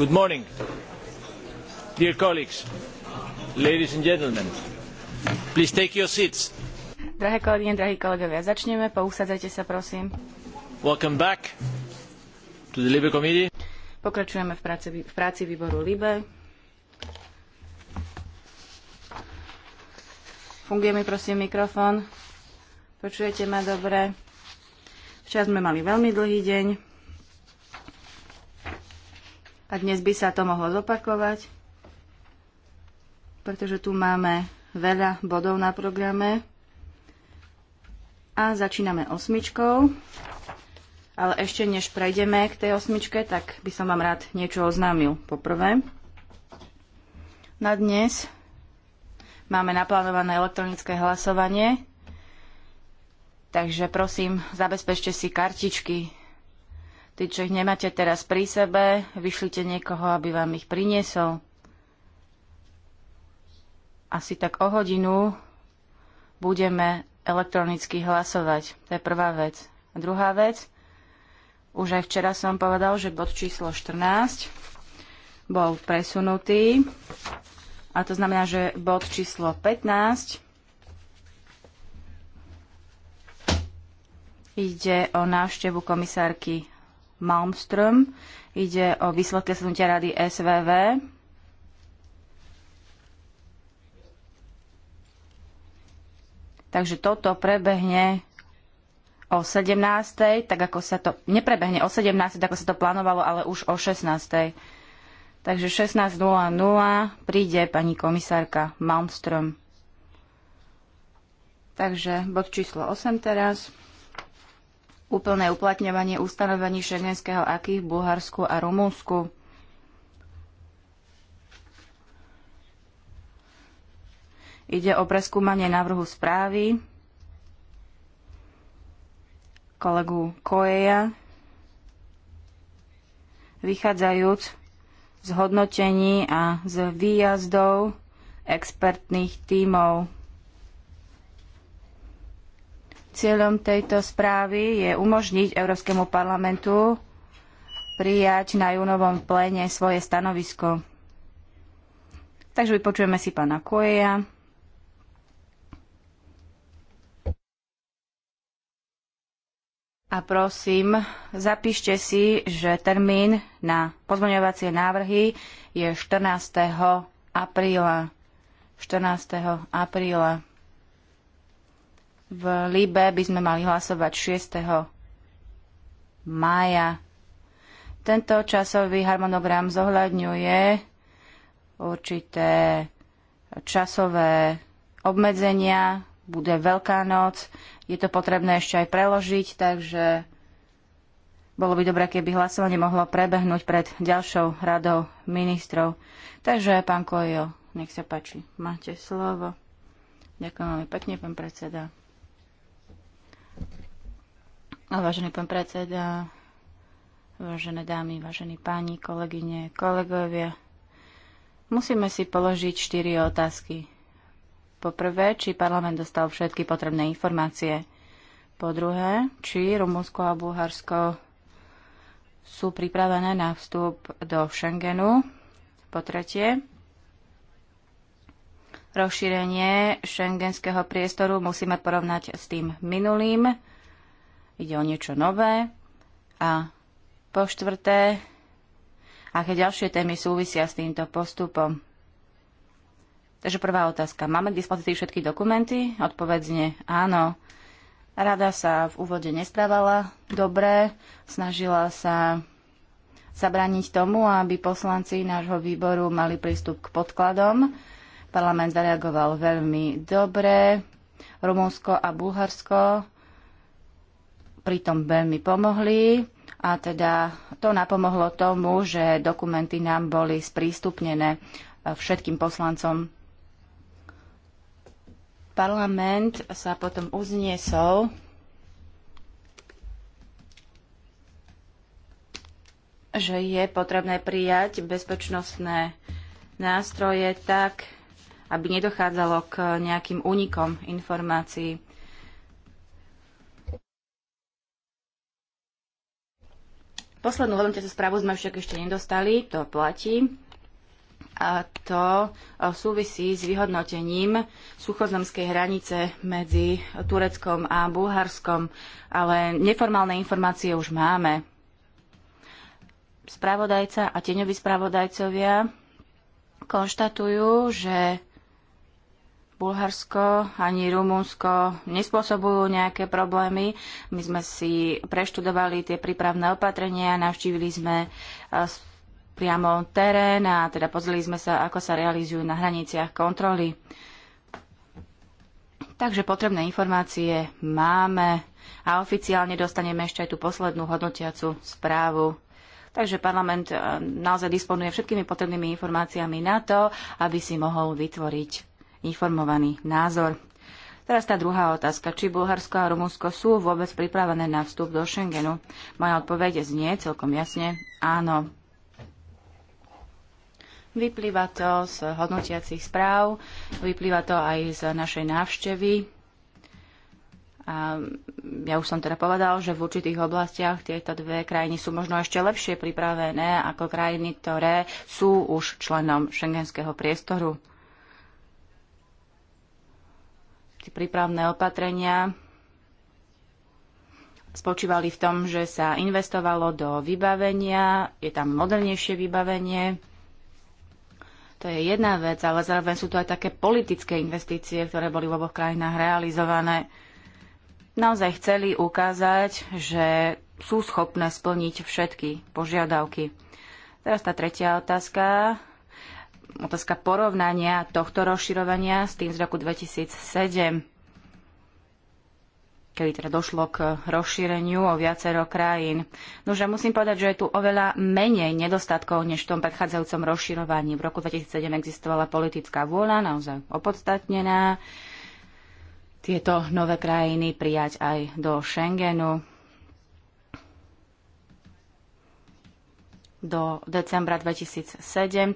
Good morning, dear colleagues, ladies and gentlemen. Please take your seats. Drahé kolegyne, drahí kolegovia, začneme. Pousadzajte sa, prosím. Welcome back to the Libe Committee. Pokračujeme v práci, v práci výboru Libe. Funguje mi prosím mikrofón. Počujete ma dobre? Včas sme mali veľmi dlhý deň. A dnes by sa to mohlo zopakovať, pretože tu máme veľa bodov na programe. A začíname osmičkou. Ale ešte než prejdeme k tej osmičke, tak by som vám rád niečo oznámil. Poprvé, na dnes máme naplánované elektronické hlasovanie, takže prosím, zabezpečte si kartičky Tí, čo ich nemáte teraz pri sebe, vyšlite niekoho, aby vám ich priniesol. Asi tak o hodinu budeme elektronicky hlasovať. To je prvá vec. A druhá vec, už aj včera som povedal, že bod číslo 14 bol presunutý. A to znamená, že bod číslo 15 ide o návštevu komisárky Malmström. Ide o výsledky sednutia rady SVV. Takže toto prebehne o 17. tak ako sa to, neprebehne o 17. tak ako sa to plánovalo, ale už o 16. Takže 16.00 príde pani komisárka Malmström. Takže bod číslo 8 teraz úplné uplatňovanie ustanovení šengenského aký v Bulharsku a Rumunsku. Ide o preskúmanie návrhu správy kolegu Koeja, vychádzajúc z hodnotení a z výjazdov expertných tímov Cieľom tejto správy je umožniť Európskemu parlamentu prijať na júnovom pléne svoje stanovisko. Takže vypočujeme si pána Koeja. A prosím, zapíšte si, že termín na pozmeňovacie návrhy je 14. apríla. 14. apríla. V Libe by sme mali hlasovať 6. mája. Tento časový harmonogram zohľadňuje určité časové obmedzenia, bude Veľká noc, je to potrebné ešte aj preložiť, takže bolo by dobré, keby hlasovanie mohlo prebehnúť pred ďalšou radou ministrov. Takže, pán Kojo, nech sa páči, máte slovo. Ďakujem veľmi pekne, pán predseda. Vážený pán predseda, vážené dámy, vážení páni, kolegyne, kolegovia, musíme si položiť štyri otázky. Po prvé, či parlament dostal všetky potrebné informácie. Po druhé, či Rumunsko a Bulharsko sú pripravené na vstup do Schengenu. Po tretie, rozšírenie šengenského priestoru musíme porovnať s tým minulým ide o niečo nové. A po štvrté, aké ďalšie témy súvisia s týmto postupom. Takže prvá otázka. Máme k dispozícii všetky dokumenty? Odpovedzne áno. Rada sa v úvode nesprávala dobre, snažila sa zabrániť tomu, aby poslanci nášho výboru mali prístup k podkladom. Parlament zareagoval veľmi dobre. Rumunsko a Bulharsko pritom veľmi pomohli a teda to napomohlo tomu, že dokumenty nám boli sprístupnené e, všetkým poslancom. Parlament sa potom uzniesol, že je potrebné prijať bezpečnostné nástroje tak, aby nedochádzalo k nejakým únikom informácií. Poslednú hodnotiacu správu sme však ešte nedostali, to platí. A to e, súvisí s vyhodnotením suchozemskej hranice medzi Tureckom a Bulharskom, ale neformálne informácie už máme. Spravodajca a tieňoví spravodajcovia konštatujú, že Bulharsko ani Rumunsko nespôsobujú nejaké problémy. My sme si preštudovali tie prípravné opatrenia, navštívili sme e, priamo terén a teda pozreli sme sa, ako sa realizujú na hraniciach kontroly. Takže potrebné informácie máme a oficiálne dostaneme ešte aj tú poslednú hodnotiacu správu Takže parlament e, naozaj disponuje všetkými potrebnými informáciami na to, aby si mohol vytvoriť informovaný názor. Teraz tá druhá otázka. Či Bulharsko a Rumunsko sú vôbec pripravené na vstup do Schengenu? Moja odpoveď je znie celkom jasne. Áno. Vyplýva to z hodnotiacich správ, vyplýva to aj z našej návštevy. A ja už som teda povedal, že v určitých oblastiach tieto dve krajiny sú možno ešte lepšie pripravené ako krajiny, ktoré sú už členom šengenského priestoru prípravné opatrenia spočívali v tom, že sa investovalo do vybavenia, je tam modernejšie vybavenie. To je jedna vec, ale zároveň sú to aj také politické investície, ktoré boli v oboch krajinách realizované. Naozaj chceli ukázať, že sú schopné splniť všetky požiadavky. Teraz tá tretia otázka otázka porovnania tohto rozširovania s tým z roku 2007, kedy teda došlo k rozšíreniu o viacero krajín. Nože musím povedať, že je tu oveľa menej nedostatkov, než v tom predchádzajúcom rozširovaní. V roku 2007 existovala politická vôľa, naozaj opodstatnená, tieto nové krajiny prijať aj do Schengenu. do decembra 2007,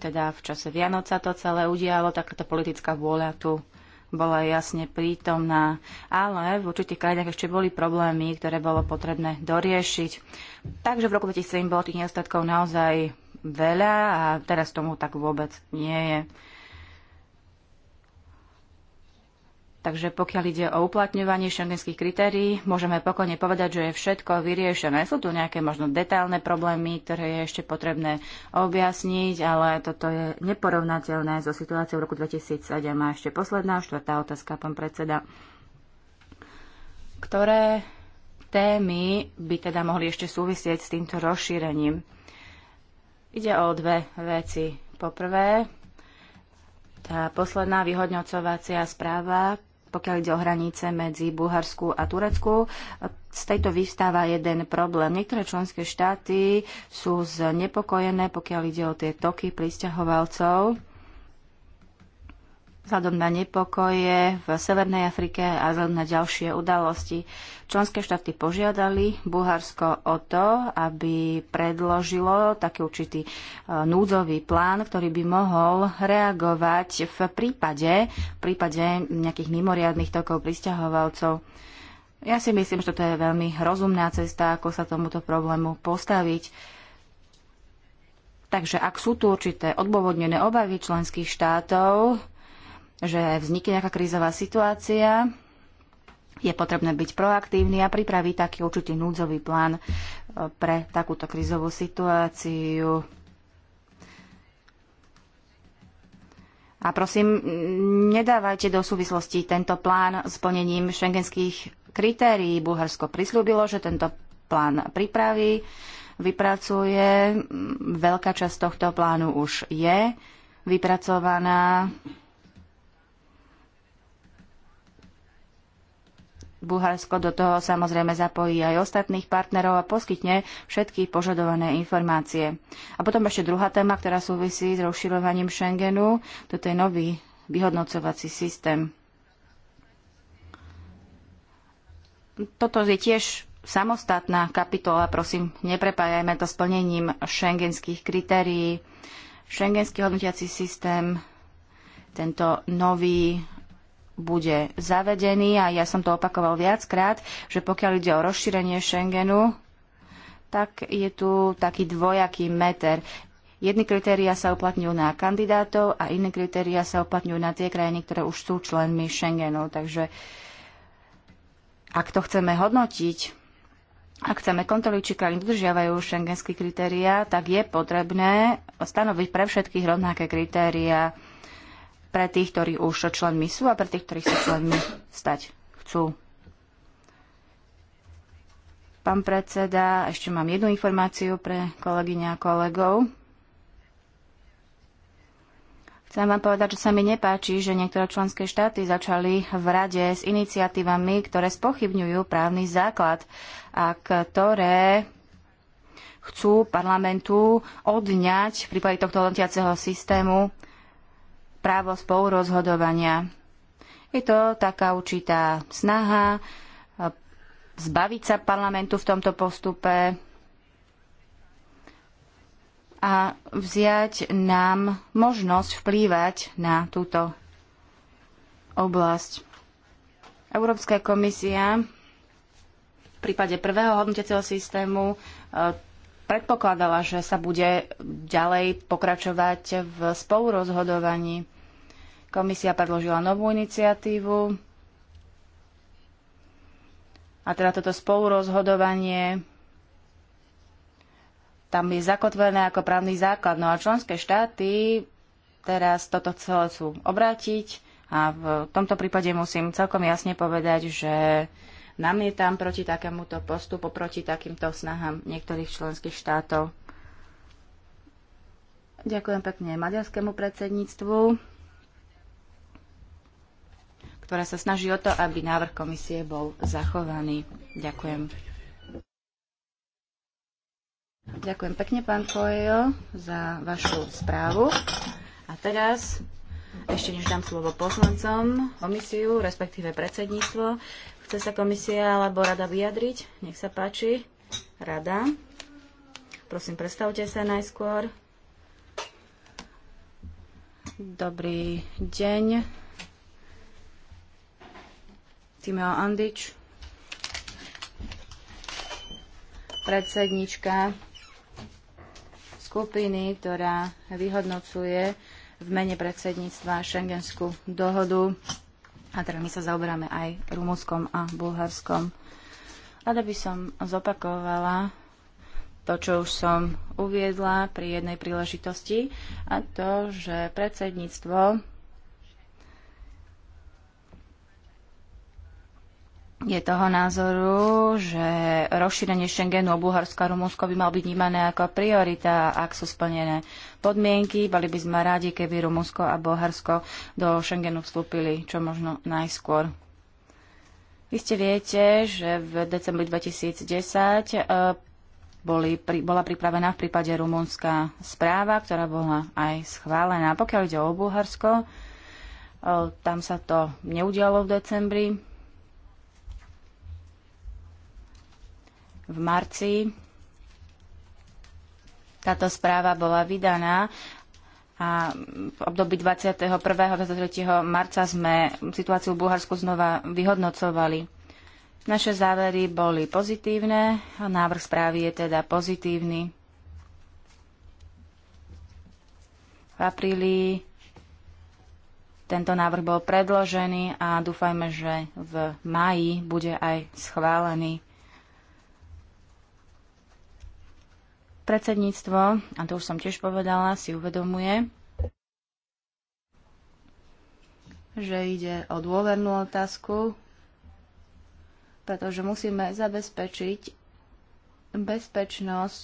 teda v čase Vianoca to celé udialo, takáto politická vôľa tu bola jasne prítomná, ale v určitých krajinách ešte boli problémy, ktoré bolo potrebné doriešiť. Takže v roku 2007 bolo tých nedostatkov naozaj veľa a teraz tomu tak vôbec nie je. Takže pokiaľ ide o uplatňovanie šengenských kritérií, môžeme pokojne povedať, že je všetko vyriešené. Sú tu nejaké možno detailné problémy, ktoré je ešte potrebné objasniť, ale toto je neporovnateľné so situáciou v roku 2007. A ešte posledná, štvrtá otázka, pán predseda. Ktoré témy by teda mohli ešte súvisieť s týmto rozšírením. Ide o dve veci. Poprvé, tá posledná vyhodňocovacia správa, pokiaľ ide o hranice medzi Bulharskou a Turecku. Z tejto vystáva jeden problém. Niektoré členské štáty sú znepokojené, pokiaľ ide o tie toky pristahovalcov vzhľadom na nepokoje v Severnej Afrike a vzhľadom na ďalšie udalosti. Členské štáty požiadali Bulharsko o to, aby predložilo taký určitý e, núdzový plán, ktorý by mohol reagovať v prípade, v prípade nejakých mimoriadných tokov pristahovalcov. Ja si myslím, že toto je veľmi rozumná cesta, ako sa tomuto problému postaviť. Takže ak sú tu určité odôvodnené obavy členských štátov, že vznikne nejaká krízová situácia, je potrebné byť proaktívny a pripraviť taký určitý núdzový plán e, pre takúto krízovú situáciu. A prosím, nedávajte do súvislosti tento plán s plnením šengenských kritérií. Bulharsko prislúbilo, že tento plán pripraví, vypracuje. Veľká časť tohto plánu už je vypracovaná. Bulharsko do toho samozrejme zapojí aj ostatných partnerov a poskytne všetky požadované informácie. A potom ešte druhá téma, ktorá súvisí s rozširovaním Schengenu. Toto je nový vyhodnocovací systém. Toto je tiež samostatná kapitola, prosím, neprepájajme to s plnením šengenských kritérií. Šengenský hodnotiaci systém, tento nový bude zavedený a ja som to opakoval viackrát, že pokiaľ ide o rozšírenie Schengenu, tak je tu taký dvojaký meter. Jedny kritéria sa uplatňujú na kandidátov a iné kritéria sa uplatňujú na tie krajiny, ktoré už sú členmi Schengenu. Takže ak to chceme hodnotiť, ak chceme kontroliť, či krajiny dodržiavajú šengenské kritéria, tak je potrebné stanoviť pre všetkých rovnaké kritéria pre tých, ktorí už členmi sú a pre tých, ktorí sa členmi stať chcú. Pán predseda, ešte mám jednu informáciu pre kolegyňa a kolegov. Chcem vám povedať, že sa mi nepáči, že niektoré členské štáty začali v rade s iniciatívami, ktoré spochybňujú právny základ a ktoré chcú parlamentu odňať v prípade tohto letiaceho systému právo spolurozhodovania. Je to taká určitá snaha e, zbaviť sa parlamentu v tomto postupe a vziať nám možnosť vplývať na túto oblasť. Európska komisia v prípade prvého hodnotiaceho systému e, predpokladala, že sa bude ďalej pokračovať v spolurozhodovaní. Komisia predložila novú iniciatívu a teda toto spolurozhodovanie tam je zakotvené ako právny základ. No a členské štáty teraz toto celé chcú obrátiť a v tomto prípade musím celkom jasne povedať, že namietam proti takémuto postupu, proti takýmto snahám niektorých členských štátov. Ďakujem pekne maďarskému predsedníctvu ktorá sa snaží o to, aby návrh komisie bol zachovaný. Ďakujem. Ďakujem pekne, pán Kojo, za vašu správu. A teraz, ešte než dám slovo poslancom, komisiu, respektíve predsedníctvo, chce sa komisia alebo rada vyjadriť? Nech sa páči. Rada. Prosím, predstavte sa najskôr. Dobrý deň. Timeo Andič, predsednička skupiny, ktorá vyhodnocuje v mene predsedníctva šengenskú dohodu. A teda my sa zaoberáme aj Rumunskom a Bulharskom. Rada by som zopakovala to, čo už som uviedla pri jednej príležitosti, a to, že predsedníctvo je toho názoru, že rozšírenie Schengenu o Bulharsko a Rumunsko by mal byť vnímané ako priorita, ak sú splnené podmienky. Boli by sme rádi, keby Rumunsko a Bulharsko do Schengenu vstúpili čo možno najskôr. Vy ste viete, že v decembri 2010 e, boli, pri, bola pripravená v prípade Rumunska správa, ktorá bola aj schválená. Pokiaľ ide o Bulharsko, e, tam sa to neudialo v decembri v marci. Táto správa bola vydaná a v období 21. a 23. marca sme situáciu v Bulharsku znova vyhodnocovali. Naše závery boli pozitívne a návrh správy je teda pozitívny. V apríli tento návrh bol predložený a dúfajme, že v maji bude aj schválený. Predsedníctvo, a to už som tiež povedala, si uvedomuje, že ide o dôvernú otázku, pretože musíme zabezpečiť bezpečnosť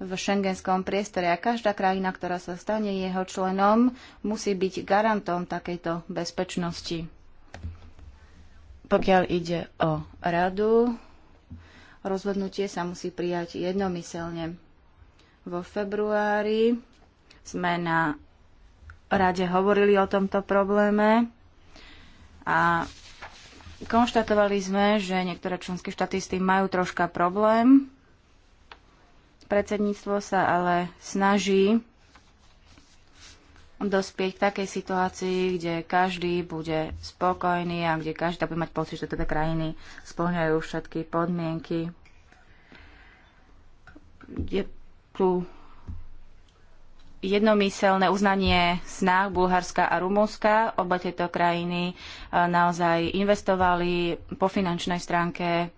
v šengenskom priestore a každá krajina, ktorá sa stane jeho členom, musí byť garantom takejto bezpečnosti. Pokiaľ ide o radu, rozhodnutie sa musí prijať jednomyselne. Vo februári sme na rade hovorili o tomto probléme a konštatovali sme, že niektoré členské štáty s tým majú troška problém. Predsedníctvo sa ale snaží dospieť k takej situácii, kde každý bude spokojný a kde každý bude mať pocit, že teda krajiny splňajú všetky podmienky. Je tu jednomyselné uznanie snah Bulharska a Rumunska. Oba tieto krajiny e, naozaj investovali po finančnej stránke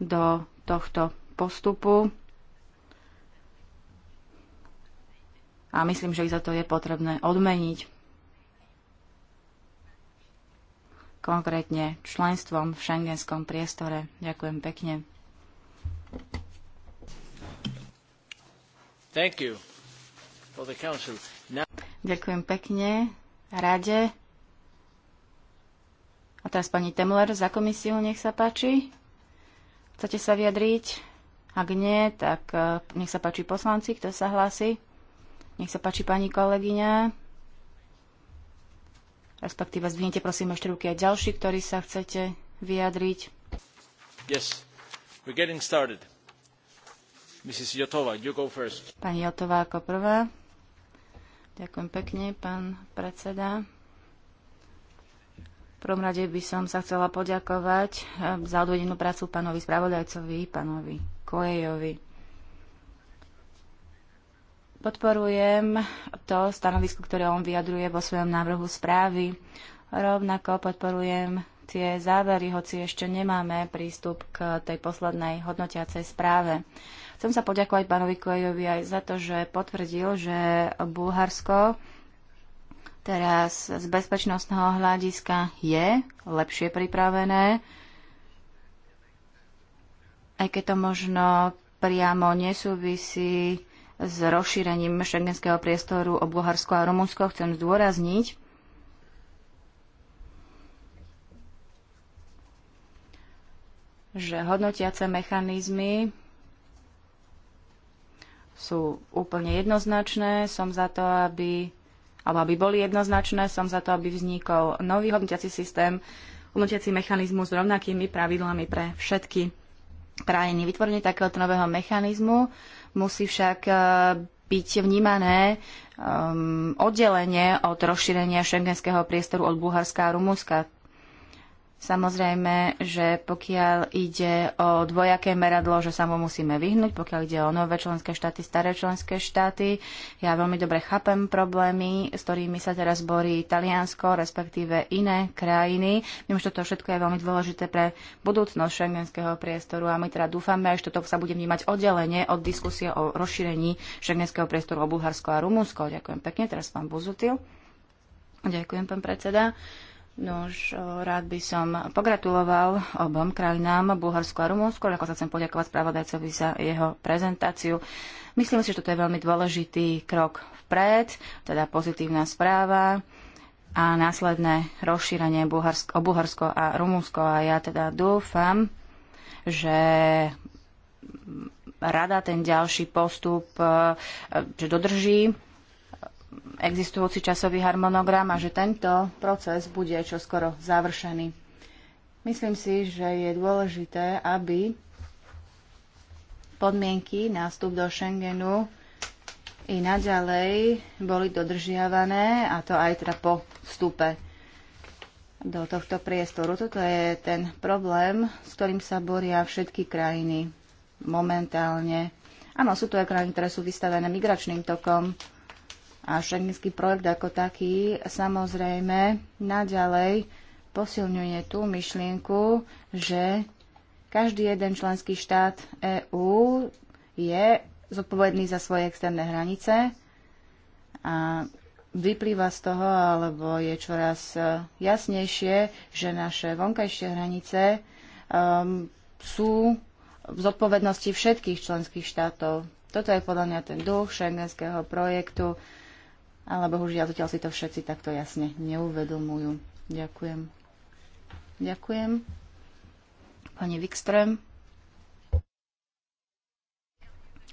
do tohto postupu. A myslím, že ich za to je potrebné odmeniť. Konkrétne členstvom v šengenskom priestore. Ďakujem pekne. Thank you for the council. Now... Ďakujem pekne. Rade. A teraz pani Temler za komisiu, nech sa páči. Chcete sa vyjadriť? Ak nie, tak e, nech sa páči poslanci, kto sa hlási. Nech sa páči pani kolegyňa. Respektíve zdvinite prosím ešte ruky aj ďalší, ktorí sa chcete vyjadriť. Yes, we're getting started. Mrs. Jotova, you go first. Pani Jotová ako prvá. Ďakujem pekne, pán predseda. V prvom rade by som sa chcela poďakovať eh, za odvedenú prácu pánovi spravodajcovi, pánovi Kojejovi. Podporujem to stanovisko, ktoré on vyjadruje vo svojom návrhu správy. Rovnako podporujem tie závery, hoci ešte nemáme prístup k tej poslednej hodnotiacej správe. Chcem sa poďakovať pánovi Kojovi aj za to, že potvrdil, že Bulharsko teraz z bezpečnostného hľadiska je lepšie pripravené, aj keď to možno priamo nesúvisí s rozšírením šengenského priestoru o Bulharsko a Rumunsko, chcem zdôrazniť, že hodnotiace mechanizmy sú úplne jednoznačné. Som za to, aby alebo aby boli jednoznačné, som za to, aby vznikol nový hodnotiaci systém, hodnotiaci mechanizmus s rovnakými pravidlami pre všetky krajiny. Vytvorenie takéhoto nového mechanizmu musí však e, byť vnímané um, oddelenie od rozšírenia šengenského priestoru od Bulharska a Rumunska. Samozrejme, že pokiaľ ide o dvojaké meradlo, že sa mu musíme vyhnúť, pokiaľ ide o nové členské štáty, staré členské štáty. Ja veľmi dobre chápem problémy, s ktorými sa teraz borí Taliansko, respektíve iné krajiny. Viem, že toto všetko je veľmi dôležité pre budúcnosť šengenského priestoru a my teda dúfame, že toto sa bude vnímať oddelenie od diskusie o rozšírení šengenského priestoru o Bulharsko a Rumunsko. Ďakujem pekne, teraz pán Buzutil. Ďakujem, pán predseda. Uh, Nož, rád by som pogratuloval obom krajinám, Bulharsku a Rumunsku, ako sa chcem poďakovať spravodajcovi za jeho prezentáciu. Myslím si, že toto je veľmi dôležitý krok vpred, teda pozitívna správa a následné rozšírenie Bulharsko, o Bulharsko a Rumunsko. A ja teda dúfam, že rada ten ďalší postup e, že dodrží existujúci časový harmonogram a že tento proces bude čoskoro završený. Myslím si, že je dôležité, aby podmienky na vstup do Schengenu i naďalej boli dodržiavané, a to aj teda po vstupe do tohto priestoru. Toto je ten problém, s ktorým sa boria všetky krajiny momentálne. Áno, sú to aj krajiny, ktoré sú vystavené migračným tokom, a šengenský projekt ako taký samozrejme naďalej posilňuje tú myšlienku, že každý jeden členský štát EÚ je zodpovedný za svoje externé hranice a vyplýva z toho, alebo je čoraz e, jasnejšie, že naše vonkajšie hranice um, sú v zodpovednosti všetkých členských štátov. Toto je podľa mňa ten duch šengenského projektu, ale bohužiaľ zatiaľ si to všetci takto jasne neuvedomujú. Ďakujem. Ďakujem. Pani Wikström.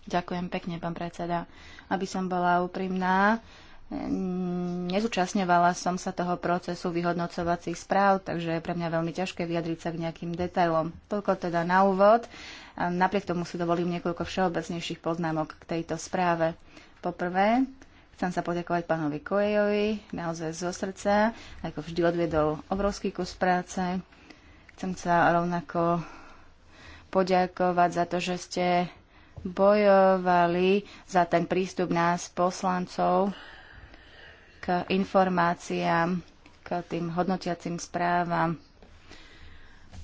Ďakujem pekne, pán predseda. Aby som bola úprimná, nezúčastňovala som sa toho procesu vyhodnocovacích správ, takže je pre mňa veľmi ťažké vyjadriť sa k nejakým detailom. Toľko teda na úvod. Napriek tomu si dovolím niekoľko všeobecnejších poznámok k tejto správe. Poprvé, Chcem sa poďakovať pánovi Kojejovi, naozaj zo srdca, ako vždy odvedol obrovský kus práce. Chcem sa rovnako poďakovať za to, že ste bojovali za ten prístup nás, poslancov, k informáciám, k tým hodnotiacim správam,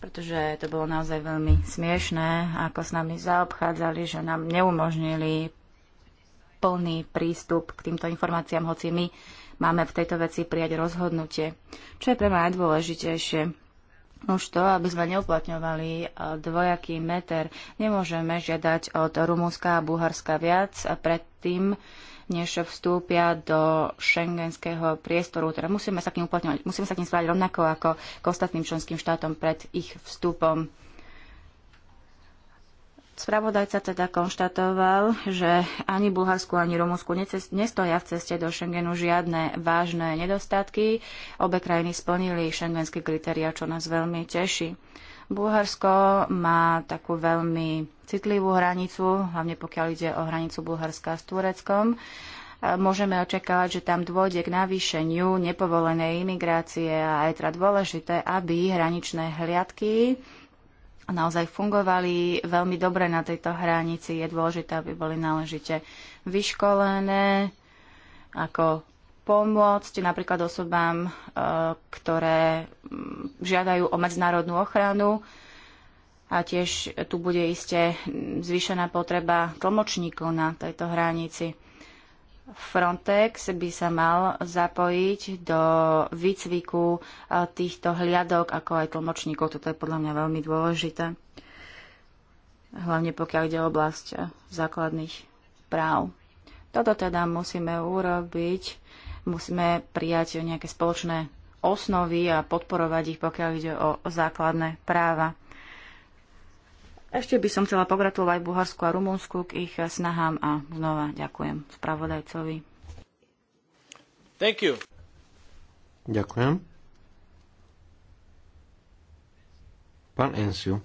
pretože to bolo naozaj veľmi smiešné, ako s nami zaobchádzali, že nám neumožnili plný prístup k týmto informáciám, hoci my máme v tejto veci prijať rozhodnutie. Čo je pre mňa najdôležitejšie? Už to, aby sme neuplatňovali e, dvojaký meter, nemôžeme žiadať od Rumúnska a Bulharska viac predtým, než vstúpia do šengenského priestoru. Teda musíme sa k ním uplatňovať, musíme sa k ním správať rovnako ako k ostatným členským štátom pred ich vstupom. Spravodajca teda konštatoval, že ani Bulharsku, ani Rumunsku nestoja v ceste do Schengenu žiadne vážne nedostatky. Obe krajiny splnili šengenské kritéria, čo nás veľmi teší. Bulharsko má takú veľmi citlivú hranicu, hlavne pokiaľ ide o hranicu Bulharska s Tureckom môžeme očakávať, že tam dôjde k navýšeniu nepovolenej imigrácie a je teda dôležité, aby hraničné hliadky naozaj fungovali veľmi dobre na tejto hranici. Je dôležité, aby boli náležite vyškolené, ako pomôcť napríklad osobám, e, ktoré mm, žiadajú o medzinárodnú ochranu. A tiež tu bude iste zvýšená potreba tlmočníkov na tejto hranici. Frontex by sa mal zapojiť do výcviku e, týchto hliadok, ako aj tlmočníkov. Toto je podľa mňa veľmi dôležité. Hlavne pokiaľ ide o oblasť e, základných práv. Toto teda musíme urobiť. Musíme prijať nejaké spoločné osnovy a podporovať ich, pokiaľ ide o základné práva. Ešte by som chcela pogratulovať Bulharsku a Rumunsku k ich snahám a znova ďakujem spravodajcovi. Thank you. Ďakujem. Pán Ensiu.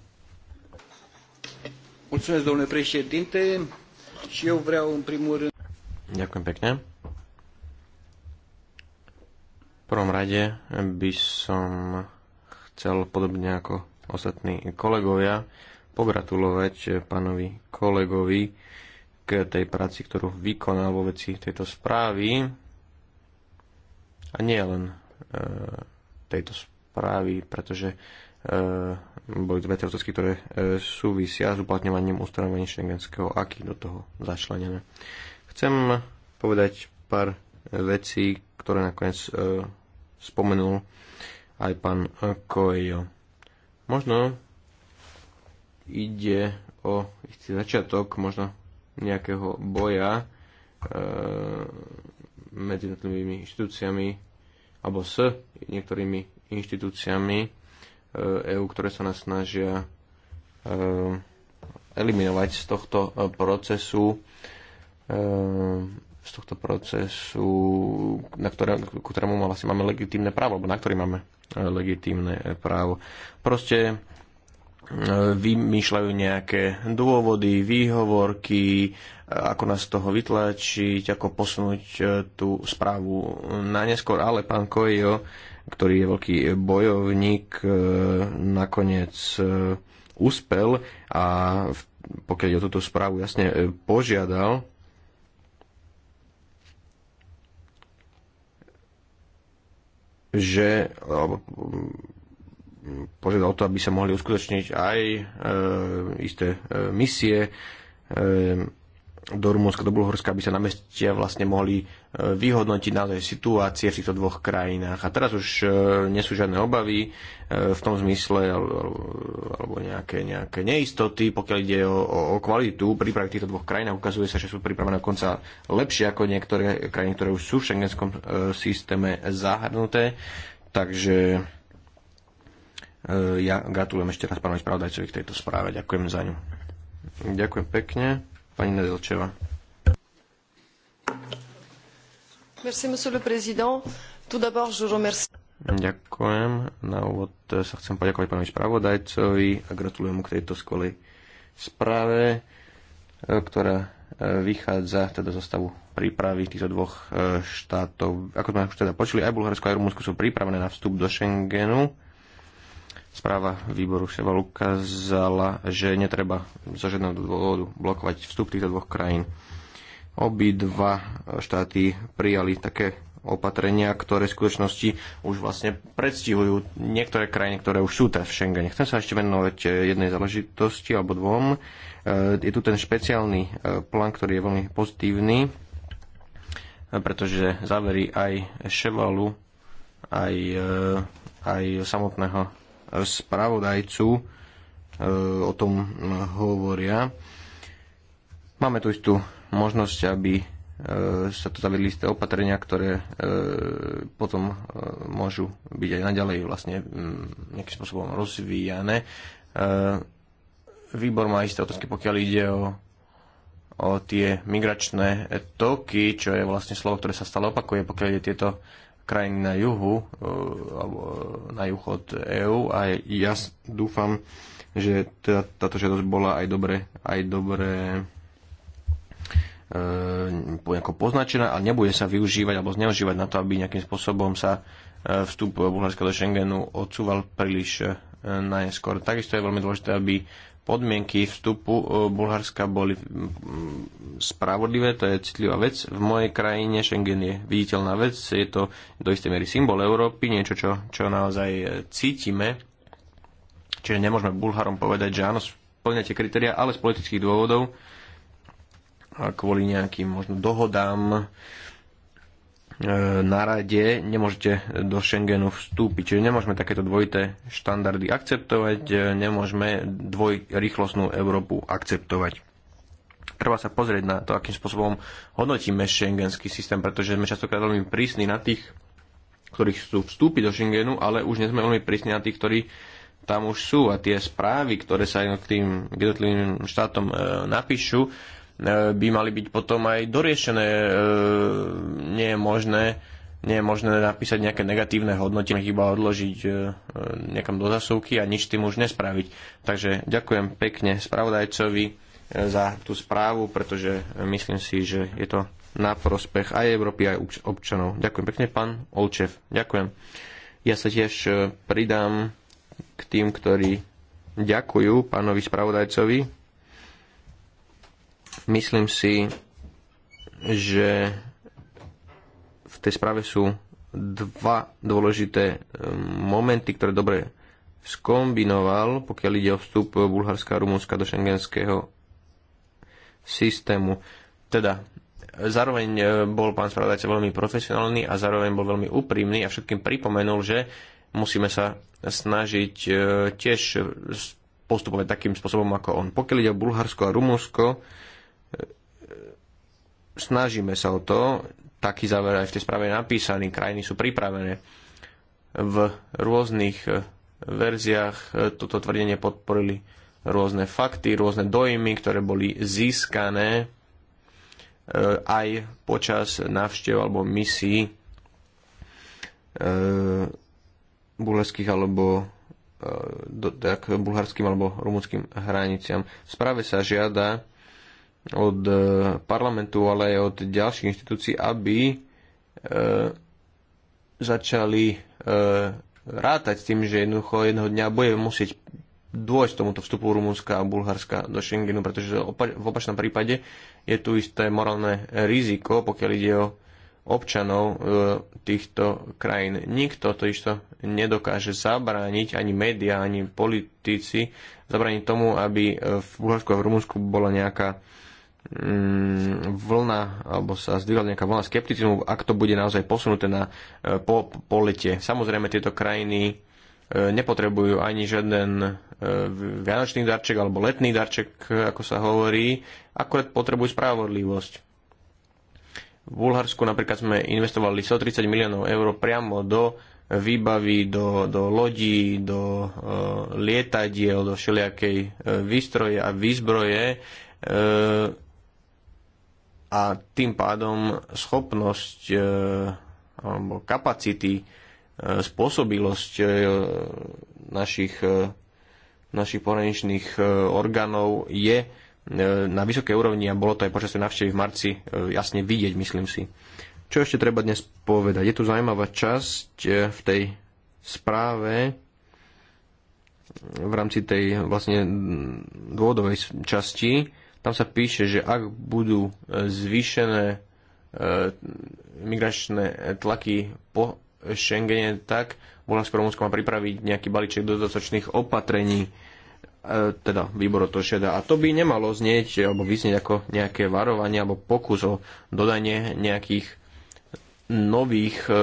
Mulțumesc, domnule președinte, și eu vreau în primul rând... Ďakujem pekne. V prvom rade by som chcel podobne ako ostatní kolegovia pogratulovať pánovi kolegovi k tej práci, ktorú vykonal vo veci tejto správy. A nie len e, tejto správy, pretože e, boli dve otázky, ktoré e, súvisia s uplatňovaním ustanovení šengenského aký do toho začlenené. Chcem povedať pár vecí, ktoré nakoniec e, spomenul aj pán Kojo. Možno ide o istý začiatok možno nejakého boja e, medzi jednotlivými inštitúciami alebo s niektorými inštitúciami EÚ, e ktoré sa nás snažia e, eliminovať z tohto e, procesu e, z tohto procesu, na ktoré, ktorému vlastne máme legitímne právo, alebo na ktorý máme e, legitímne právo. Proste vymýšľajú nejaké dôvody, výhovorky, ako nás z toho vytlačiť, ako posunúť e, tú správu na neskôr. Ale pán Kojo, ktorý je veľký bojovník, e, nakoniec e, úspel a pokiaľ o túto správu jasne požiadal, že požiadal o to, aby sa mohli uskutočniť aj e, isté e, misie e, do Rumunska, do Bulhorska, aby sa meste vlastne mohli e, vyhodnotiť naozaj situácie v týchto dvoch krajinách. A teraz už e, nie sú žiadne obavy e, v tom zmysle alebo nejaké, nejaké neistoty, pokiaľ ide o, o, o kvalitu prípravy týchto dvoch krajín. Ukazuje sa, že sú pripravené dokonca lepšie ako niektoré krajiny, ktoré už sú v šengenskom systéme zahrnuté. Takže E, ja gratulujem ešte raz pánovi spravodajcovi k tejto správe. Ďakujem za ňu. Ďakujem pekne. Pani Nedelčeva. Merci, monsieur le président. Tout d'abord, je remercie... Ďakujem. Na úvod e, sa chcem poďakovať pánovi spravodajcovi a gratulujem mu k tejto skvelej správe, e, ktorá vychádza teda zo stavu prípravy týchto dvoch štátov. Ako sme už teda počuli, aj Bulharsko, aj Rumunsko sú pripravené na vstup do Schengenu Správa výboru Ševal ukázala, že netreba zo žiadneho dôvodu blokovať vstup týchto dvoch krajín. dva štáty prijali také opatrenia, ktoré v skutočnosti už vlastne predstihujú niektoré krajiny, ktoré už sú teraz v Schengene. Chcem sa ešte venovať jednej záležitosti alebo dvom. E, je tu ten špeciálny e, plán, ktorý je veľmi pozitívny, e, pretože zaverí aj Ševalu, aj, aj samotného spravodajcu e, o tom hovoria. Máme tu istú možnosť, aby e, sa tu zavedli isté opatrenia, ktoré e, potom môžu byť aj naďalej vlastne mm, nejakým spôsobom rozvíjane. Výbor má isté otázky, pokiaľ ide o, o tie migračné toky, čo je vlastne slovo, ktoré sa stále opakuje, pokiaľ ide tieto krajiny na juhu, e, alebo e, na juh od EÚ a ja dúfam, že teda táto žiadosť bola aj dobre, aj dobre e, poznačená a nebude sa využívať alebo zneužívať na to, aby nejakým spôsobom sa e, vstup Bulharska do Schengenu odsúval príliš najskôr. Takisto je veľmi dôležité, aby podmienky vstupu e, Bulharska boli spravodlivé, to je citlivá vec. V mojej krajine Schengen je viditeľná vec, je to do istej miery symbol Európy, niečo, čo, čo naozaj e, cítime. Čiže nemôžeme Bulharom povedať, že áno, splňate kritéria, ale z politických dôvodov, a kvôli nejakým možno dohodám, E, na rade nemôžete do Schengenu vstúpiť. Čiže nemôžeme takéto dvojité štandardy akceptovať, e, nemôžeme dvojrýchlostnú Európu akceptovať. Treba sa pozrieť na to, akým spôsobom hodnotíme šengenský systém, pretože sme častokrát veľmi prísni na tých, ktorí chcú vstúpiť do Schengenu, ale už nie sme veľmi prísni na tých, ktorí tam už sú a tie správy, ktoré sa tým jednotlivým štátom e, napíšu, E, by mali byť potom aj doriešené. E, nie je možné, nie je možné napísať nejaké negatívne hodnotenie, iba odložiť e, niekam do zasúky a nič tým už nespraviť. Takže ďakujem pekne spravodajcovi za tú správu, pretože myslím si, že je to na prospech aj Európy, aj občanov. Ďakujem pekne, pán Olčev. Ďakujem. Ja sa tiež pridám k tým, ktorí ďakujú pánovi spravodajcovi Myslím si, že v tej správe sú dva dôležité eh, momenty, ktoré dobre skombinoval, pokiaľ ide o vstup Bulharska a Rumunska do šengenského systému. Teda, zároveň eh, bol pán spravodajca veľmi profesionálny a zároveň bol veľmi úprimný a všetkým pripomenul, že musíme sa snažiť eh, tiež postupovať takým spôsobom ako on. Pokiaľ ide o Bulharsko a Rumunsko, snažíme sa o to, taký záver aj v tej správe napísaný, krajiny sú pripravené. V rôznych e, verziách e, toto tvrdenie podporili rôzne fakty, rôzne dojmy, ktoré boli získané e, aj počas návštev alebo misií bulharských alebo tak bulharským alebo rumunským hraniciam. V správe sa žiada od e, parlamentu, ale aj od ďalších inštitúcií, aby e, začali e, rátať s tým, že jednoducho jedného dňa bude musieť dôjsť tomuto vstupu Rumunska a Bulharska do Schengenu, pretože opa- v opačnom prípade je tu isté morálne riziko, pokiaľ ide o občanov e, týchto krajín. Nikto to isto nedokáže zabrániť, ani médiá, ani politici, zabrániť tomu, aby e, v Bulharsku a v Rumunsku bola nejaká Mm, vlna, alebo sa zdvihla nejaká vlna skepticizmu, ak to bude naozaj posunuté na e, po, polete. Samozrejme, tieto krajiny e, nepotrebujú ani žiaden e, vianočný darček alebo letný darček, ako sa hovorí, akorát potrebujú spravodlivosť. V Bulharsku napríklad sme investovali 130 miliónov eur priamo do výbavy, do, do lodí, do lietadiel, do všelijakej výstroje a výzbroje, a tým pádom schopnosť e, alebo kapacity, e, spôsobilosť e, našich, našich pohraničných orgánov je na vysokej úrovni a bolo to aj počas tej návštevy v marci jasne vidieť, myslím si. Čo ešte treba dnes povedať? Je tu zaujímavá časť v tej správe v rámci tej vlastne dôvodovej časti, tam sa píše, že ak budú e, zvýšené e, migračné tlaky po Schengene, tak Bulharsko Rumunsko má pripraviť nejaký balíček dodatočných opatrení, e, teda výboru to šeda. A to by nemalo znieť alebo vyznieť ako nejaké varovanie alebo pokus o dodanie nejakých nových e,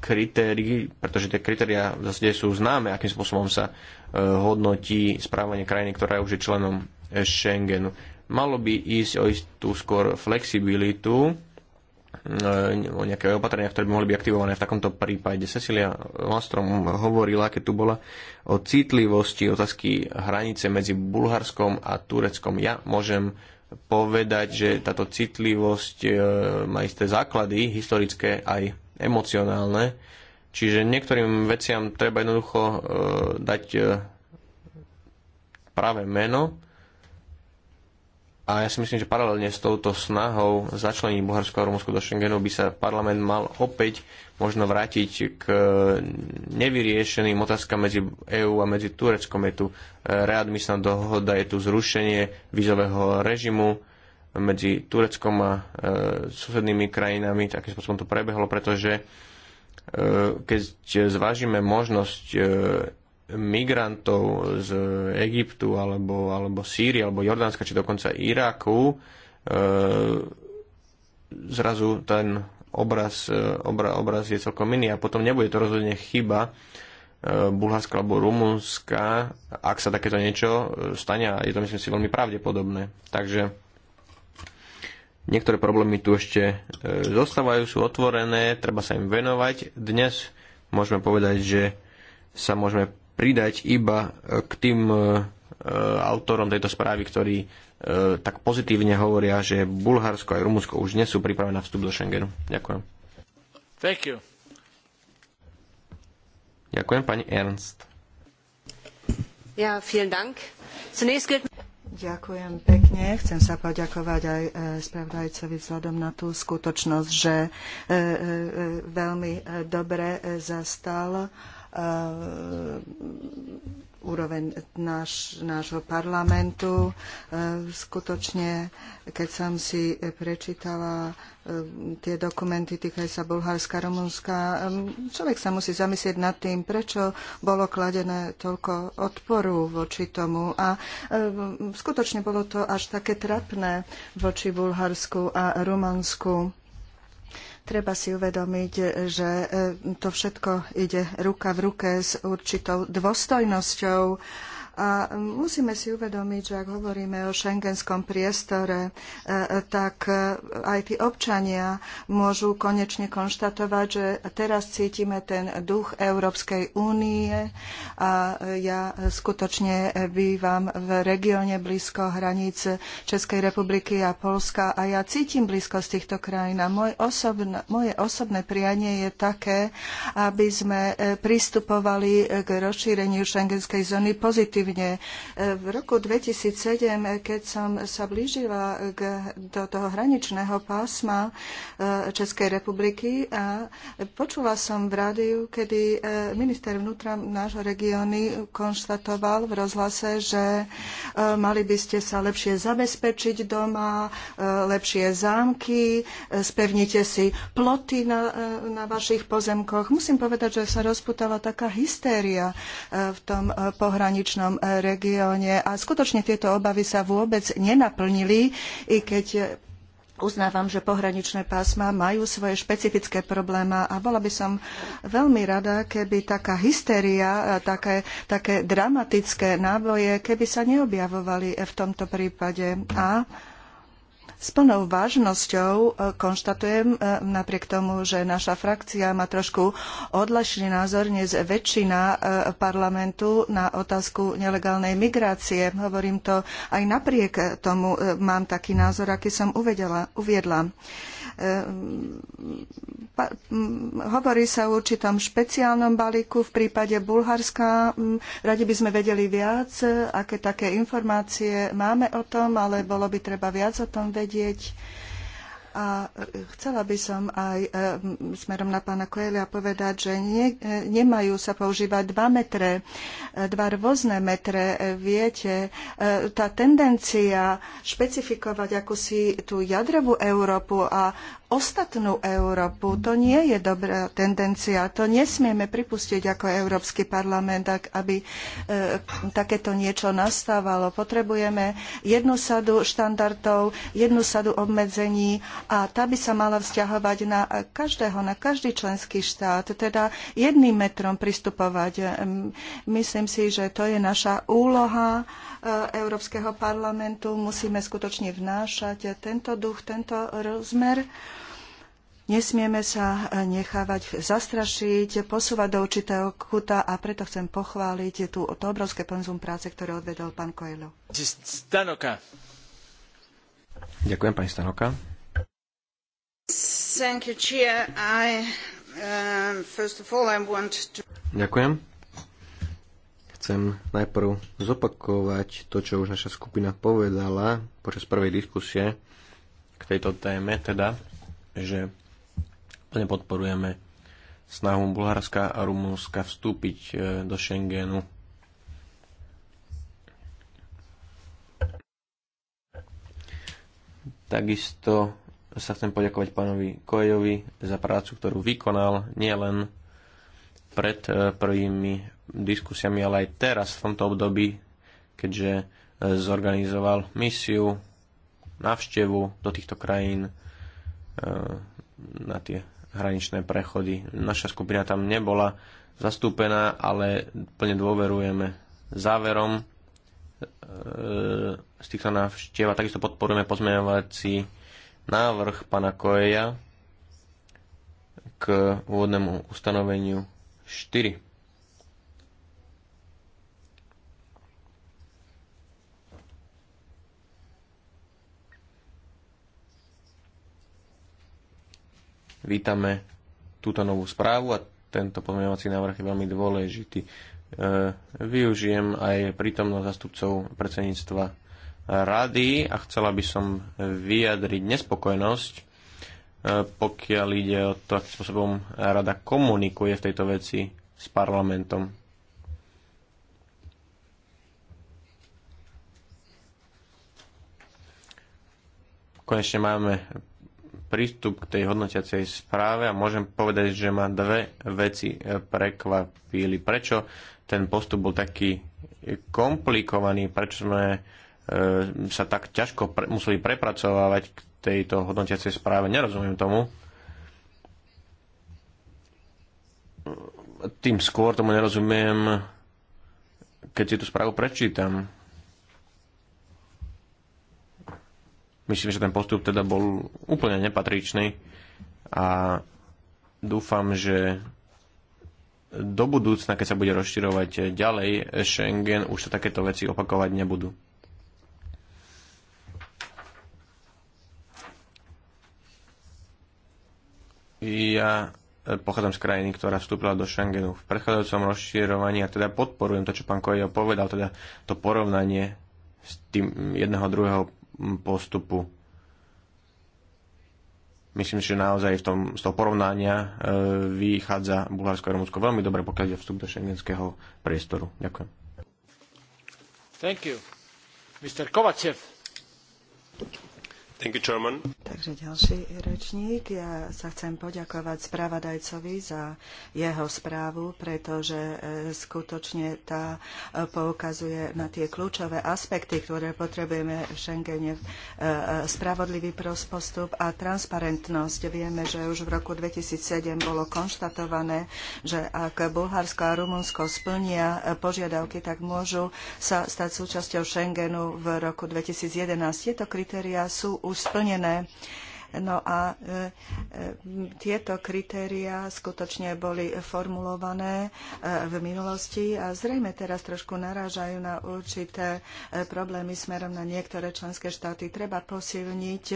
kritérií, pretože tie kritéria v zásade sú známe, akým spôsobom sa E, hodnotí správanie krajiny, ktorá už je členom Schengenu. Malo by ísť o istú skôr flexibilitu, e, o nejaké opatrenia, ktoré by mohli byť aktivované v takomto prípade. Cecilia Lastrom hovorila, keď tu bola, o citlivosti otázky hranice medzi Bulharskom a Tureckom. Ja môžem povedať, že táto citlivosť e, má isté základy, historické aj emocionálne Čiže niektorým veciam treba jednoducho e, dať e, práve meno a ja si myslím, že paralelne s touto snahou začleniť Bulharsko a Rumunsko do Schengenu by sa parlament mal opäť možno vrátiť k e, nevyriešeným otázkam medzi EÚ a medzi Tureckom. Je tu e, readmisná dohoda, je tu zrušenie vízového režimu, medzi Tureckom a e, susednými krajinami, takým spôsobom to prebehlo, pretože keď zvážime možnosť e, migrantov z Egyptu alebo, alebo Sýrie alebo Jordánska či dokonca Iraku, e, zrazu ten obraz, e, obra, obraz je celkom iný a potom nebude to rozhodne chyba Bulharska alebo Rumunska, ak sa takéto niečo stane a je to myslím si veľmi pravdepodobné. Takže Niektoré problémy tu ešte e, zostávajú, sú otvorené, treba sa im venovať. Dnes môžeme povedať, že sa môžeme pridať iba e, k tým e, autorom tejto správy, ktorí tak pozitívne hovoria, že Bulharsko aj Rumunsko už nie sú pripravené na vstup do Schengenu. Ďakujem. Thank you. Ďakujem pani Ernst. Ja, vielen Dank. Zunächst gilt... Ďakujem pekne. Chcem sa poďakovať aj e, spravodajcovi vzhľadom na tú skutočnosť, že e, e, veľmi dobre zastal úroveň náš, nášho parlamentu. E, skutočne, keď som si prečítala e, tie dokumenty týkajú sa Bulharska, Rumunska, e, človek sa musí zamyslieť nad tým, prečo bolo kladené toľko odporu voči tomu. A skutočne bolo to až také trapné voči Bulharsku a Rumunsku Treba si uvedomiť, že e, to všetko ide ruka v ruke s určitou dôstojnosťou a musíme si uvedomiť, že ak hovoríme o šengenskom priestore, e, tak e, aj tí občania môžu konečne konštatovať, že teraz cítime ten duch Európskej únie a ja skutočne bývam v regióne blízko hraníc Českej republiky a Polska a ja cítim blízkosť týchto krajín a môj moje osobné prianie je také, aby sme e, pristupovali k rozšíreniu šengenskej zóny pozitívne pozitívne. V roku 2007, keď som sa blížila k, do toho hraničného pásma e, Českej republiky a počula som v rádiu, kedy e, minister vnútra nášho regióny konštatoval v rozhlase, že e, mali by ste sa lepšie zabezpečiť doma, lepšie zámky, spevnite si ploty na, na vašich pozemkoch. Musím povedať, že sa rozputala taká hystéria v tom pohraničnom regióne a skutočne tieto obavy sa vôbec nenaplnili, i keď Uznávam, že pohraničné pásma majú svoje špecifické problémy a bola by som veľmi rada, keby taká hystéria, také, také dramatické náboje, keby sa neobjavovali v tomto prípade. A s plnou vážnosťou e, konštatujem e, napriek tomu, že naša frakcia má trošku odlišný názor dnes väčšina e, parlamentu na otázku nelegálnej migrácie. Hovorím to aj napriek tomu, mám taký názor, aký som uvedela, uviedla. uviedla Eh, mm, mm, hovorí sa o určitom špeciálnom balíku v prípade Bulharska. Mm, radi by sme vedeli viac, eh, aké také informácie máme o tom, ale bolo by treba viac o tom vedieť a e, chcela by som aj e, smerom na pána Koelia povedať, že nie, e, nemajú sa používať dva metre, dva rôzne metre. Viete, tá tendencia špecifikovať akúsi tú jadrovú Európu a ostatnú Európu. To nie je dobrá tendencia. To nesmieme pripustiť ako Európsky parlament, ak, aby e, takéto niečo nastávalo. Potrebujeme jednu sadu štandardov, jednu sadu obmedzení a tá by sa mala vzťahovať na každého, na každý členský štát, teda jedným metrom pristupovať. Myslím si, že to je naša úloha Európskeho parlamentu. Musíme skutočne vnášať tento duch, tento rozmer. Nesmieme sa nechávať zastrašiť, posúvať do určitého kuta a preto chcem pochváliť tú, to obrovské penzum práce, ktoré odvedol pán Coelho. Stanoka. Ďakujem, pani Stanoka. Uh, Ďakujem. Chcem najprv zopakovať to, čo už naša skupina povedala počas prvej diskusie k tejto téme, teda, že plne podporujeme snahu Bulharska a Rumunska vstúpiť e, do Schengenu. Takisto sa chcem poďakovať pánovi Kojovi za prácu, ktorú vykonal nielen pred e, prvými diskusiami, ale aj teraz v tomto období, keďže e, zorganizoval misiu, návštevu do týchto krajín e, na tie hraničné prechody. Naša skupina tam nebola zastúpená, ale plne dôverujeme záverom e, z týchto návštev a takisto podporujeme pozmeňovací návrh pana Koeja k úvodnému ustanoveniu 4. Vítame túto novú správu a tento pozmeňovací návrh je veľmi dôležitý. E, využijem aj prítomnosť zastupcov predsedníctva rady a chcela by som vyjadriť nespokojnosť, e, pokiaľ ide o to, akým spôsobom rada komunikuje v tejto veci s parlamentom. Konečne máme prístup k tej hodnotiacej správe a môžem povedať, že ma dve veci e, prekvapili. Prečo ten postup bol taký komplikovaný, prečo sme e, sa tak ťažko pre, museli prepracovávať k tejto hodnotiacej správe. Nerozumiem tomu. Tým skôr tomu nerozumiem, keď si tú správu prečítam. Myslím, že ten postup teda bol úplne nepatričný a dúfam, že do budúcna, keď sa bude rozširovať ďalej Schengen, už sa takéto veci opakovať nebudú. Ja e, pochádzam z krajiny, ktorá vstúpila do Schengenu v predchádzajúcom rozširovaní a teda podporujem to, čo pán Kojo povedal, teda to porovnanie s tým jedného druhého postupu. Myslím, že naozaj v tom, z toho porovnania e, vychádza Bulharsko a Rumunsko veľmi dobre, pokiaľ je vstup do šengenského priestoru. Ďakujem. Thank you. Mr. Kovacev. You, Takže ďalší rečník. Ja sa chcem poďakovať spravodajcovi za jeho správu, pretože e, skutočne tá e, poukazuje na tie kľúčové aspekty, ktoré potrebujeme v Schengene. E, spravodlivý postup a transparentnosť. Vieme, že už v roku 2007 bolo konštatované, že ak Bulharsko a Rumunsko splnia požiadavky, tak môžu sa stať súčasťou Schengenu v roku 2011. Tieto kritériá sú už splnené. No a e, e, tieto kritéria skutočne boli formulované e, v minulosti a zrejme teraz trošku narážajú na určité problémy smerom na niektoré členské štáty. Treba posilniť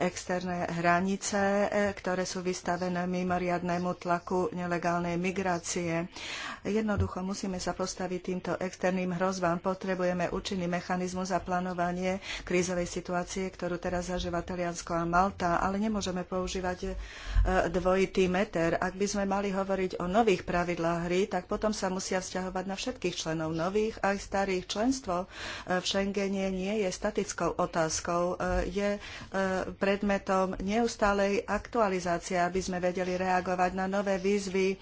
externé hranice, ktoré sú vystavené mimoriadnému tlaku nelegálnej migrácie. Jednoducho musíme sa postaviť týmto externým hrozbám. Potrebujeme účinný mechanizmus a plánovanie krízovej situácie, ktorú teraz zažíva Taliansko a Malta ale nemôžeme používať e, dvojitý meter. Ak by sme mali hovoriť o nových pravidlách hry, tak potom sa musia vzťahovať na všetkých členov nových aj starých. Členstvo e, v Schengene nie je statickou otázkou, e, je predmetom neustálej aktualizácie, aby sme vedeli reagovať na nové výzvy,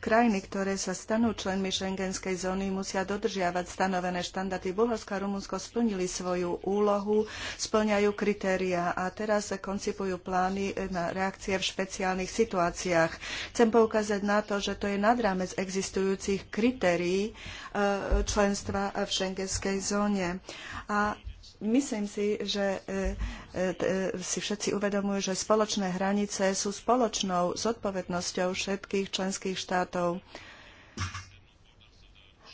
Krajiny, ktoré sa stanú členmi šengenskej zóny, musia dodržiavať stanovené štandardy. Bulharsko a Rumunsko splnili svoju úlohu, splňajú kritériá a teraz koncipujú plány na reakcie v špeciálnych situáciách. Chcem poukázať na to, že to je nad rámec existujúcich kritérií e, členstva v šengenskej zóne. A Myslím si, že e, e, e, si všetci uvedomujú, že spoločné hranice sú spoločnou zodpovednosťou všetkých členských štátov.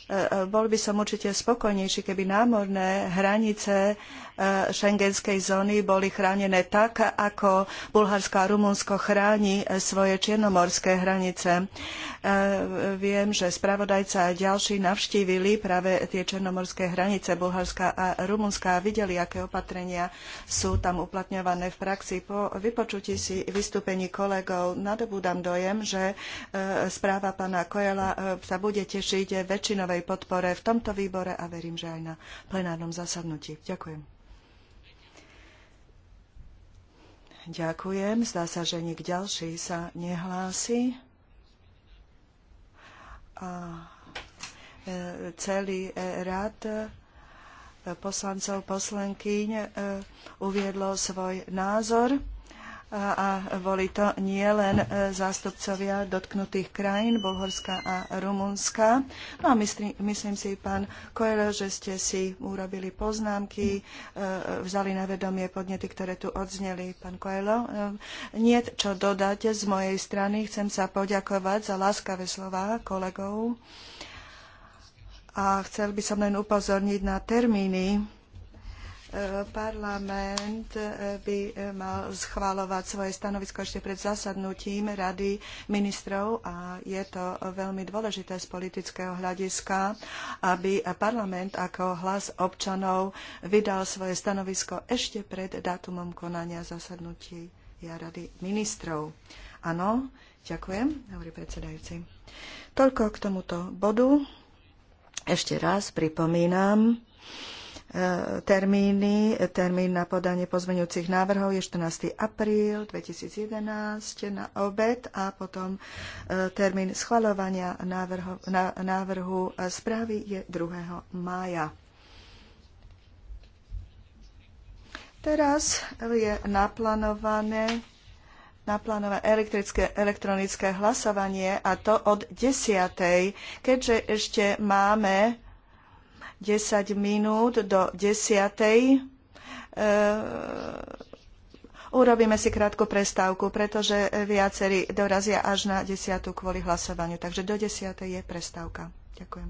E, e, bol by som určite spokojnejší, keby námorné hranice schengenskej e, zóny boli chránené tak, ako Bulharsko a Rumunsko chráni svoje čiernomorské hranice. Viem, že spravodajca a ďalší navštívili práve tie čiernomorské hranice Bulharska a Rumunska a videli, aké opatrenia sú tam uplatňované v praxi. Po vypočutí si vystúpení kolegov nadobúdam dojem, že správa pána Koela sa bude tešiť väčšinovej svojej podpore v tomto výbore a verím, že aj na plenárnom zasadnutí. Ďakujem. Ďakujem. Zdá sa, že nik ďalší sa nehlási. A e, celý e, rad e, poslancov, poslankyň uviedlo svoj názor a, boli to nielen e, zástupcovia dotknutých krajín, Bulhorska a Rumunska. No a myslím, myslím si, pán Koelo, že ste si urobili poznámky, e, vzali na vedomie podnety, ktoré tu odzneli. Pán Koelo, e, nie čo dodať z mojej strany. Chcem sa poďakovať za láskavé slova kolegov. A chcel by som len upozorniť na termíny parlament eh, by eh, mal schváľovať svoje stanovisko ešte pred zasadnutím Rady ministrov a je to veľmi dôležité z politického hľadiska, aby parlament ako hlas občanov vydal svoje stanovisko ešte pred dátumom konania zasadnutí Rady ministrov. Áno, ďakujem, hovorí predsedajúci. Toľko k tomuto bodu. Ešte raz pripomínam, E, termíny. Termín na podanie pozmeňujúcich návrhov je 14. apríl 2011 na obed a potom e, termín schvalovania návrhu, návrhu správy je 2. mája. Teraz je naplánované naplánované elektrické, elektronické hlasovanie a to od 10. keďže ešte máme 10 minút do 10. E, urobíme si krátku prestávku, pretože viacerí dorazia až na 10. kvôli hlasovaniu. Takže do 10. je prestávka. Ďakujem.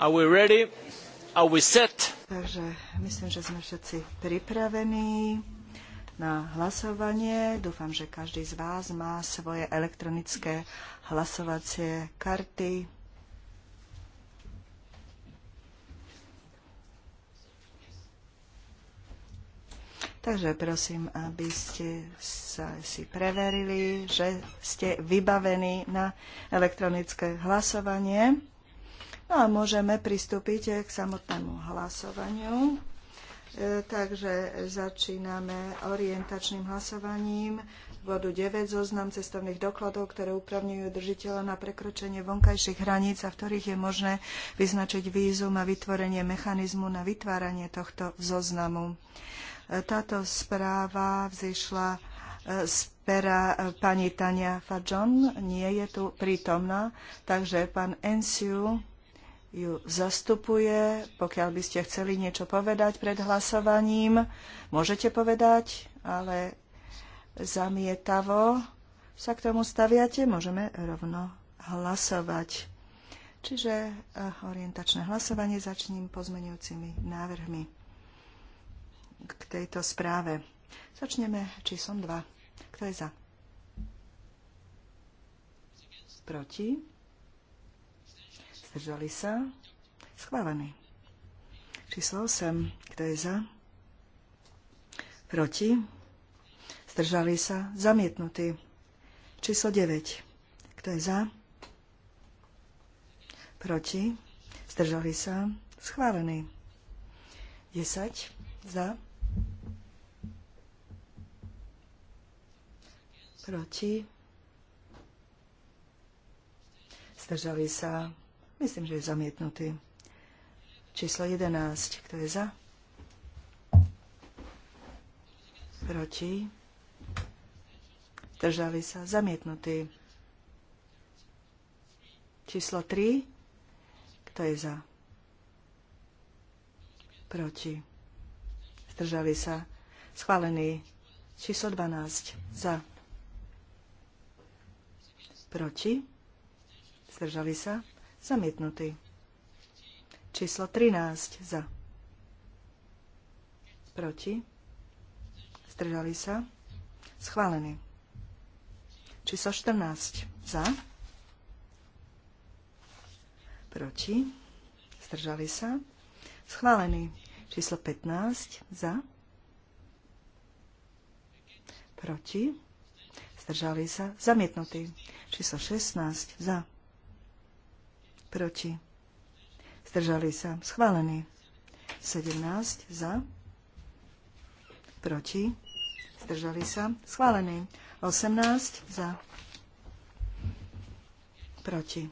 Are we ready? Are we set? Takže myslím, že sme všetci pripravení na hlasovanie. Dúfam, že každý z vás má svoje elektronické hlasovacie karty. Takže prosím, aby ste sa si preverili, že ste vybavení na elektronické hlasovanie. No a môžeme pristúpiť k samotnému hlasovaniu. E, takže začíname orientačným hlasovaním bodu 9 zoznam cestovných dokladov, ktoré upravňujú držiteľa na prekročenie vonkajších hraníc a v ktorých je možné vyznačiť vízum a vytvorenie mechanizmu na vytváranie tohto zoznamu. Táto správa vzýšla e, z pera e, pani Tania Fajon, nie je tu prítomná, takže pán Ensiu ju zastupuje. Pokiaľ by ste chceli niečo povedať pred hlasovaním, môžete povedať, ale zamietavo sa k tomu staviate, môžeme rovno hlasovať. Čiže e, orientačné hlasovanie začním pozmenujúcimi návrhmi k tejto správe. Začneme číslom 2. Kto je za? Proti? Zdržali sa? Schválený. Číslo 8. Kto je za? Proti? Zdržali sa? Zamietnutý. Číslo 9. Kto je za? Proti? Zdržali sa? Schválený. 10. Za? Proti? Zdržali sa. Myslím, že je zamietnutý. Číslo 11. Kto je za? Proti? Zdržali sa. Zamietnutý. Číslo 3. Kto je za? Proti. Zdržali sa. Schválený. Číslo 12. Za. Proti? Zdržali sa? Zamietnutý. Číslo 13. Za. Proti? Zdržali sa? Schválený. Číslo 14. Za. Proti? Zdržali sa? Schválený. Číslo 15. Za. Proti? Zdržali sa? Zamietnutý. Číslo 16 za. Proti. Zdržali sa. Schválený. 17 za. Proti. Zdržali sa. Schválený. 18 za. Proti.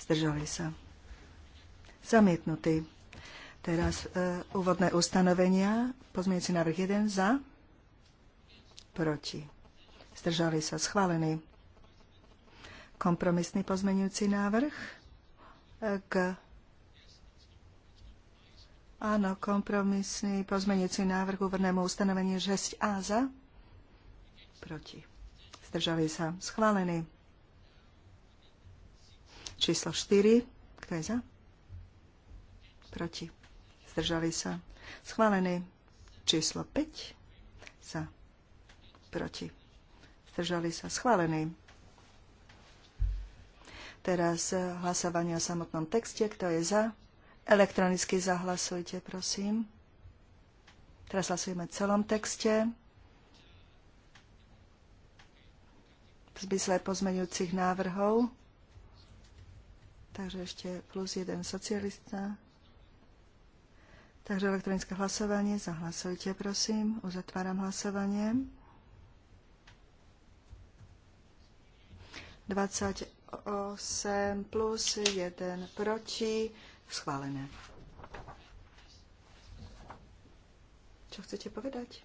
Zdržali sa. Zamietnutý. Teraz e, úvodné ustanovenia. Pozmienci návrh 1 za. Proti. Zdržali sa. Schválený kompromisný pozmenujúci návrh e, k Áno, kompromisný pozmenujúci návrh uvrnému ustanoveniu 6a za. Proti. Zdržali sa. Schválený. Číslo 4. Kto je za? Proti. Zdržali sa. Schválený. Číslo 5. Za. Proti. Zdržali sa. Schválený Teraz hlasovanie o samotnom texte. Kto je za? Elektronicky zahlasujte, prosím. Teraz hlasujeme v celom texte. V zmysle pozmeňujúcich návrhov. Takže ešte plus jeden socialista. Takže elektronické hlasovanie. Zahlasujte, prosím. Uzatváram hlasovanie. 20 8 plus 1 proti. Schválené. Čo chcete povedať?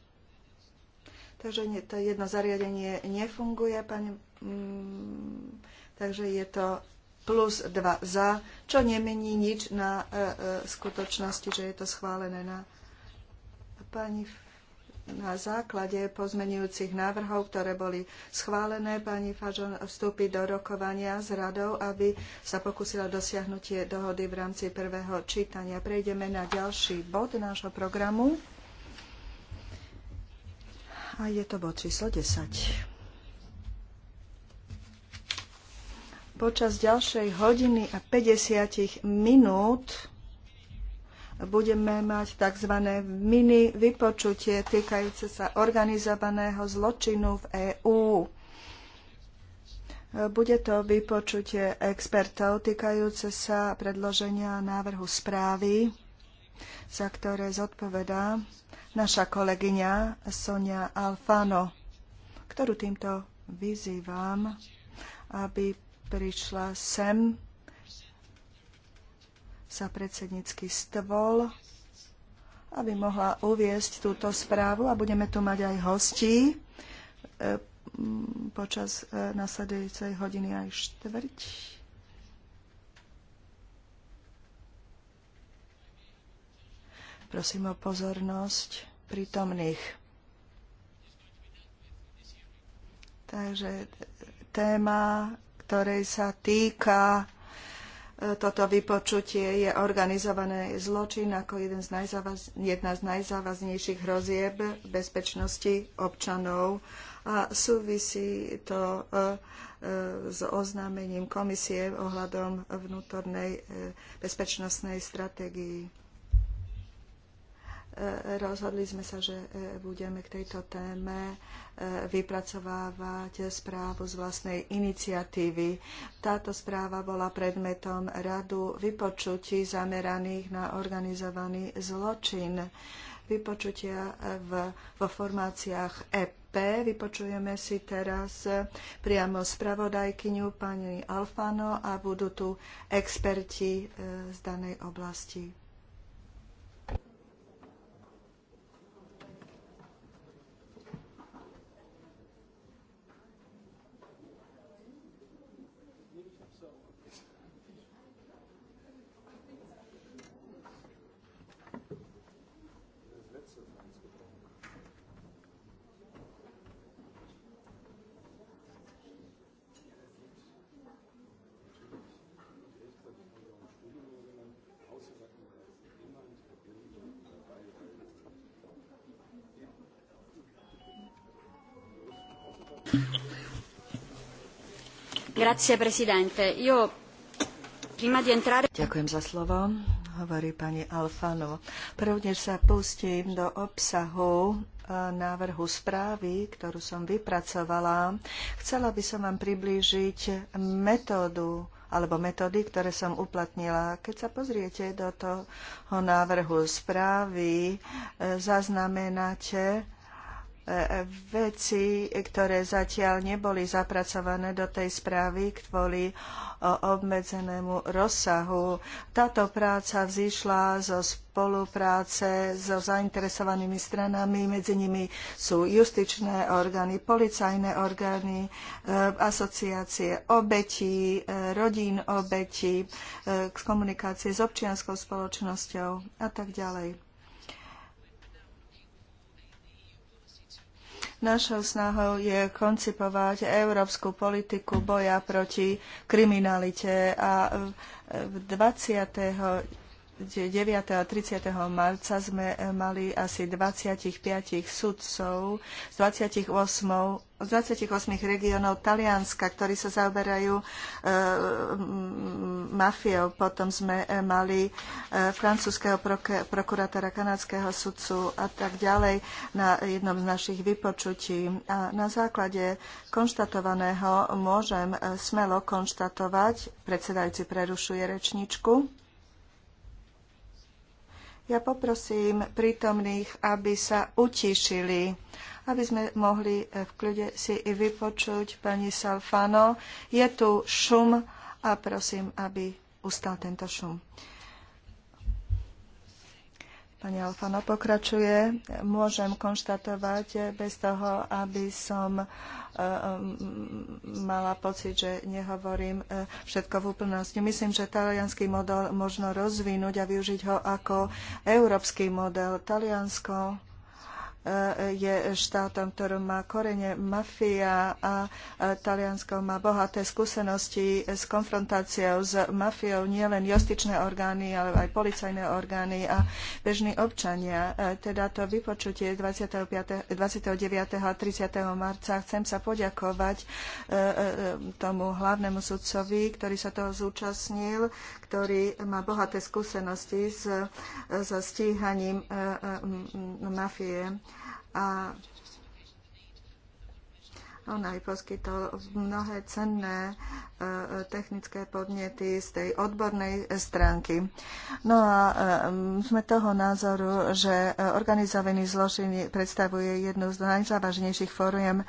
Takže to jedno zariadenie nefunguje, pani, mm, takže je to plus 2 za, čo nemení nič na e, e, skutočnosti, že je to schválené na pani na základe pozmenujúcich návrhov, ktoré boli schválené, pani Fažon vstúpi do rokovania s radou, aby sa pokúsila dosiahnutie dohody v rámci prvého čítania. Prejdeme na ďalší bod nášho programu. A je to bod číslo 10. Počas ďalšej hodiny a 50 minút budeme mať tzv. mini vypočutie týkajúce sa organizovaného zločinu v EÚ. Bude to vypočutie expertov týkajúce sa predloženia návrhu správy, za ktoré zodpovedá naša kolegyňa Sonia Alfano, ktorú týmto vyzývam, aby prišla sem sa predsednícky stôl, aby mohla uviesť túto správu a budeme tu mať aj hostí e, počas e, nasledujúcej hodiny aj štvrť. Prosím o pozornosť prítomných. Takže téma, ktorej sa týka toto vypočutie je organizovaný zločin ako jeden z najzávaz, jedna z najzávaznejších hrozieb bezpečnosti občanov a súvisí to e, e, s oznámením komisie ohľadom vnútornej e, bezpečnostnej stratégii rozhodli sme sa, že e, budeme k tejto téme e, vypracovávať správu z vlastnej iniciatívy. Táto správa bola predmetom radu vypočutí zameraných na organizovaný zločin. Vypočutia e, v, vo formáciách EP. Vypočujeme si teraz priamo spravodajkyňu pani Alfano a budú tu experti z danej oblasti. Grazie, Io, entrare... Ďakujem za slovo, hovorí pani Alfano. Prvne sa pustím do obsahu e, návrhu správy, ktorú som vypracovala. Chcela by som vám priblížiť metódu alebo metódy, ktoré som uplatnila. Keď sa pozriete do toho návrhu správy, e, zaznamenáte veci, ktoré zatiaľ neboli zapracované do tej správy kvôli obmedzenému rozsahu. Táto práca vzýšla zo spolupráce so zainteresovanými stranami, medzi nimi sú justičné orgány, policajné orgány, e, asociácie obetí, e, rodín obetí, e, komunikácie s občianskou spoločnosťou a tak ďalej. Našou snahou je koncipovať európsku politiku boja proti kriminalite a 20. 9. a 30. marca sme eh, mali asi 25 sudcov z 28, z 28 regiónov Talianska, ktorí sa zaoberajú e, mafiou. Potom sme eh, mali e, francúzského proke, prokurátora, kanadského sudcu a tak ďalej na jednom z našich vypočutí. A na základe konštatovaného môžem smelo konštatovať, predsedajúci prerušuje rečničku, ja poprosím prítomných, aby sa utišili, aby sme mohli eh, v kľude si i vypočuť pani Salfano. Je tu šum a prosím, aby ustal tento šum. Pani Alfano pokračuje. Môžem konštatovať eh, bez toho, aby som eh, mala pocit, že nehovorím e, všetko v úplnosti. Myslím, že talianský model možno rozvinúť a využiť ho ako európsky model. Taliansko je štátom, ktorom má korene mafia a Taliansko má bohaté skúsenosti s konfrontáciou s mafiou nielen justičné orgány, ale aj policajné orgány a bežní občania. E, teda to vypočutie 25, 29. a 30. marca chcem sa poďakovať e, e, tomu hlavnému sudcovi, ktorý sa toho zúčastnil, ktorý má bohaté skúsenosti s, so stíhaním e, e, mafie. A on aj poskytol mnohé cenné technické podnety z tej odbornej stránky. No a sme toho názoru, že e, organizovaný zločin predstavuje jednu z najzávažnejších fóriem e, e,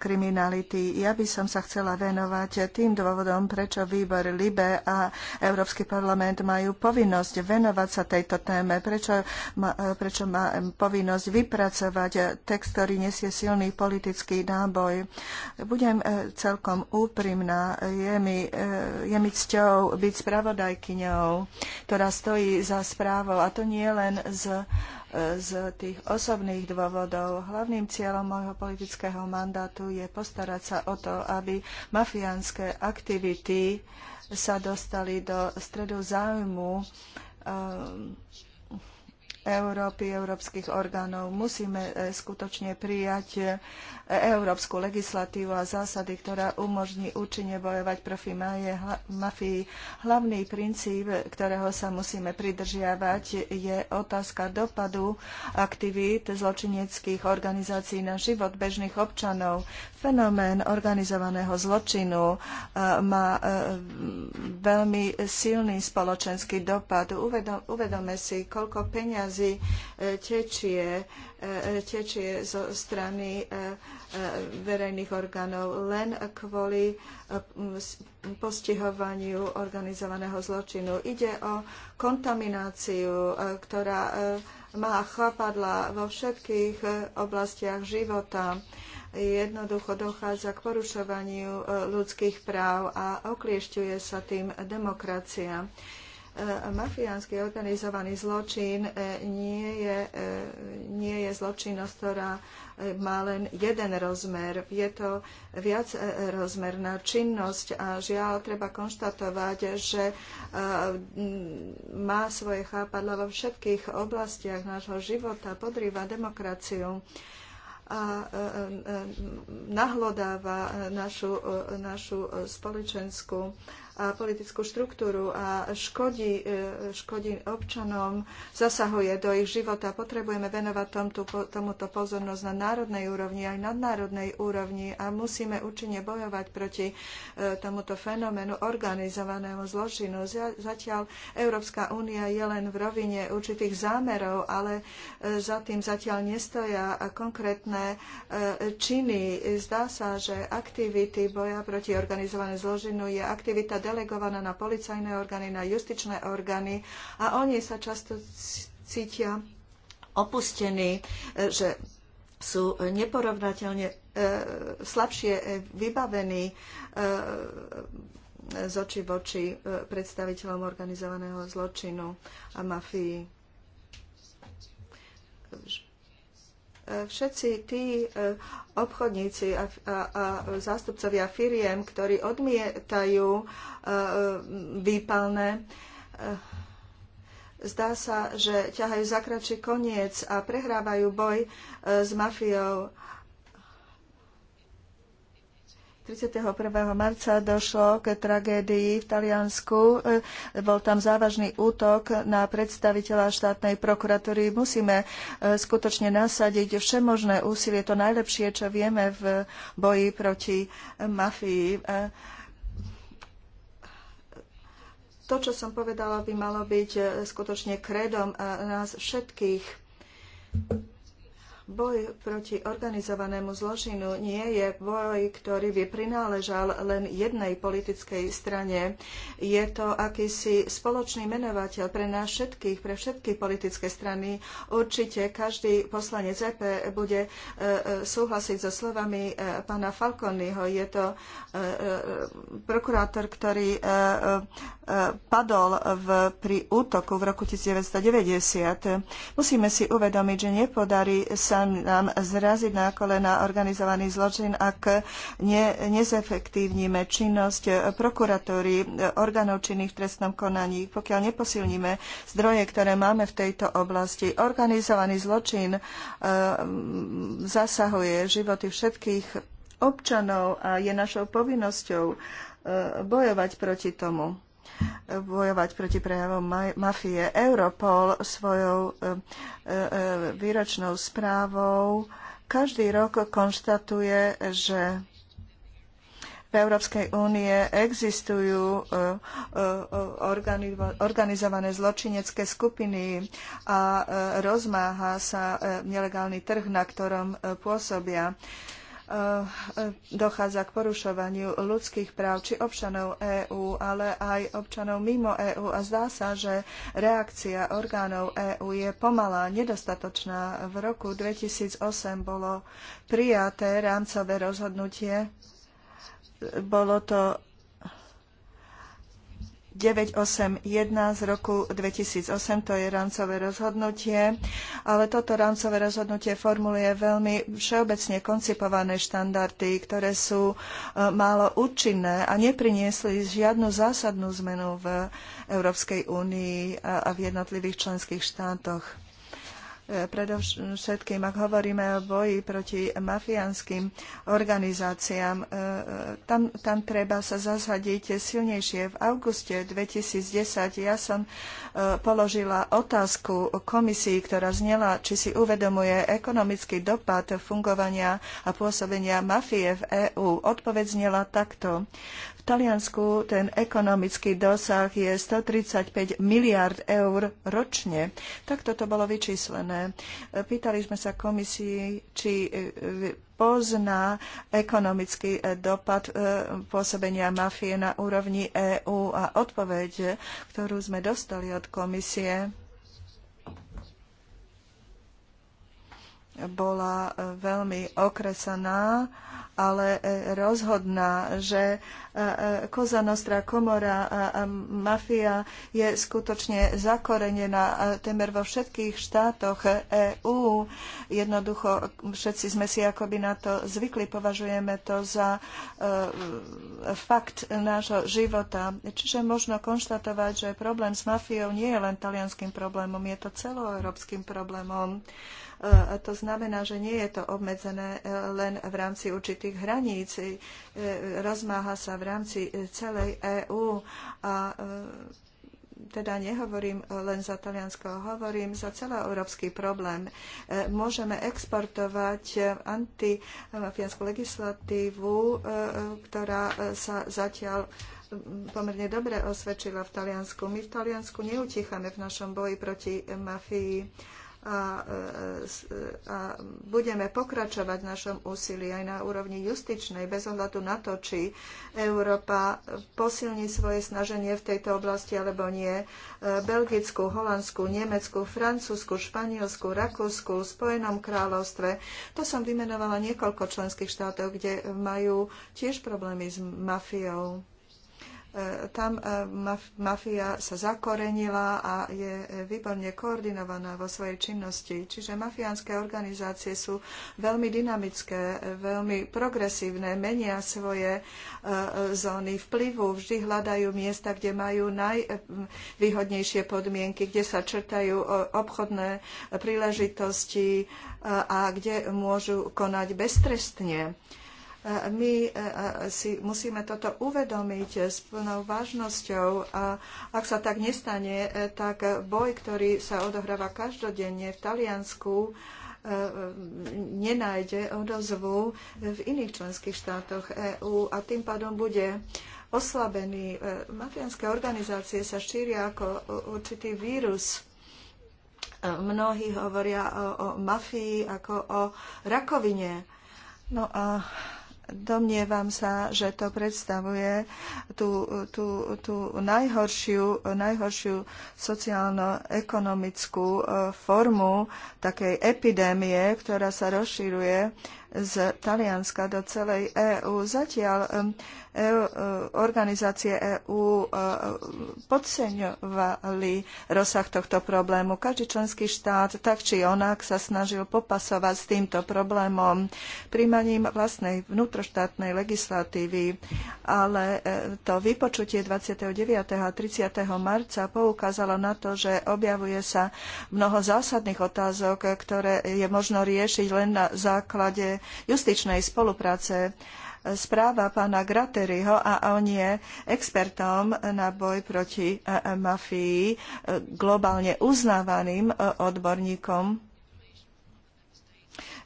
kriminality. Ja by som sa chcela venovať tým dôvodom, prečo výbor LIBE a Európsky parlament majú povinnosť venovať sa tejto téme, prečo má, prečo má povinnosť vypracovať text, ktorý nesie silný politický náboj. Budem celkom úprimná. Je mi, eh, je mi cťou byť spravodajkyňou, ktorá stojí za správou. A to nie len z, eh, z tých osobných dôvodov. Hlavným cieľom môjho politického mandátu je postarať sa o to, aby mafiánske aktivity sa dostali do stredu zájmu. Eh, Európy, európskych orgánov. Musíme e, skutočne prijať e, európsku legislatívu a zásady, ktorá umožní účinne bojovať proti mafii. Hlavný princíp, ktorého sa musíme pridržiavať, je otázka dopadu aktivít zločineckých organizácií na život bežných občanov. Fenomén organizovaného zločinu e, má veľmi silný spoločenský dopad. Uvedome si, koľko peňazí peňazí tečie, e, tečie zo strany e, e, verejných orgánov len kvôli postihovaniu organizovaného zločinu. Ide o kontamináciu, ktorá má chápadla vo všetkých oblastiach života jednoducho dochádza k porušovaniu ľudských práv a okliešťuje sa tým demokracia. E, mafiánsky organizovaný zločin e, nie je, e, nie je zločinnosť, ktorá má len jeden rozmer. Je to viac rozmerná činnosť a žiaľ treba konštatovať, že má svoje chápadlo vo všetkých oblastiach nášho života, podrýva demokraciu a nahlodáva našu, našu spoločenskú a politickú štruktúru a škodí, e, škodí občanom, zasahuje do ich života. Potrebujeme venovať tomto, tomuto pozornosť na národnej úrovni aj nadnárodnej úrovni a musíme účinne bojovať proti e, tomuto fenoménu organizovaného zločinu. Zatiaľ Európska únia je len v rovine určitých zámerov, ale e, za tým zatiaľ nestoja konkrétne činy. Zdá sa, že aktivity boja proti organizovanému zločinu je aktivita delegovaná na policajné orgány, na justičné orgány a oni sa často cítia opustení, e, že sú neporovnateľne e, slabšie vybavení e, z oči v oči predstaviteľom organizovaného zločinu a mafii všetci tí e, obchodníci a, a, a zástupcovia firiem, ktorí odmietajú e, výpalné, e, zdá sa, že ťahajú za koniec a prehrávajú boj s mafiou 31. marca došlo k tragédii v Taliansku. E, bol tam závažný útok na predstaviteľa štátnej prokuratúry. Musíme e, skutočne nasadiť všemožné úsilie, to najlepšie, čo vieme v boji proti mafii. E, to, čo som povedala, by malo byť skutočne kredom nás všetkých. Boj proti organizovanému zločinu nie je boj, ktorý by prináležal len jednej politickej strane. Je to akýsi spoločný menovateľ pre nás všetkých, pre všetky politické strany. Určite každý poslanec EP bude e, e, súhlasiť so slovami e, pána Falconyho. Je to prokurátor, ktorý padol v, pri útoku v roku 1990. Musíme si uvedomiť, že nepodarí sa sa nám zraziť na kolena organizovaný zločin, ak ne, nezefektívnime činnosť prokuratúry, orgánov činných v trestnom konaní, pokiaľ neposilníme zdroje, ktoré máme v tejto oblasti. Organizovaný zločin e, zasahuje životy všetkých občanov a je našou povinnosťou e, bojovať proti tomu bojovať proti prejavom mafie. Europol svojou e, e, e, výročnou správou každý rok konštatuje, že v Európskej únie existujú organizované zločinecké skupiny a rozmáha sa nelegálny trh, na ktorom pôsobia. Eh, dochádza k porušovaniu ľudských práv či občanov EÚ, ale aj občanov mimo EÚ a zdá sa, že reakcia orgánov EÚ je pomalá, nedostatočná. V roku 2008 bolo prijaté rámcové rozhodnutie. Bolo to 981 z roku 2008, to je rámcové rozhodnutie, ale toto rámcové rozhodnutie formuluje veľmi všeobecne koncipované štandardy, ktoré sú e, málo účinné a nepriniesli žiadnu zásadnú zmenu v Európskej únii a v jednotlivých členských štátoch. Predovšetkým, ak hovoríme o boji proti mafiánskym organizáciám, e, e, tam, tam treba sa zasadiť silnejšie. V auguste 2010 ja som e, položila otázku komisii, ktorá znela, či si uvedomuje ekonomický dopad fungovania a pôsobenia mafie v EÚ. Odpoveď znela takto. Taliansku ten ekonomický dosah je 135 miliard eur ročne. Takto to bolo vyčíslené. Pýtali sme sa komisii, či e, pozná ekonomický e, dopad e, pôsobenia mafie na úrovni EÚ a odpoveď, ktorú sme dostali od komisie, bola e, veľmi okresaná, ale e, rozhodná, že Koza e, Nostra komora a mafia je skutočne zakorenená temer vo všetkých štátoch EÚ. Jednoducho všetci sme si akoby na to zvykli, považujeme to za fakt nášho života. Čiže možno konštatovať, že problém s mafiou nie je len talianským problémom, je to celoeurópskym problémom. problémom to znamená, že nie je to obmedzené e, len v rámci určitých hraníc. E, rozmáha sa v rámci e, celej EÚ a teda nehovorím len za Taliansko, hovorím za európsky problém. Môžeme exportovať antimafiánsku legislatívu, ktorá sa zatiaľ pomerne dobre osvedčila v Taliansku. My v Taliansku neutichame v našom boji proti mafii a, e, e, a budeme pokračovať v našom úsilí aj na úrovni justičnej, bez ohľadu na to, či Európa posilní svoje snaženie v tejto oblasti alebo nie. E, Belgicku, Holandsku, Nemecku, Francúzsku, Španielsku, Rakúsku, Spojenom kráľovstve. To som vymenovala niekoľko členských štátov, kde majú tiež problémy s mafiou. E, tam e, mafia sa zakorenila a je výborne koordinovaná vo svojej činnosti. Čiže mafiánske organizácie sú veľmi dynamické, veľmi progresívne, menia svoje e, zóny vplyvu, vždy hľadajú miesta, kde majú najvýhodnejšie podmienky, kde sa črtajú obchodné príležitosti a kde môžu konať beztrestne my e, si musíme toto uvedomiť s plnou vážnosťou a ak sa tak nestane, e, tak boj, ktorý sa odohráva každodenne v Taliansku, e, nenájde odozvu v iných členských štátoch EÚ a tým pádom bude oslabený. Mafiánske organizácie sa šíria ako určitý vírus mnohí hovoria o, o mafii ako o rakovine. No a Domnievam sa, že to predstavuje tú, tú, tú najhoršiu, najhoršiu sociálno-ekonomickú e, formu takej epidémie, ktorá sa rozširuje z Talianska do celej EÚ. Zatiaľ EU, e e, organizácie EÚ e, podceňovali rozsah tohto problému. Každý členský štát tak či onak sa snažil popasovať s týmto problémom príjmaním vlastnej vnútroštátnej legislatívy, ale to vypočutie 29. a 30. marca poukázalo na to, že objavuje sa mnoho zásadných otázok, ktoré je možno riešiť len na základe justičnej spolupráce správa pána Grateriho a on je expertom na boj proti eh, eh, mafii, eh, globálne uznávaným odborníkom.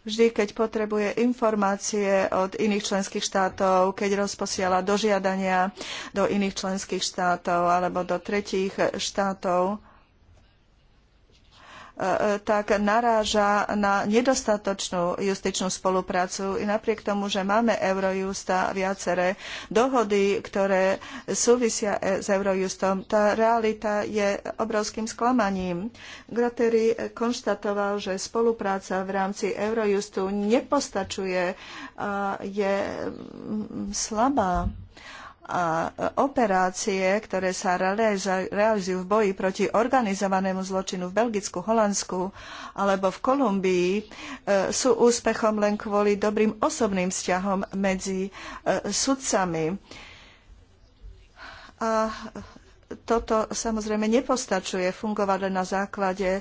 Vždy, keď potrebuje informácie od iných členských štátov, keď rozposiela dožiadania do iných členských štátov alebo do tretích štátov, tak naráža na nedostatočnú justičnú spoluprácu. I napriek tomu, že máme Eurojusta viaceré dohody, ktoré súvisia e- s Eurojustom, tá realita je obrovským sklamaním. Groteri konštatoval, že spolupráca v rámci Eurojustu nepostačuje a je mm, slabá a operácie, ktoré sa realizujú v boji proti organizovanému zločinu v Belgicku, Holandsku alebo v Kolumbii, e, sú úspechom len kvôli dobrým osobným vzťahom medzi e, sudcami. A toto samozrejme nepostačuje fungovať len na základe e,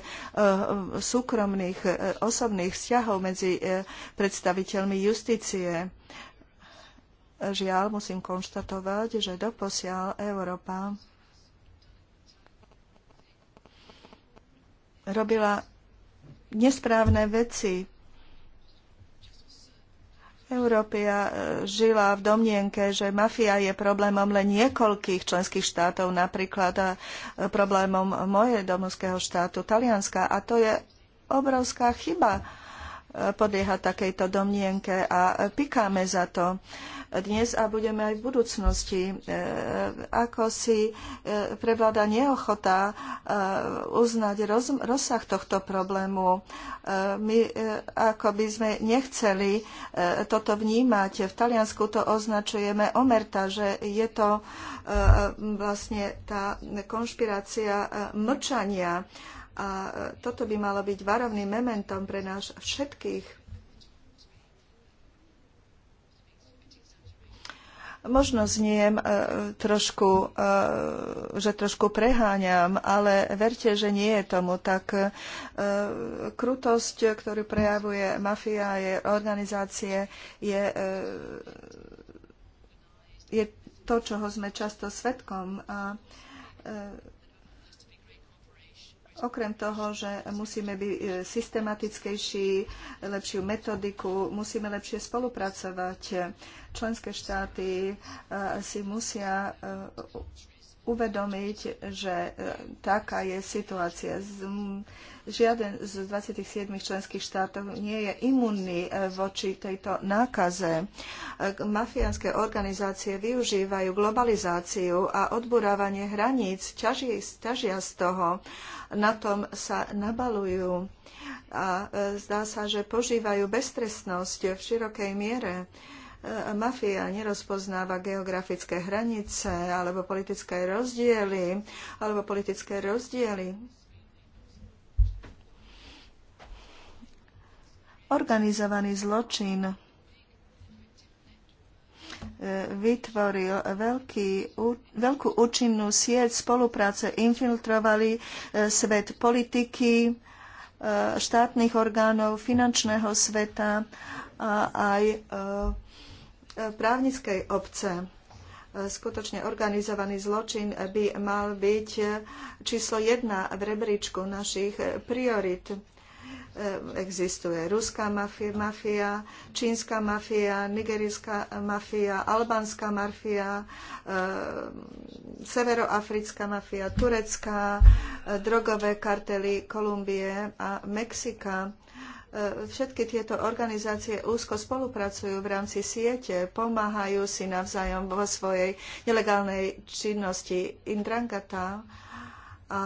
súkromných osobných vzťahov medzi predstaviteľmi justície. Žiaľ, musím konštatovať, že doposiaľ Európa robila nesprávne veci. Európia e, žila v domnienke, že mafia je problémom len niekoľkých členských štátov, napríklad e, problémom mojej domovského štátu, Talianska. A to je obrovská chyba e, podlieha takejto domnienke a pikáme za to dnes a budeme aj v budúcnosti. E, ako si e, prevláda neochota e, uznať rozsah tohto problému. My ako by sme nechceli toto vnímať. V Taliansku to označujeme omerta, že je to vlastne tá konšpirácia mlčania. A toto by malo byť varovným mementom pre nás všetkých Možno zniem e, trošku, e, že trošku preháňam, ale verte, že nie je tomu tak. E, krutosť, ktorú prejavuje mafia, je organizácie, je, je to, čoho sme často svetkom. A, Okrem toho, že musíme byť e, systematickejší, lepšiu metodiku, musíme lepšie spolupracovať. Členské štáty e, si musia e, uvedomiť, že taká je situácia. Žiaden z 27 členských štátov nie je imunný e, voči tejto nákaze. E, mafiánske organizácie využívajú globalizáciu a odburávanie hraníc, ťažia, ťažia z toho. Na tom sa nabalujú a e, zdá sa, že požívajú beztrestnosť v širokej miere mafia nerozpoznáva geografické hranice alebo politické rozdiely, alebo politické rozdiely organizovaný zločin e, vytvoril veľký, veľkú účinnú sieť spolupráce, infiltrovali e, svet politiky, e, štátnych orgánov, finančného sveta a aj právnickej obce. Skutočne organizovaný zločin by mal byť číslo jedna v rebríčku našich priorit existuje ruská mafia, mafia čínska mafia, nigerijská mafia, albánska mafia, eh, severoafrická mafia, turecká, eh, drogové kartely Kolumbie a Mexika. Eh, všetky tieto organizácie úzko spolupracujú v rámci siete, pomáhajú si navzájom vo svojej nelegálnej činnosti Indrangata a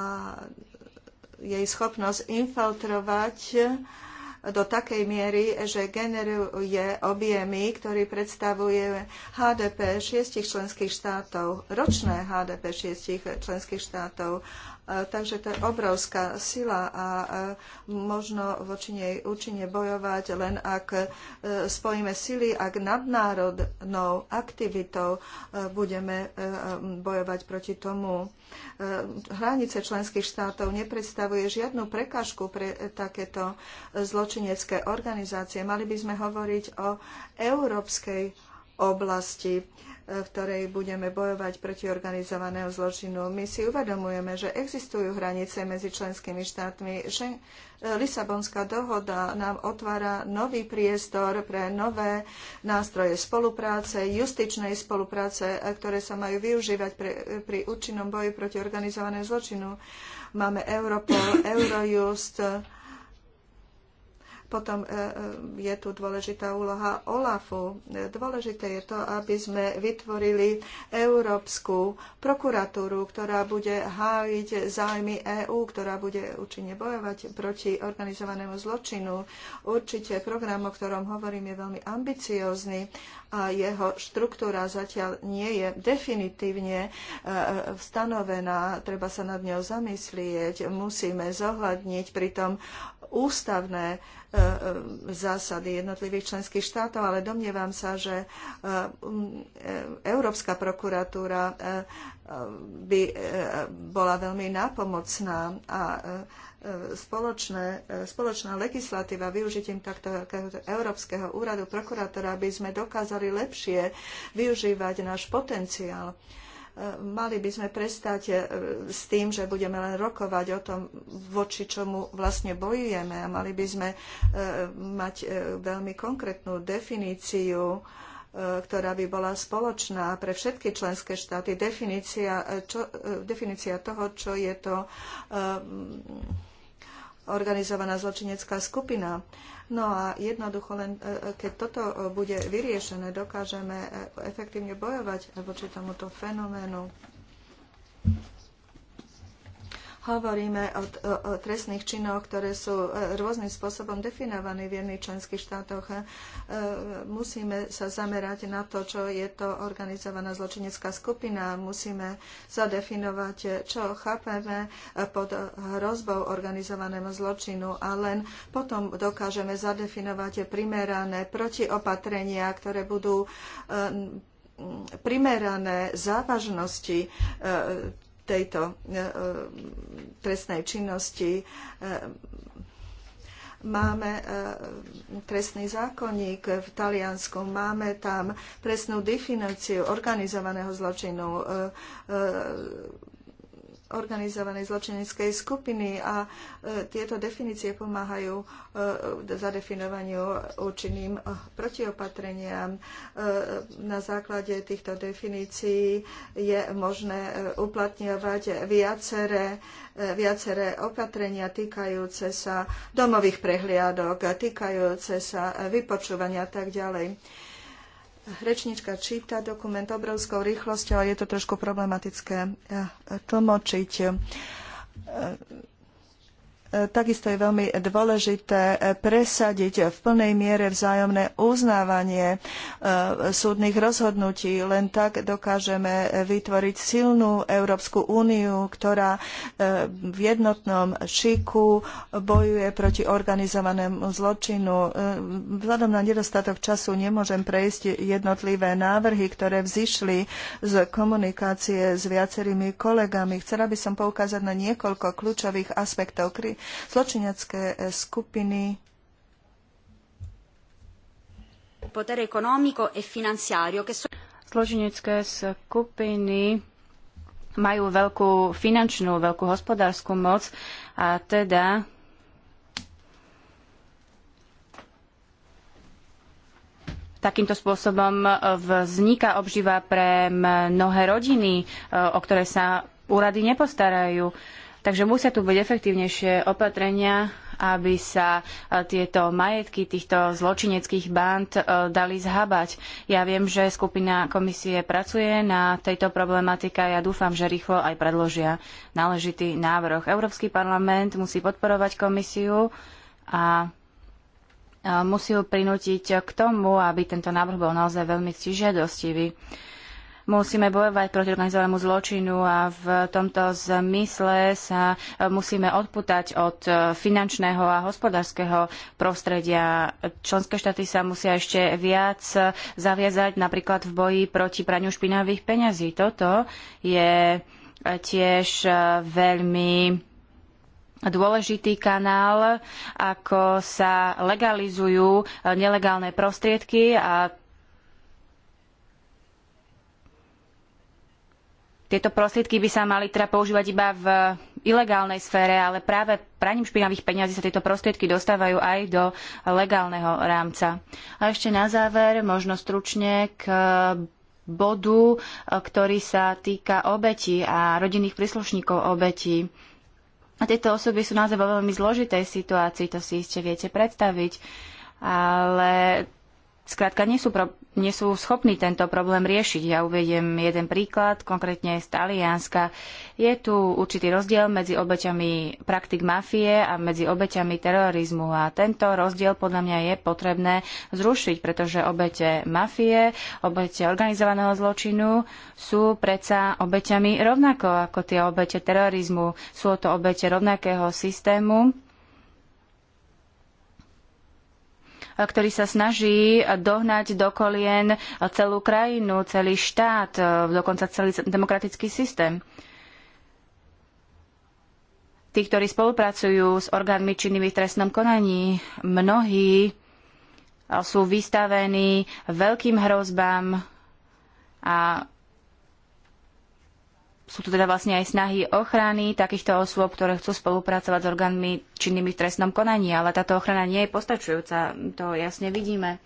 jej schopnosť infiltrovať do takej miery, že generuje objemy, ktorý predstavuje HDP šiestich členských štátov, ročné HDP šiestich členských štátov. E, takže to je obrovská sila a e, možno voči nej účinne bojovať len ak e, spojíme sily, ak nadnárodnou aktivitou budeme bojovať proti tomu. Hranice členských štátov nepredstavuje žiadnu prekážku pre takéto zločinecké organizácie. Mali by sme hovoriť o európskej oblasti v ktorej budeme bojovať proti organizovaného zločinu. My si uvedomujeme, že existujú hranice medzi členskými štátmi. E, Lisabonská dohoda nám otvára nový priestor pre nové nástroje spolupráce, justičnej spolupráce, e, ktoré sa majú využívať pre, e, pri účinnom boji proti organizovanému zločinu. Máme Europol, Eurojust, potom e, e, je tu dôležitá úloha OLAFu. Dôležité je to, aby sme vytvorili Európsku prokuratúru, ktorá bude hájiť zájmy EÚ, ktorá bude účinne bojovať proti organizovanému zločinu. Určite program, o ktorom hovorím, je veľmi ambiciózny a jeho štruktúra zatiaľ nie je definitívne e, stanovená. Treba sa nad ňou zamyslieť. Musíme zohľadniť pritom ústavné e, e, zásady jednotlivých členských štátov, ale domnievam sa, že e, Európska prokuratúra by bola veľmi nápomocná a spoločné, spoločná legislatíva využitím takto Európskeho úradu prokurátora by sme dokázali lepšie využívať náš potenciál mali by sme prestať e, s tým, že budeme len rokovať o tom, voči čomu vlastne bojujeme a mali by sme e, mať e, veľmi konkrétnu definíciu ktorá by bola spoločná pre všetky členské štáty. Definícia, čo, definícia toho, čo je to organizovaná zločinecká skupina. Uh, No a jednoducho len, e, e, keď toto e, bude vyriešené, dokážeme efektívne bojovať voči tomuto fenoménu. Hovoríme o, o, o trestných činoch, ktoré sú e, rôznym spôsobom definované v jedných členských štátoch. E, musíme sa zamerať na to, čo je to organizovaná zločinecká skupina. Musíme zadefinovať, e, čo chápeme pod hrozbou organizovanému zločinu a len potom dokážeme zadefinovať primerané protiopatrenia, ktoré budú primerané závažnosti tejto e, e, trestnej činnosti e, máme trestný zákonník v Taliansku, máme tam presnú definíciu organizovaného zločinu, organizovanej zločineckej skupiny a e, tieto definície pomáhajú e, zadefinovaniu účinným e, protiopatreniam. Na základe týchto definícií je možné uplatňovať viaceré, viaceré opatrenia týkajúce sa domových prehliadok, týkajúce sa vypočúvania a tak ďalej Rečnička číta dokument obrovskou rýchlosťou a je to trošku problematické tlmočiť e, Takisto je veľmi dôležité eh, presadiť v plnej miere vzájomné uznávanie eh, súdnych rozhodnutí. Len tak dokážeme eh, vytvoriť silnú Európsku úniu, ktorá v jednotnom šiku bojuje proti organizovanému zločinu. Vzhľadom na nedostatok času nemôžem prejsť jednotlivé návrhy, ktoré vzýšli z komunikácie s viacerými kolegami. Chcela by som poukázať na niekoľko kľúčových aspektov zločinecké e, skupiny potere economico e finanziario che so- Zločinecké skupiny majú veľkú finančnú, veľkú hospodárskú moc a teda takýmto spôsobom e, vzniká obživa pre mnohé rodiny, e, o ktoré sa úrady nepostarajú. Takže musia tu byť efektívnejšie opatrenia, aby sa e, tieto majetky týchto zločineckých band e, dali zhabať. Ja viem, že skupina komisie pracuje na tejto problematike a ja dúfam, že rýchlo aj predložia náležitý návrh. Európsky parlament musí podporovať komisiu a e, musí ju prinútiť k tomu, aby tento návrh bol naozaj veľmi ctižiadostivý. žiadostivý. Musíme bojovať proti organizovanému zločinu a v tomto zmysle sa e, musíme odputať od e, finančného a hospodárskeho prostredia. Členské štáty sa musia ešte viac zaviazať napríklad v boji proti praniu špinavých peňazí. Toto je tiež e, veľmi dôležitý kanál, ako sa legalizujú nelegálne prostriedky a Tieto prostriedky by sa mali teda používať iba v ilegálnej sfére, ale práve praním špinavých peňazí sa tieto prostriedky dostávajú aj do legálneho rámca. A ešte na záver, možno stručne k bodu, ktorý sa týka obetí a rodinných príslušníkov obetí. A tieto osoby sú naozaj vo veľmi zložitej situácii, to si iste viete predstaviť, ale skrátka nie sú pro nie sú schopní tento problém riešiť. Ja uvediem jeden príklad, konkrétne z Talianska. Je tu určitý rozdiel medzi obeťami praktik mafie a medzi obeťami terorizmu a tento rozdiel podľa mňa je potrebné zrušiť, pretože obete mafie, obete organizovaného zločinu sú predsa obeťami rovnako ako tie obete terorizmu. Sú to obete rovnakého systému, ktorý sa snaží dohnať do kolien celú krajinu, celý štát, dokonca celý demokratický systém. Tí, ktorí spolupracujú s orgánmi činnými v trestnom konaní, mnohí sú vystavení veľkým hrozbám a sú tu teda vlastne aj snahy ochrany takýchto osôb, ktoré chcú spolupracovať s orgánmi činnými v trestnom konaní, ale táto ochrana nie je postačujúca, to jasne vidíme.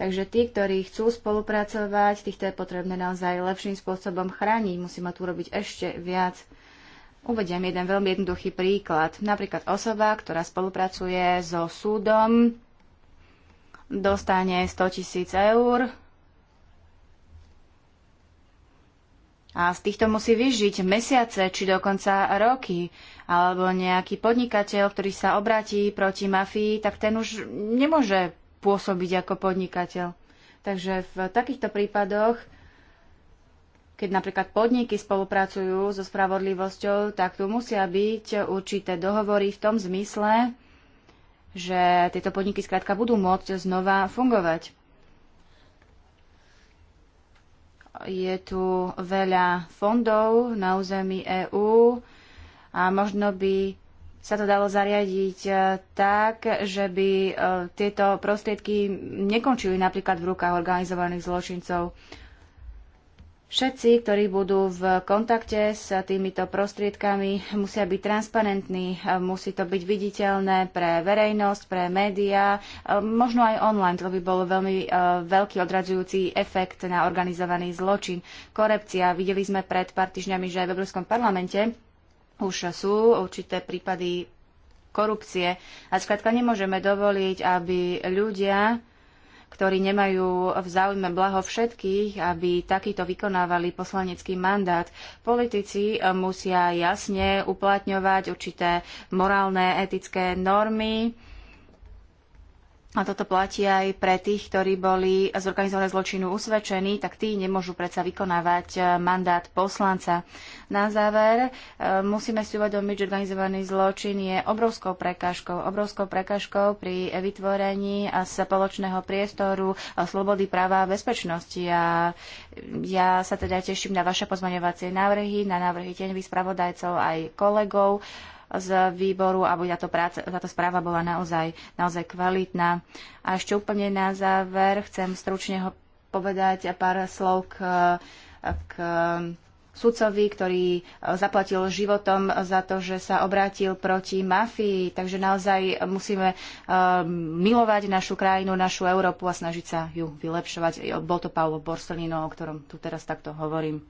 Takže tí, ktorí chcú spolupracovať, týchto je potrebné naozaj lepším spôsobom chrániť. Musíme tu robiť ešte viac. Uvediem jeden veľmi jednoduchý príklad. Napríklad osoba, ktorá spolupracuje so súdom, dostane 100 tisíc eur A z týchto musí vyžiť mesiace či dokonca roky. Alebo nejaký podnikateľ, ktorý sa obratí proti mafii, tak ten už nemôže pôsobiť ako podnikateľ. Takže v takýchto prípadoch, keď napríklad podniky spolupracujú so spravodlivosťou, tak tu musia byť určité dohovory v tom zmysle, že tieto podniky skrátka budú môcť znova fungovať. je tu veľa fondov na území EÚ a možno by sa to dalo zariadiť e, tak, že by e, tieto prostriedky nekončili napríklad v rukách organizovaných zločincov. Všetci, ktorí budú v kontakte s týmito prostriedkami, musia byť transparentní, musí to byť viditeľné pre verejnosť, pre médiá, možno aj online, to by bol veľmi e, veľký odradzujúci efekt na organizovaný zločin. Korepcia, videli sme pred pár týždňami, že aj v Európskom parlamente už sú určité prípady korupcie. A skrátka nemôžeme dovoliť, aby ľudia ktorí nemajú v záujme blaho všetkých, aby takýto vykonávali poslanecký mandát. Politici e, musia jasne uplatňovať určité morálne, etické normy, a toto platí aj pre tých, ktorí boli z organizovaného zločinu usvedčení, tak tí nemôžu predsa vykonávať e, mandát poslanca. Na záver e, musíme si uvedomiť, že organizovaný zločin je obrovskou prekážkou. Obrovskou prekážkou pri vytvorení e, spoločného priestoru slobody práva a bezpečnosti. A ja sa teda teším na vaše pozmaňovacie návrhy, na návrhy tieňových spravodajcov aj kolegov z výboru, aby táto, práca, táto správa bola naozaj, naozaj kvalitná. A ešte úplne na záver chcem stručne ho povedať pár slov k, k sudcovi, ktorý e, zaplatil životom za to, že sa obrátil proti mafii. Takže naozaj musíme e, milovať našu krajinu, našu Európu a snažiť sa ju vylepšovať. Bol to Paolo Borsellino, o ktorom tu teraz takto hovorím.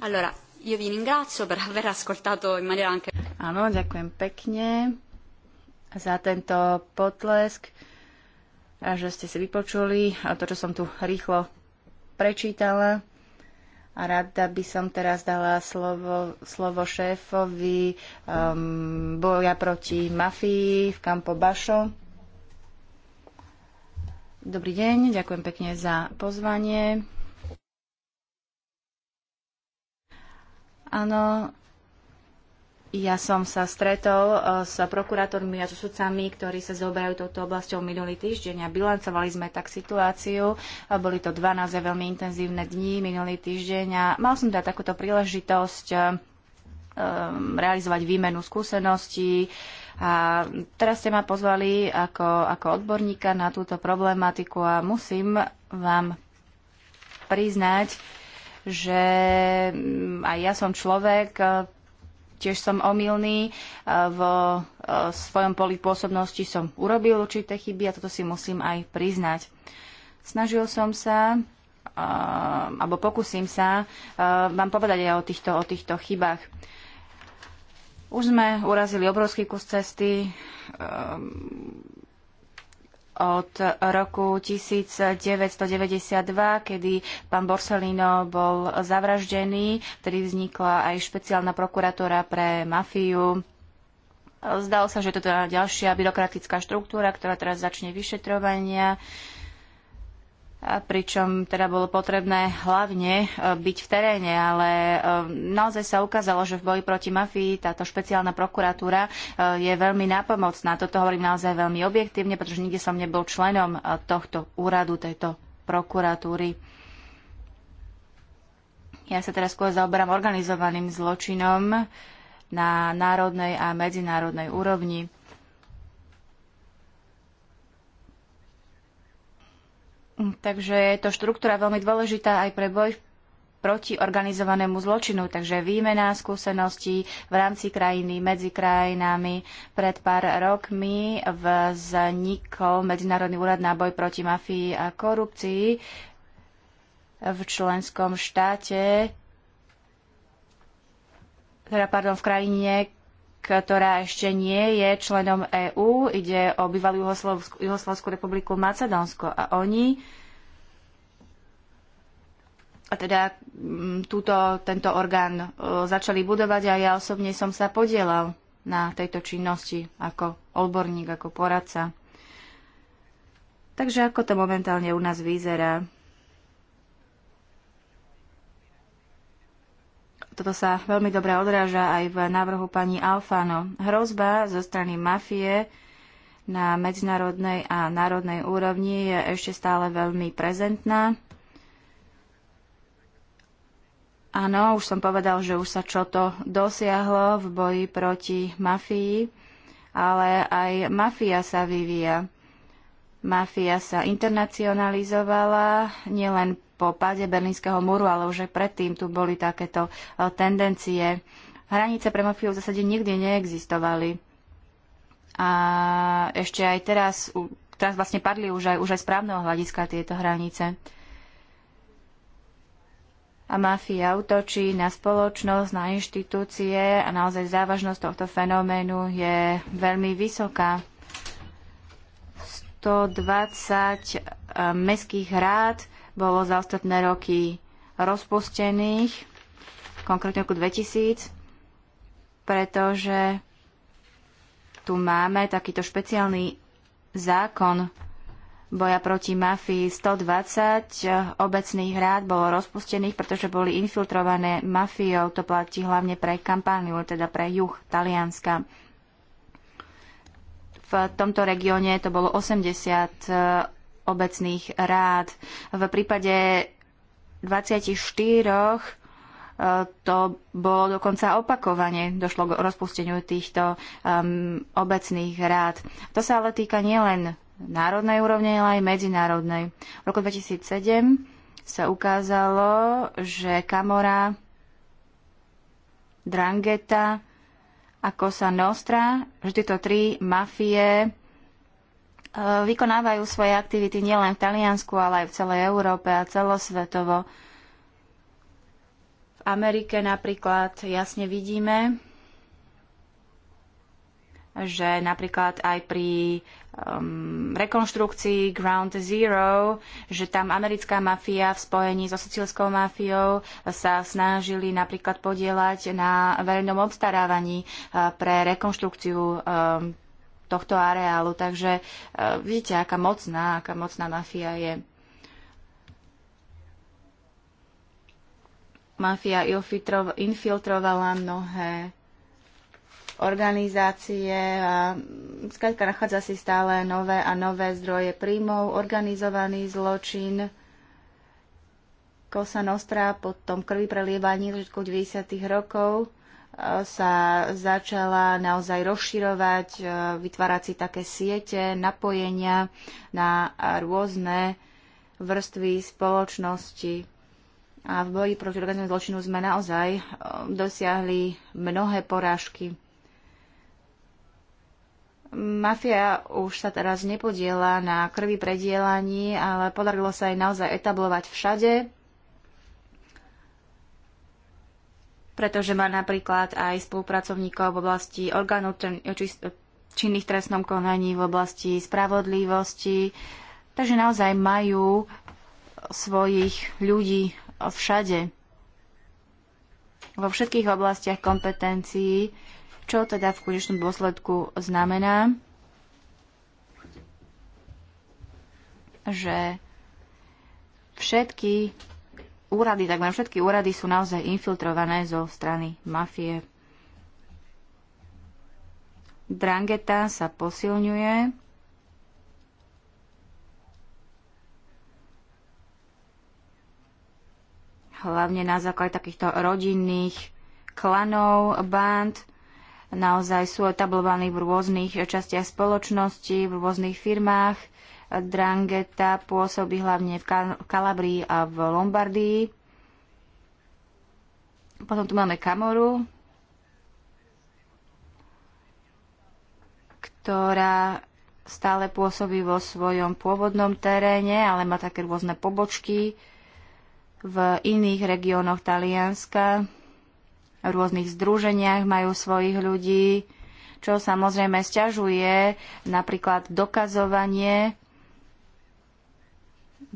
Allora, io vi ringrazio per aver ascoltato in maniera anche... Áno, ďakujem pekne za tento potlesk, že ste si vypočuli to, čo som tu rýchlo prečítala. A rada by som teraz dala slovo, slovo šéfovi um, boja proti mafii v Campo basho. Dobrý deň, ďakujem pekne za pozvanie. Áno, ja som sa stretol eh, s prokurátormi a sudcami, ktorí sa zoberajú touto oblasťou minulý týždeň a bilancovali sme tak situáciu. Boli to 12 veľmi intenzívne dní minulý týždeň a mal som teda takúto príležitosť um, realizovať výmenu skúseností. A teraz ste ma pozvali ako, ako odborníka na túto problematiku a musím vám priznať, že mm, aj ja som človek, e, tiež som omylný, e, v e, svojom poli pôsobnosti som urobil určité chyby a toto si musím aj priznať. Snažil som sa alebo pokúsim sa vám povedať aj o týchto, o týchto chybách. Už sme urazili obrovský kus cesty, od roku 1992, kedy pán Borsellino bol zavraždený, vtedy vznikla aj špeciálna prokuratúra pre mafiu. Zdalo sa, že toto je teda ďalšia byrokratická štruktúra, ktorá teraz začne vyšetrovania. Uh, pričom teda bolo potrebné hlavne e, byť v teréne, ale e, naozaj sa ukázalo, že v boji proti mafii táto špeciálna prokuratúra e, je veľmi nápomocná. Toto hovorím naozaj veľmi objektívne, pretože nikde som nebol členom tohto úradu, tejto prokuratúry. Ja sa teraz skôr zaoberám organizovaným zločinom na národnej a medzinárodnej úrovni. Takže je to štruktúra veľmi dôležitá aj pre boj proti organizovanému zločinu, takže výmena skúseností v rámci krajiny, medzi krajinami. Pred pár rokmi vznikol Medzinárodný úrad na boj proti mafii a korupcii v členskom štáte, teda pardon, v krajine, ktorá ešte nie je členom EÚ. Ide o bývalú Juhoslovskú republiku Macedónsko a oni a teda mm, túto, tento orgán e, začali budovať a ja osobne som sa podielal na tejto činnosti ako odborník, ako poradca. Takže ako to momentálne u nás vyzerá? Toto sa veľmi dobre odráža aj v návrhu pani Alfano. Hrozba zo strany mafie na medzinárodnej a národnej úrovni je ešte stále veľmi prezentná. Áno, už som povedal, že už sa čo to dosiahlo v boji proti mafii, ale aj mafia sa vyvíja. Mafia sa internacionalizovala nielen po páde Berlínskeho múru, ale už aj predtým tu boli takéto e, tendencie. Hranice pre mafiu v zásade nikdy neexistovali. A ešte aj teraz, teraz vlastne padli už aj, už aj správneho hľadiska tieto hranice. A mafia útočí na spoločnosť, na inštitúcie a naozaj závažnosť tohto fenoménu je veľmi vysoká. 120 e, mestských rád bolo za ostatné roky rozpustených, konkrétne roku 2000, pretože tu máme takýto špeciálny zákon boja proti mafii 120 obecných rád bolo rozpustených, pretože boli infiltrované mafiou. To platí hlavne pre kampániu, teda pre juh Talianska. V tomto regióne to bolo 80 obecných rád. V prípade 24 eh, to bolo dokonca opakovane, došlo k rozpusteniu týchto um, obecných rád. To sa ale týka nielen národnej úrovne, ale aj medzinárodnej. V roku 2007 sa ukázalo, že Kamora, Drangeta a Cosa Nostra, že tieto tri mafie vykonávajú svoje aktivity nielen v Taliansku, ale aj v celej Európe a celosvetovo. V Amerike napríklad jasne vidíme, že napríklad aj pri um, rekonštrukcii Ground Zero, že tam americká mafia v spojení so sicilskou mafiou sa snažili napríklad podielať na verejnom obstarávaní uh, pre rekonštrukciu um, tohto areálu. Takže e, vidíte, aká mocná, aká mocná mafia je. Mafia infiltrovala mnohé organizácie a skladka nachádza si stále nové a nové zdroje príjmov, organizovaný zločin, Kosa Nostra, potom krvi prelievanie všetko 90. rokov sa začala naozaj rozširovať, e, vytvárať si také siete, napojenia na rôzne vrstvy spoločnosti. A v boji proti organizmu zločinu sme naozaj e, dosiahli mnohé porážky. Mafia už sa teraz nepodiela na krvi predielaní, ale podarilo sa jej naozaj etablovať všade pretože má napríklad aj spolupracovníkov v oblasti orgánov činných trestnom konaní, v oblasti spravodlivosti. Takže naozaj majú svojich ľudí všade, vo všetkých oblastiach kompetencií, čo teda v konečnom dôsledku znamená, že všetky úrady, tak všetky úrady sú naozaj infiltrované zo strany mafie. Drangeta sa posilňuje. Hlavne na základe takýchto rodinných klanov, band. Naozaj sú etablovaní v rôznych častiach spoločnosti, v rôznych firmách – Drangheta pôsobí hlavne v Kalabrii a v Lombardii. Potom tu máme Kamoru, ktorá stále pôsobí vo svojom pôvodnom teréne, ale má také rôzne pobočky v iných regiónoch Talianska, v rôznych združeniach majú svojich ľudí, čo samozrejme sťažuje napríklad dokazovanie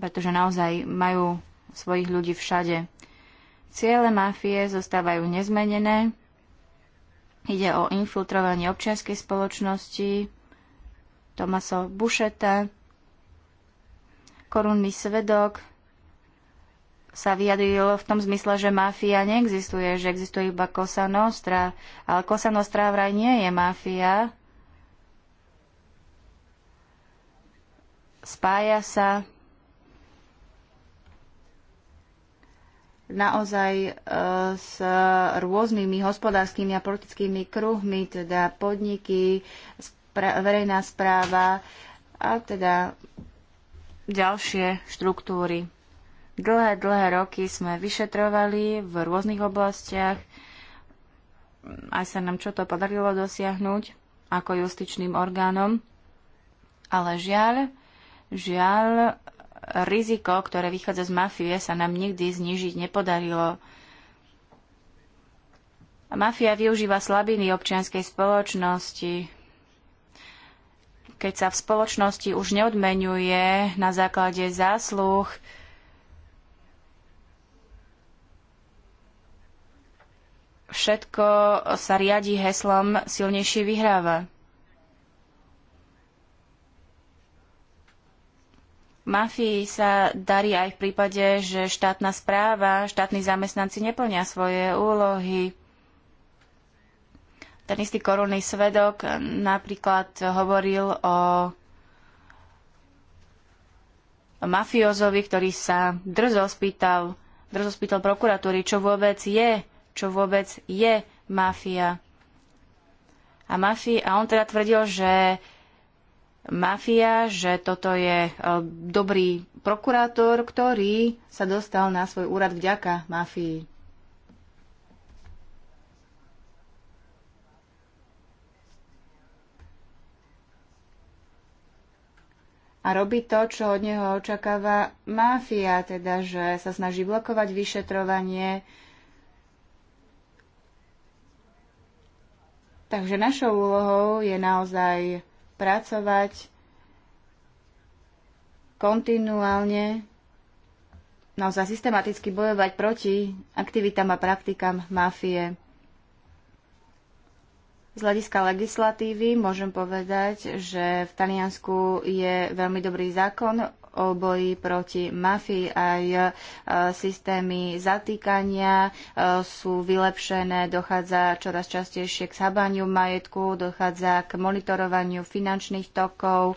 pretože naozaj majú svojich ľudí všade. Ciele mafie zostávajú nezmenené. Ide o infiltrovanie občianskej spoločnosti, Tomaso Bušeta, korunný svedok, sa vyjadril v tom zmysle, že máfia neexistuje, že existuje iba Cosa Nostra, ale Cosa Nostra vraj nie je máfia. Spája sa naozaj e, s rôznymi hospodárskymi a politickými kruhmi, teda podniky, verejná správa a teda ďalšie štruktúry. Dlhé, dlhé roky sme vyšetrovali v rôznych oblastiach, aj sa nám čo to podarilo dosiahnuť ako justičným orgánom, ale žiaľ, žiaľ, riziko, ktoré vychádza z mafie, sa nám nikdy znižiť nepodarilo. Mafia využíva slabiny občianskej spoločnosti. Keď sa v spoločnosti už neodmenuje na základe zásluh, všetko sa riadi heslom silnejší vyhráva. Mafii sa darí aj v prípade, že štátna správa, štátni zamestnanci neplnia svoje úlohy. Ten istý korunný svedok napríklad hovoril o mafiozovi, ktorý sa drzo spýtal, drzo spýtal prokuratúry, čo vôbec je, čo vôbec je mafia. A, mafia, a on teda tvrdil, že mafia, že toto je e, dobrý prokurátor, ktorý sa dostal na svoj úrad vďaka mafii. a robí to, čo od neho očakáva máfia, teda že sa snaží blokovať vyšetrovanie. Takže našou úlohou je naozaj pracovať kontinuálne, naozaj systematicky bojovať proti aktivitám a praktikám mafie. Z hľadiska legislatívy môžem povedať, že v Taliansku je veľmi dobrý zákon o boji proti mafii. Aj e, systémy zatýkania e, sú vylepšené, dochádza čoraz častejšie k sabaniu majetku, dochádza k monitorovaniu finančných tokov, e,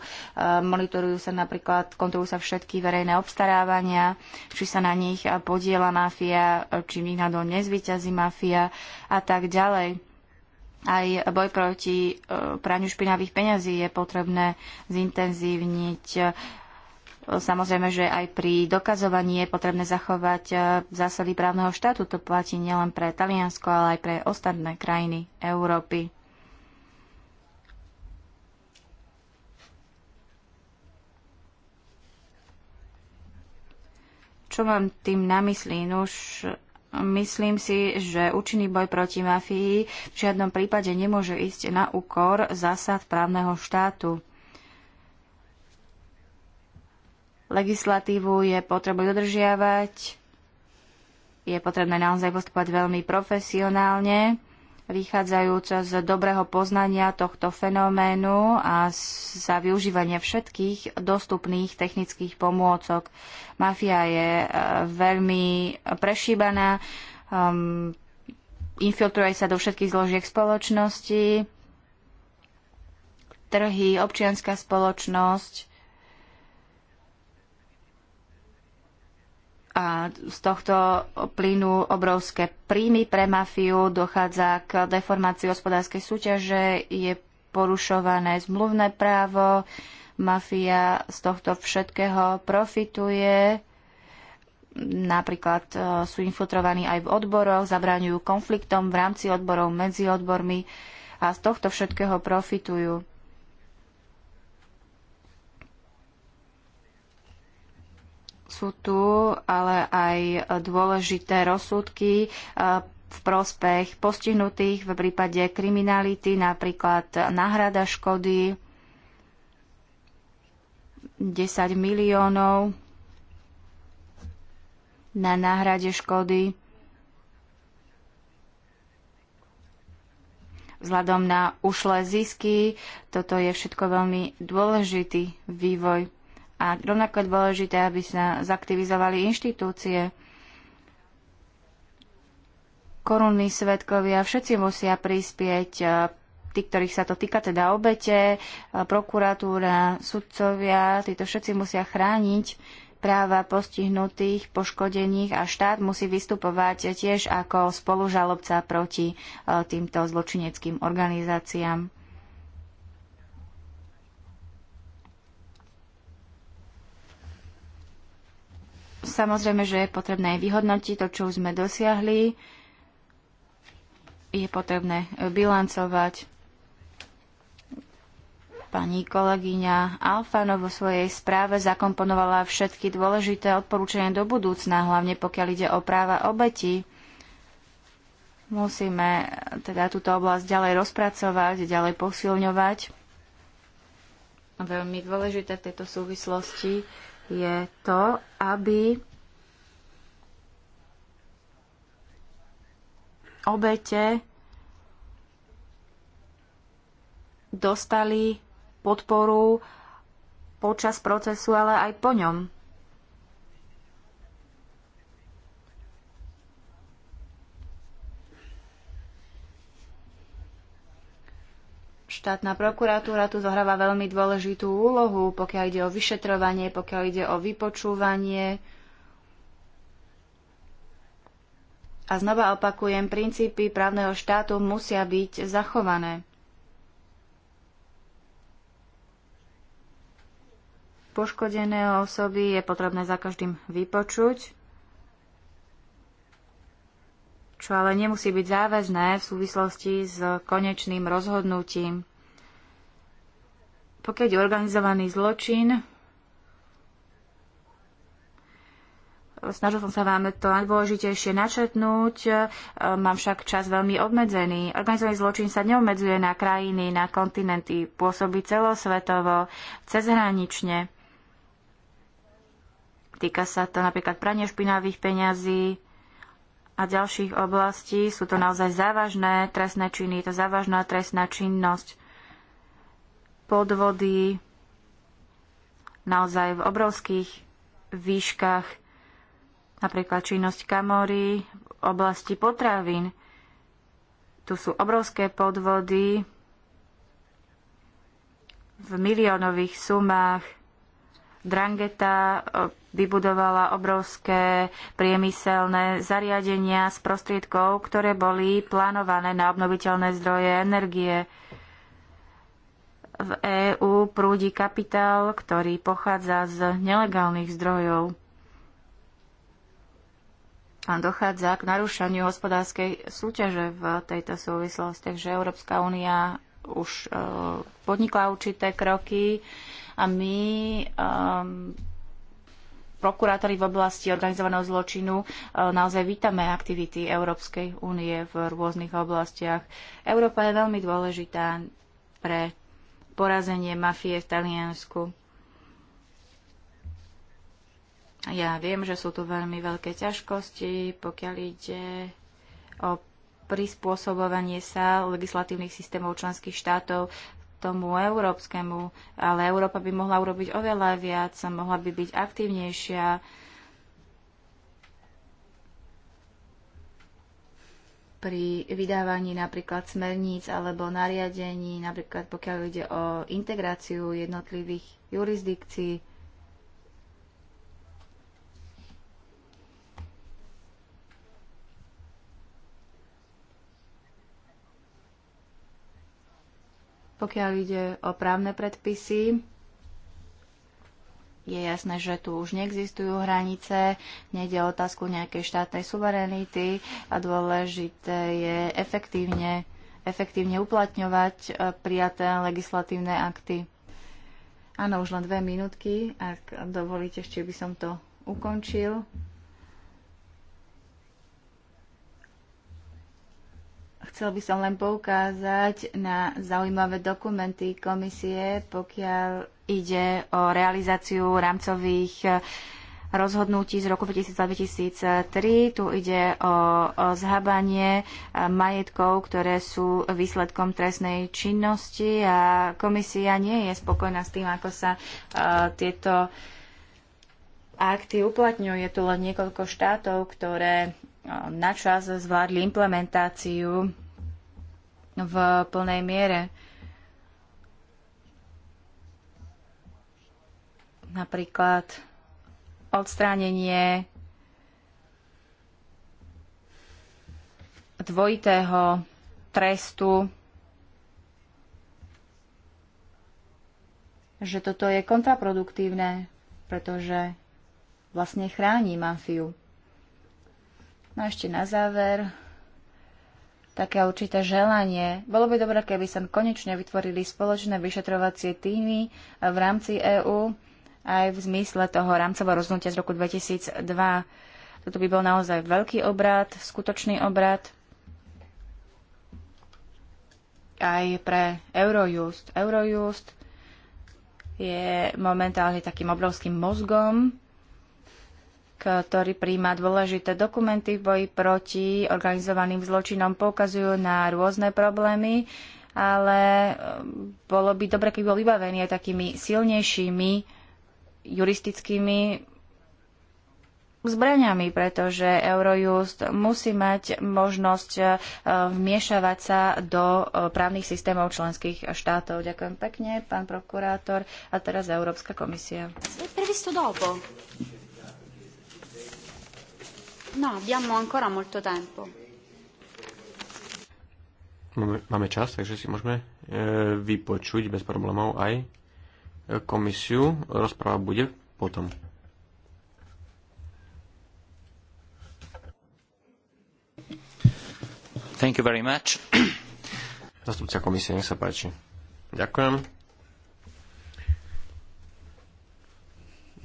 monitorujú sa napríklad, kontrolujú sa všetky verejné obstarávania, či sa na nich podiela mafia, či v nich nadol nezvyťazí mafia a tak ďalej aj boj proti praniu špinavých peňazí je potrebné zintenzívniť. Samozrejme, že aj pri dokazovaní je potrebné zachovať e, zásady právneho štátu. To platí nielen pre Taliansko, ale aj pre ostatné krajiny Európy. Čo mám tým na mysli? Už myslím si, že účinný boj proti mafii v žiadnom prípade nemôže ísť na úkor zásad právneho štátu. Legislatívu je potrebné dodržiavať, je potrebné naozaj postupovať veľmi profesionálne, vychádzajúca z dobrého poznania tohto fenoménu a za využívanie všetkých dostupných technických pomôcok. Mafia je e, veľmi prešíbaná, um, infiltruje sa do všetkých zložiek spoločnosti, trhy, občianská spoločnosť a z tohto plynú obrovské príjmy pre mafiu, dochádza k deformácii hospodárskej súťaže, je porušované zmluvné právo, mafia z tohto všetkého profituje. Napríklad e, sú infiltrovaní aj v odboroch, zabraňujú konfliktom v rámci odborov, medzi odbormi a z tohto všetkého profitujú. sú tu ale aj dôležité rozsudky e, v prospech postihnutých v prípade kriminality, napríklad náhrada škody 10 miliónov na náhrade škody vzhľadom na ušlé zisky. Toto je všetko veľmi dôležitý vývoj. A rovnako je dôležité, aby sa zaktivizovali inštitúcie. Korunní svetkovia, všetci musia prispieť, tí, ktorých sa to týka, teda obete, prokuratúra, sudcovia, títo všetci musia chrániť práva postihnutých, poškodených a štát musí vystupovať tiež ako spolužalobca proti týmto zločineckým organizáciám. Samozrejme, že je potrebné vyhodnotiť to, čo už sme dosiahli. Je potrebné bilancovať. Pani kolegyňa Alfano vo svojej správe zakomponovala všetky dôležité odporúčania do budúcna, hlavne pokiaľ ide o práva obeti. Musíme teda túto oblasť ďalej rozpracovať, ďalej posilňovať. Veľmi dôležité v tejto súvislosti je to, aby obete dostali podporu počas procesu, ale aj po ňom. Štátna prokuratúra tu zohráva veľmi dôležitú úlohu, pokiaľ ide o vyšetrovanie, pokiaľ ide o vypočúvanie. A znova opakujem, princípy právneho štátu musia byť zachované. Poškodené osoby je potrebné za každým vypočuť, čo ale nemusí byť záväzné v súvislosti s konečným rozhodnutím. Pokiaľ je organizovaný zločin, snažil som sa vám to najdôležitejšie načetnúť, e, mám však čas veľmi obmedzený. Organizovaný zločin sa neobmedzuje na krajiny, na kontinenty, pôsobí celosvetovo, cezhranične. Týka sa to napríklad prania špinavých peňazí a ďalších oblastí. Sú to naozaj závažné trestné činy, je to závažná trestná činnosť podvody naozaj v obrovských výškach, napríklad činnosť kamory, v oblasti potravín. Tu sú obrovské podvody v miliónových sumách. Drangeta e, vybudovala obrovské priemyselné zariadenia z prostriedkov, ktoré boli plánované na obnoviteľné zdroje energie v EÚ prúdi kapitál, ktorý pochádza z nelegálnych zdrojov a dochádza k narušaniu hospodárskej súťaže v tejto súvislosti. Takže Európska únia už e, podnikla určité kroky a my um, prokurátori v oblasti organizovaného zločinu e, naozaj vítame aktivity Európskej únie v rôznych oblastiach. Európa je veľmi dôležitá pre porazenie mafie v Taliansku. Ja viem, že sú tu veľmi veľké ťažkosti, pokiaľ ide o prispôsobovanie sa legislatívnych systémov členských štátov tomu európskemu, ale Európa by mohla urobiť oveľa viac, mohla by byť aktívnejšia, pri vydávaní napríklad smerníc alebo nariadení, napríklad pokiaľ ide o integráciu jednotlivých jurisdikcií. Pokiaľ ide o právne predpisy, je jasné, že tu už neexistujú hranice, nejde o otázku nejakej štátnej suverenity a dôležité je efektívne, efektívne uplatňovať e, prijaté legislatívne akty. Áno, už len dve minútky, ak dovolíte, ešte by som to ukončil. Chcel by som len poukázať na zaujímavé dokumenty komisie, pokiaľ ide o realizáciu rámcových eh, rozhodnutí z roku 2002-2003. Tu ide o, zhabanie eh, majetkov, ktoré sú výsledkom trestnej činnosti a komisia nie je spokojná s tým, ako sa eh, tieto akty uplatňujú. Je tu len niekoľko štátov, ktoré načas zvládli implementáciu v plnej miere. Napríklad odstránenie dvojitého trestu, že toto je kontraproduktívne, pretože vlastne chráni mafiu. No a ešte na záver také určité želanie. Bolo by dobré, keby sa konečne vytvorili spoločné vyšetrovacie týmy e, v rámci EÚ aj v zmysle toho rámcového rozhodnutia z roku 2002. Toto by bol naozaj veľký obrad, skutočný obrad aj pre Eurojust. Eurojust je momentálne takým obrovským mozgom ktorý príjma dôležité dokumenty v boji proti organizovaným zločinom, poukazujú na rôzne problémy, ale um, bolo by dobre, keby bol vybavený aj takými silnejšími juristickými zbraniami, pretože Eurojust musí mať možnosť uh, vmiešavať sa do uh, právnych systémov členských štátov. Ďakujem pekne, pán prokurátor. A teraz Európska komisia. Previsto No, abbiamo ancora molto tempo. Máme, čas, takže si môžeme e, vypočuť bez problémov aj komisiu. Rozpráva bude potom. Thank you very much. Zastupca komisie, nech sa páči. Ďakujem.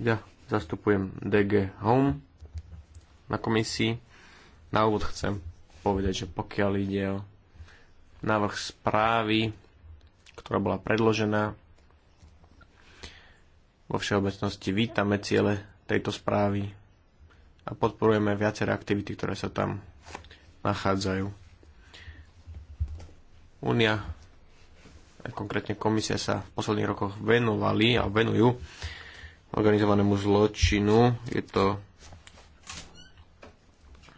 Ja zastupujem DG Home na komisii. Na úvod chcem povedať, že pokiaľ ide o návrh správy, ktorá bola predložená, vo všeobecnosti vítame ciele tejto správy a podporujeme viaceré aktivity, ktoré sa tam nachádzajú. Únia, konkrétne komisia sa v posledných rokoch venovali a venujú organizovanému zločinu. Je to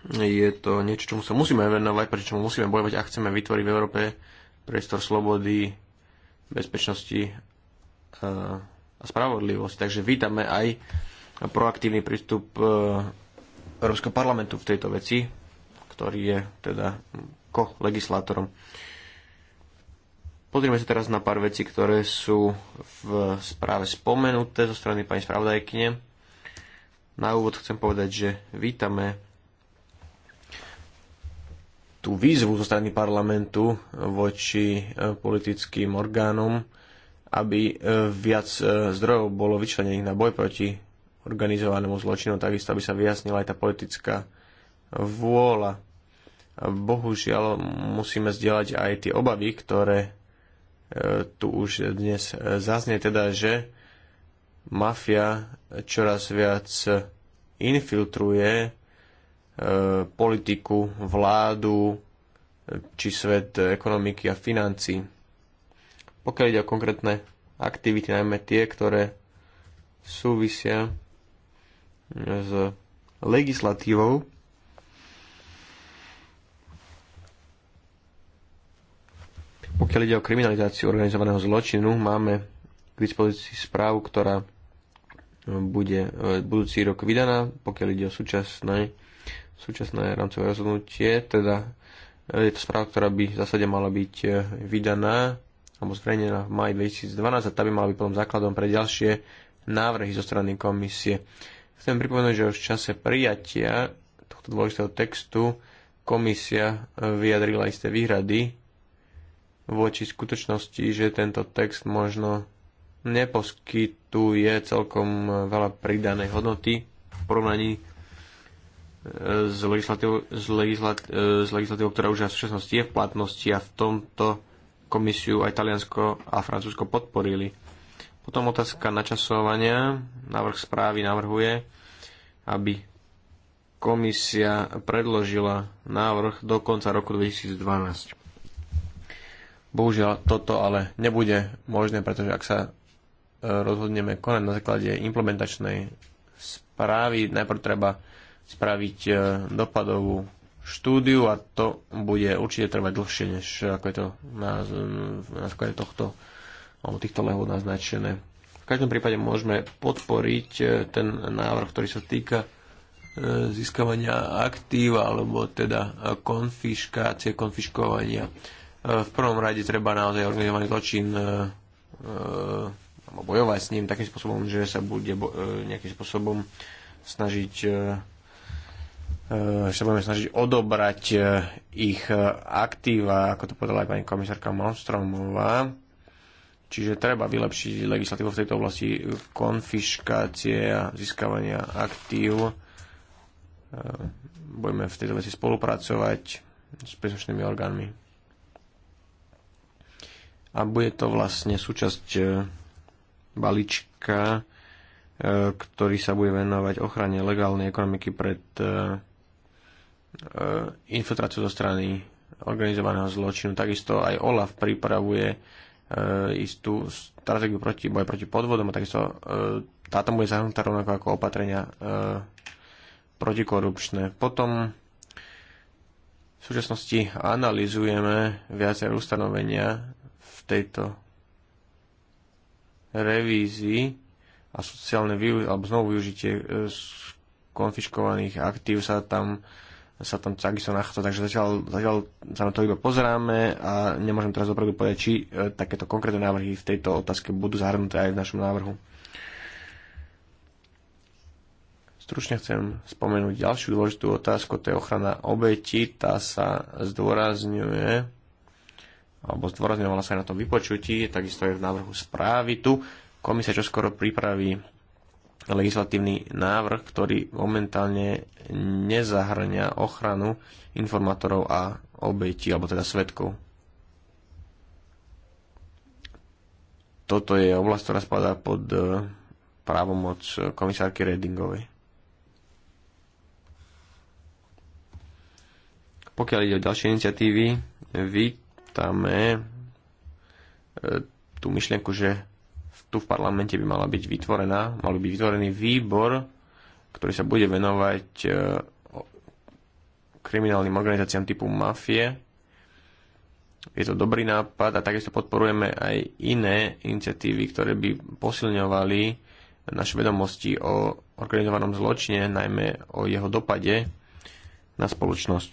je to niečo, čomu sa musíme venovať, prečo čomu musíme bojovať a chceme vytvoriť v Európe priestor slobody, bezpečnosti eh, a spravodlivosti. Takže vítame aj proaktívny prístup eh, Európskeho parlamentu v tejto veci, ktorý je teda ko-legislátorom. Pozrieme sa teraz na pár vecí, ktoré sú v správe spomenuté zo strany pani spravodajkyne. Na úvod chcem povedať, že vítame tú výzvu zo strany parlamentu eh, voči eh, politickým orgánom, aby eh, viac zdrojov bolo vyčlenených na boj proti organizovanému zločinu, takisto aby sa vyjasnila aj tá politická vôľa. Bohužiaľ musíme zdieľať aj tie obavy, ktoré tu už dnes zaznie, teda, že mafia čoraz viac infiltruje E, politiku, vládu e, či svet ekonomiky a financí. Pokiaľ ide o konkrétne aktivity, najmä tie, ktoré súvisia e, s legislatívou, Pokiaľ ide o kriminalizáciu organizovaného zločinu, máme k dispozícii správu, ktorá bude budúci rok vydaná, pokiaľ ide o súčasné súčasné rámcové rozhodnutie, teda e, je to správa, ktorá by v zásade mala byť e, vydaná alebo zverejnená v maji 2012 a tá by mala byť potom základom pre ďalšie návrhy zo strany komisie. Chcem pripomenúť, že už v čase prijatia tohto dôležitého textu komisia e, vyjadrila isté výhrady voči skutočnosti, že tento text možno neposkytuje celkom veľa pridanej hodnoty v porovnaní s legislatívou, s, legislat, s e, legislatívou, ktorá už v súčasnosti je v platnosti a v tomto komisiu aj Taliansko a Francúzsko podporili. Potom otázka načasovania. Návrh správy navrhuje, aby komisia predložila návrh do konca roku 2012. Bohužiaľ, toto ale nebude možné, pretože ak sa e, rozhodneme konať na základe implementačnej správy, najprv treba spraviť e, dopadovú štúdiu a to bude určite trvať dlhšie, než e, ako je to na, na základe tohto alebo týchto lehov naznačené. V každom prípade môžeme podporiť e, ten návrh, ktorý sa týka získavania aktív alebo teda konfiškácie, konfiškovania. V prvom rade treba naozaj organizovaný zločin alebo bojovať s ním takým spôsobom, že sa bude nejakým spôsobom snažiť sa eh, budeme snažiť odobrať eh, ich eh, aktíva, ako to povedala aj pani komisárka Malmstromová. Čiže treba vylepšiť legislatívu v tejto oblasti konfiškácie a získavania aktív. Budeme v tejto veci spolupracovať s príslušnými orgánmi. A bude to vlastne súčasť balíčka, ktorý sa bude venovať ochrane legálnej ekonomiky pred Eh, infiltráciu zo strany organizovaného zločinu. Takisto aj OLAF pripravuje eh, istú stratégiu proti, boj proti podvodom a takisto eh, táto bude zahrnutá rovnako ako opatrenia protikorupčné. Potom v súčasnosti analizujeme viaceré ustanovenia v tejto revízii a sociálne alebo znovu využitie konfiškovaných aktív sa tam sa tam takisto nachádza, takže zatiaľ, zatiaľ sa na to iba pozeráme a nemôžem teraz opravdu povedať, či e, takéto konkrétne návrhy v tejto otázke budú zahrnuté aj v našom návrhu. Stručne chcem spomenúť ďalšiu dôležitú otázku, to je ochrana obeti, tá sa zdôrazňuje alebo zdôrazňovala sa aj na tom vypočutí, takisto je v návrhu správy tu. Komisia čoskoro pripraví legislatívny návrh, ktorý momentálne nezahrňa ochranu informátorov a obetí, alebo teda svetkov. Toto je oblasť, ktorá spadá pod e, právomoc komisárky Redingovej. Pokiaľ ide o ďalšie iniciatívy, vítame e, tú myšlienku, že tu v parlamente by mala byť vytvorená, mal by byť vytvorený výbor, ktorý sa bude venovať e, kriminálnym organizáciám typu mafie. Je to dobrý nápad a takisto podporujeme aj iné iniciatívy, ktoré by posilňovali naše vedomosti o organizovanom zločine, najmä o jeho dopade na spoločnosť.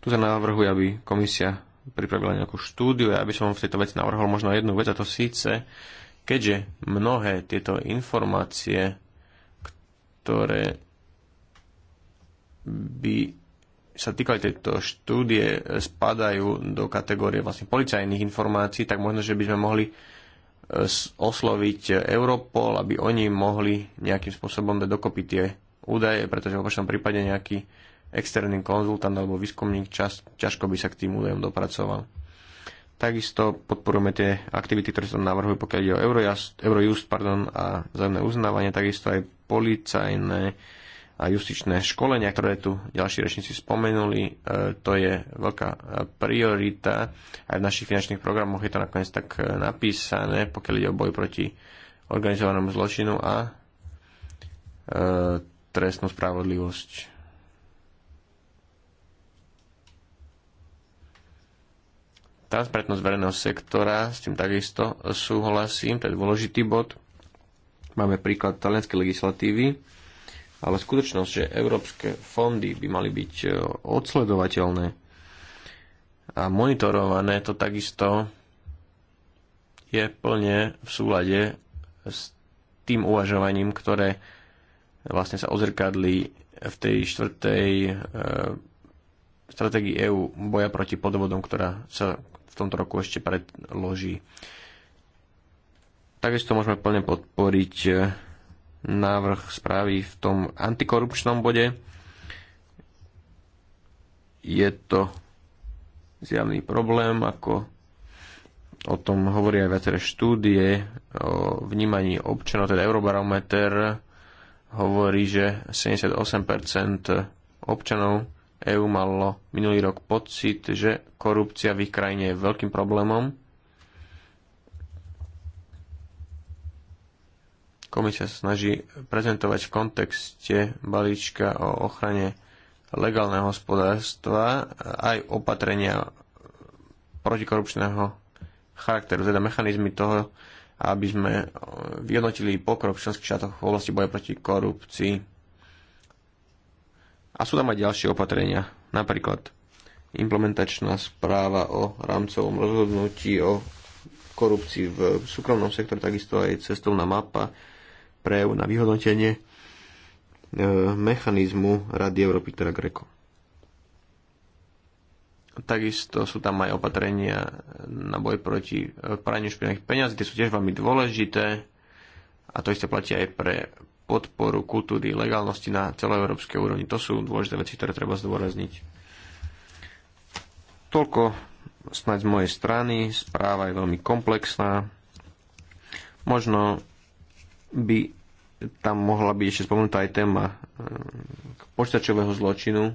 Tu sa navrhuje, aby komisia pripravila nejakú štúdiu, ja by som v tejto veci navrhol možno jednu vec, a to síce, keďže mnohé tieto informácie, ktoré by sa týkali tejto štúdie, spadajú do kategórie vlastne policajných informácií, tak možno, že by sme mohli e, osloviť Europol, aby oni mohli nejakým spôsobom dať dokopy tie údaje, pretože v opačnom prípade nejaký externý konzultant alebo výskumník čas, ťažko by sa k tým údajom dopracoval. Takisto podporujeme tie aktivity, ktoré sa navrhujú, pokiaľ ide o Eurojust, Eurojust pardon, a zájemné uznávanie, takisto aj policajné a justičné školenia, ktoré tu ďalší rečníci spomenuli. E, to je veľká priorita. Aj v našich finančných programoch je to nakoniec tak e, napísané, pokiaľ ide o boj proti organizovanému zločinu a e, trestnú spravodlivosť Transparentnosť verejného sektora, s tým takisto súhlasím, to je dôležitý bod. Máme príklad talianskej legislatívy, ale skutočnosť, že európske fondy by mali byť e, odsledovateľné a monitorované, to takisto je plne v súlade s tým uvažovaním, ktoré vlastne sa ozrkadli v tej štvrtej e, stratégii EÚ boja proti podvodom, ktorá sa v tomto roku ešte predloží. Takisto môžeme plne podporiť e, návrh správy v tom antikorupčnom bode. Je to zjavný problém, ako o tom hovoria aj viaceré štúdie o vnímaní občanov, teda Eurobarometer hovorí, že 78% občanov EÚ malo minulý rok pocit, že korupcia v ich krajine je veľkým problémom. Komisia sa snaží prezentovať v kontexte balíčka o ochrane legálneho hospodárstva aj opatrenia protikorupčného charakteru, teda mechanizmy toho, aby sme vyhodnotili pokrok v členských štátoch v oblasti boja proti korupcii a sú tam aj ďalšie opatrenia, napríklad implementačná správa o rámcovom rozhodnutí o korupcii v súkromnom sektore, takisto aj cestovná mapa, prejav na vyhodnotenie e, mechanizmu Rady Európy, teda Greko. Takisto sú tam aj opatrenia na boj proti e, praniu špinavých peňazí, tie sú tiež veľmi dôležité a to isté platí aj pre podporu kultúry legálnosti na európskej úrovni. To sú dôležité veci, ktoré treba zdôrazniť. Toľko snáď z mojej strany. Správa je veľmi komplexná. Možno by tam mohla byť ešte spomenutá aj téma eh, počtačového zločinu,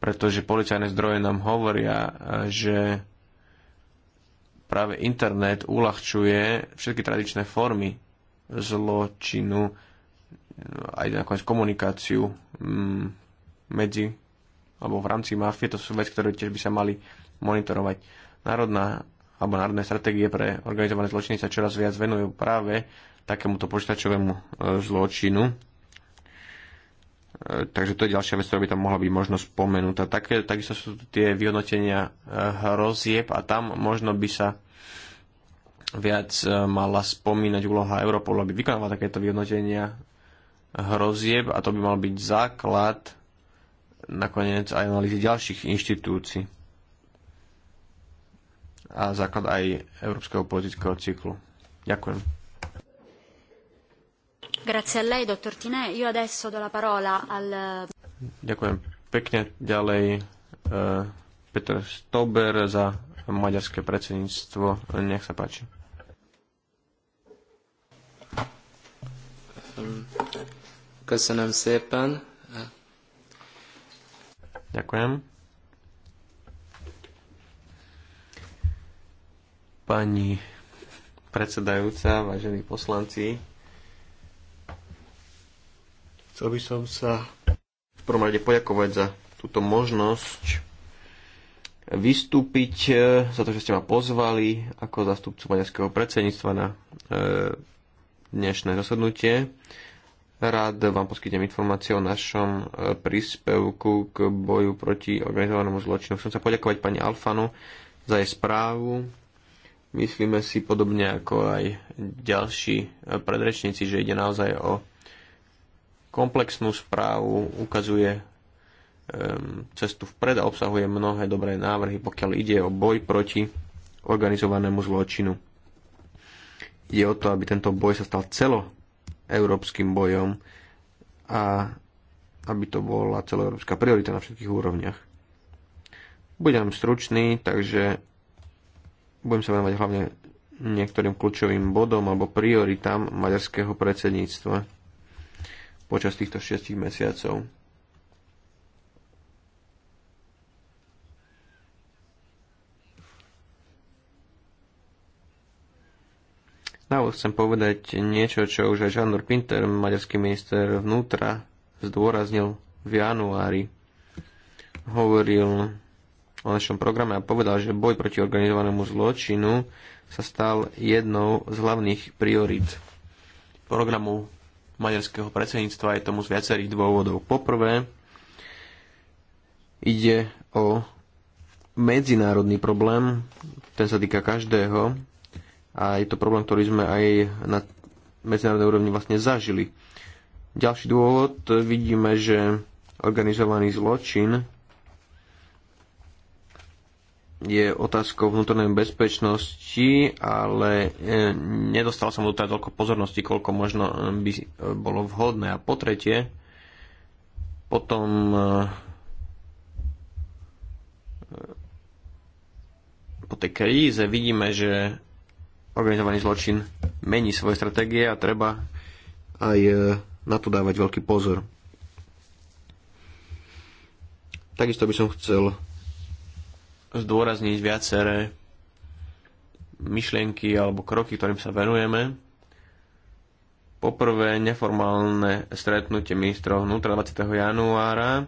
pretože policajné zdroje nám hovoria, eh, že práve internet uľahčuje všetky tradičné formy zločinu, aj nakoniec komunikáciu mm, medzi alebo v rámci mafie, to sú veci, ktoré tiež by sa mali monitorovať. Národná alebo národné stratégie pre organizované zločiny sa čoraz viac venujú práve takémuto počítačovému e, zločinu. E, takže to je ďalšia vec, ktorá by tam mohla byť možno spomenutá. takisto sú tie vyhodnotenia e, hrozieb a tam možno by sa viac e, mala spomínať úloha Europolu, aby vykonávala takéto vyhodnotenia hrozieb a to by mal byť základ nakoniec aj analýzy ďalších inštitúcií a základ aj európskeho politického cyklu. Ďakujem. Grazie a lei, dottor Tine. Io adesso do la parola al... Ďakujem pekne. Ďalej uh, Peter Stober za maďarské predsedníctvo. Nech sa páči. Köszönöm szépen. Ďakujem. Pani predsedajúca, vážení poslanci, chcel by som sa v prvom rade poďakovať za túto možnosť vystúpiť, e, za to, že ste ma pozvali ako zastupcu maďarského predsedníctva na e, dnešné zasadnutie. Rád vám poskytnem informácie o našom e, príspevku k boju proti organizovanému zločinu. Chcem sa poďakovať pani Alfanu za jej správu. Myslíme si podobne ako aj ďalší predrečníci, že ide naozaj o komplexnú správu, ukazuje Ehm, cestu vpred a obsahuje mnohé dobré návrhy, pokiaľ ide o boj proti organizovanému zločinu. Je o to, aby tento boj sa stal celoeurópskym bojom a aby to bola celoeurópska priorita na všetkých úrovniach. Budem stručný, takže budem sa venovať hlavne niektorým kľúčovým bodom alebo prioritám maďarského predsedníctva počas týchto šiestich mesiacov Na úvod chcem povedať niečo, čo už aj Žanor Pinter, maďarský minister vnútra, zdôraznil v januári. Hovoril o našom programe a povedal, že boj proti organizovanému zločinu sa stal jednou z hlavných priorít programu maďarského predsedníctva. Je tomu z viacerých dôvodov. Poprvé, ide o medzinárodný problém, ten sa týka každého a je to problém, ktorý sme aj na medzinárodnej úrovni vlastne zažili. Ďalší dôvod, vidíme, že organizovaný zločin je otázkou vnútornej bezpečnosti, ale e, nedostal som do teda toľko pozornosti, koľko možno e, by bolo vhodné. A po tretie, potom e, po tej kríze vidíme, že organizovaný zločin mení svoje stratégie a treba aj e, na to dávať veľký pozor. Takisto by som chcel zdôrazniť viaceré myšlienky alebo kroky, ktorým sa venujeme. Poprvé neformálne stretnutie ministrov vnútra 20. januára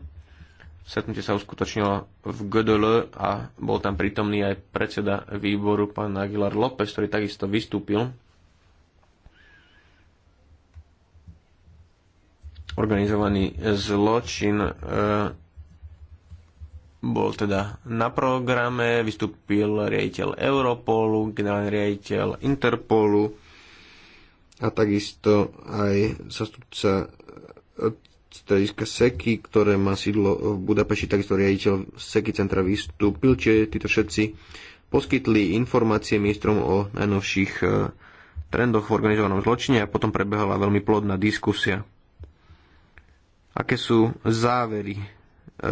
Stretnutie sa uskutočnilo v GDL a bol tam prítomný aj predseda výboru pán Aguilar López, ktorý takisto vystúpil. Organizovaný zločin e, bol teda na programe, vystúpil riaditeľ Europolu, generálny riaditeľ Interpolu a takisto aj zastupca strediska SEKI, ktoré má sídlo v Budapešti, takisto riaditeľ SEKI centra vystúpil, čiže títo všetci poskytli informácie ministrom o najnovších e, trendoch v organizovanom zločine a potom prebehala veľmi plodná diskusia. Aké sú závery e,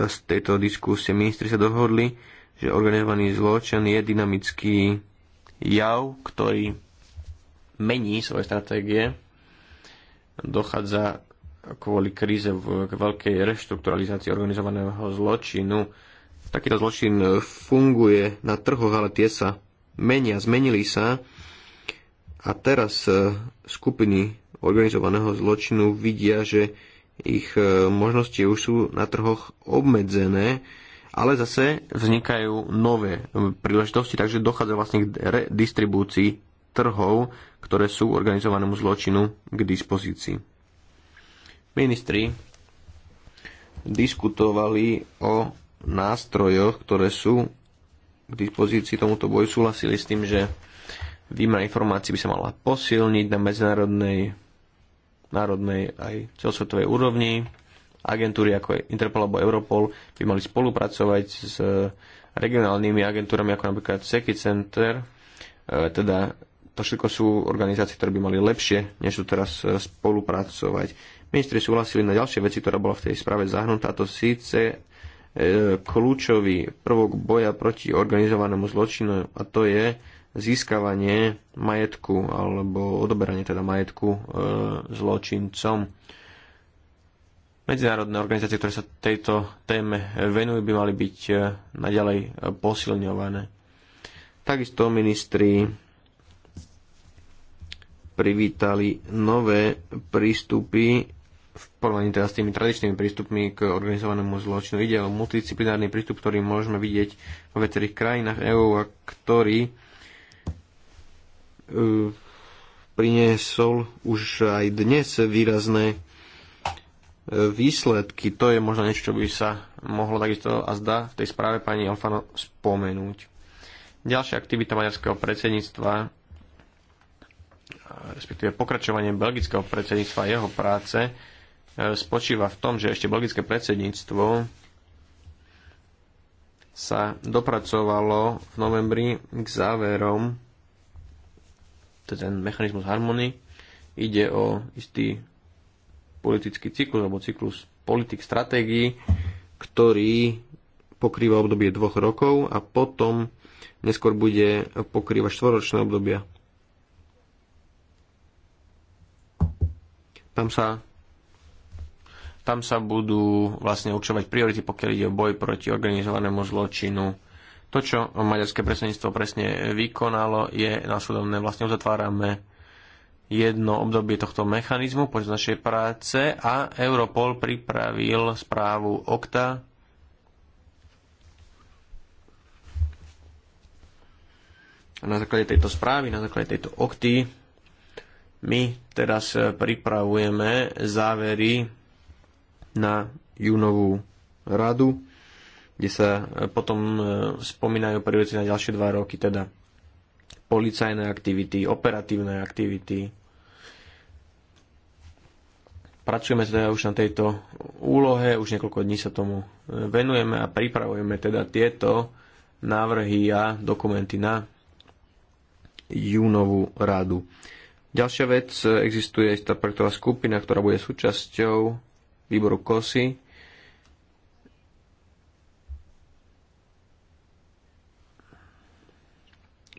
z tejto diskusie? Ministri sa dohodli, že organizovaný zločin je dynamický jav, ktorý mení svoje stratégie, dochádza kvôli kríze v veľkej reštrukturalizácii organizovaného zločinu. Takýto zločin funguje na trhoch, ale tie sa menia, zmenili sa a teraz e, skupiny organizovaného zločinu vidia, že ich e, možnosti už sú na trhoch obmedzené, ale zase vznikajú nové e, príležitosti, takže dochádza vlastne k redistribúcii trhov, ktoré sú organizovanému zločinu k dispozícii. Ministri diskutovali o nástrojoch, ktoré sú k dispozícii tomuto boju. Súhlasili s tým, že výmena informácií by sa mala posilniť na medzinárodnej, národnej aj celosvetovej úrovni. Agentúry ako je Interpol alebo Europol by mali spolupracovať s regionálnymi agentúrami ako napríklad Seki Center, e, teda to všetko sú organizácie, ktoré by mali lepšie, než sú teraz e, spolupracovať. Ministri súhlasili na ďalšie veci, ktorá bola v tej správe zahrnutá, to síce e, kľúčový prvok boja proti organizovanému zločinu a to je získavanie majetku alebo odoberanie teda majetku e, zločincom. Medzinárodné organizácie, ktoré sa tejto téme venujú, by mali byť e, naďalej posilňované. Takisto ministri privítali nové prístupy porovnaní teda s tými tradičnými prístupmi k organizovanému zločinu. Ide o multidisciplinárny prístup, ktorý môžeme vidieť vo viacerých krajinách EÚ a ktorý uh, priniesol už aj dnes výrazné e, výsledky. To je možno niečo, čo by sa mohlo takisto a zdá v tej správe pani Alfano spomenúť. Ďalšia aktivita maďarského predsedníctva, respektíve pokračovanie belgického predsedníctva a jeho práce, E, spočíva v tom, že ešte belgické predsedníctvo sa dopracovalo v novembri k záverom, to teda je ten mechanizmus harmonii, ide o istý politický cyklus alebo cyklus politik stratégií, ktorý pokrýva obdobie dvoch rokov a potom neskôr bude pokrývať štvoročné obdobia. Tam sa tam sa budú vlastne určovať priority, pokiaľ ide o boj proti organizovanému zločinu. To, čo maďarské predsedníctvo presne vykonalo, je následovné. Vlastne uzatvárame jedno obdobie tohto mechanizmu počas našej práce a Europol pripravil správu OKTA, A na základe tejto správy, na základe tejto okty, my teraz pripravujeme závery na júnovú radu, kde sa e, potom e, spomínajú priority na ďalšie dva roky, teda policajné aktivity, operatívne aktivity. Pracujeme teda už na tejto úlohe, už niekoľko dní sa tomu e, venujeme a pripravujeme teda tieto návrhy a dokumenty na júnovú radu. Ďalšia vec, existuje istá projektová skupina, ktorá bude súčasťou výboru KOSY.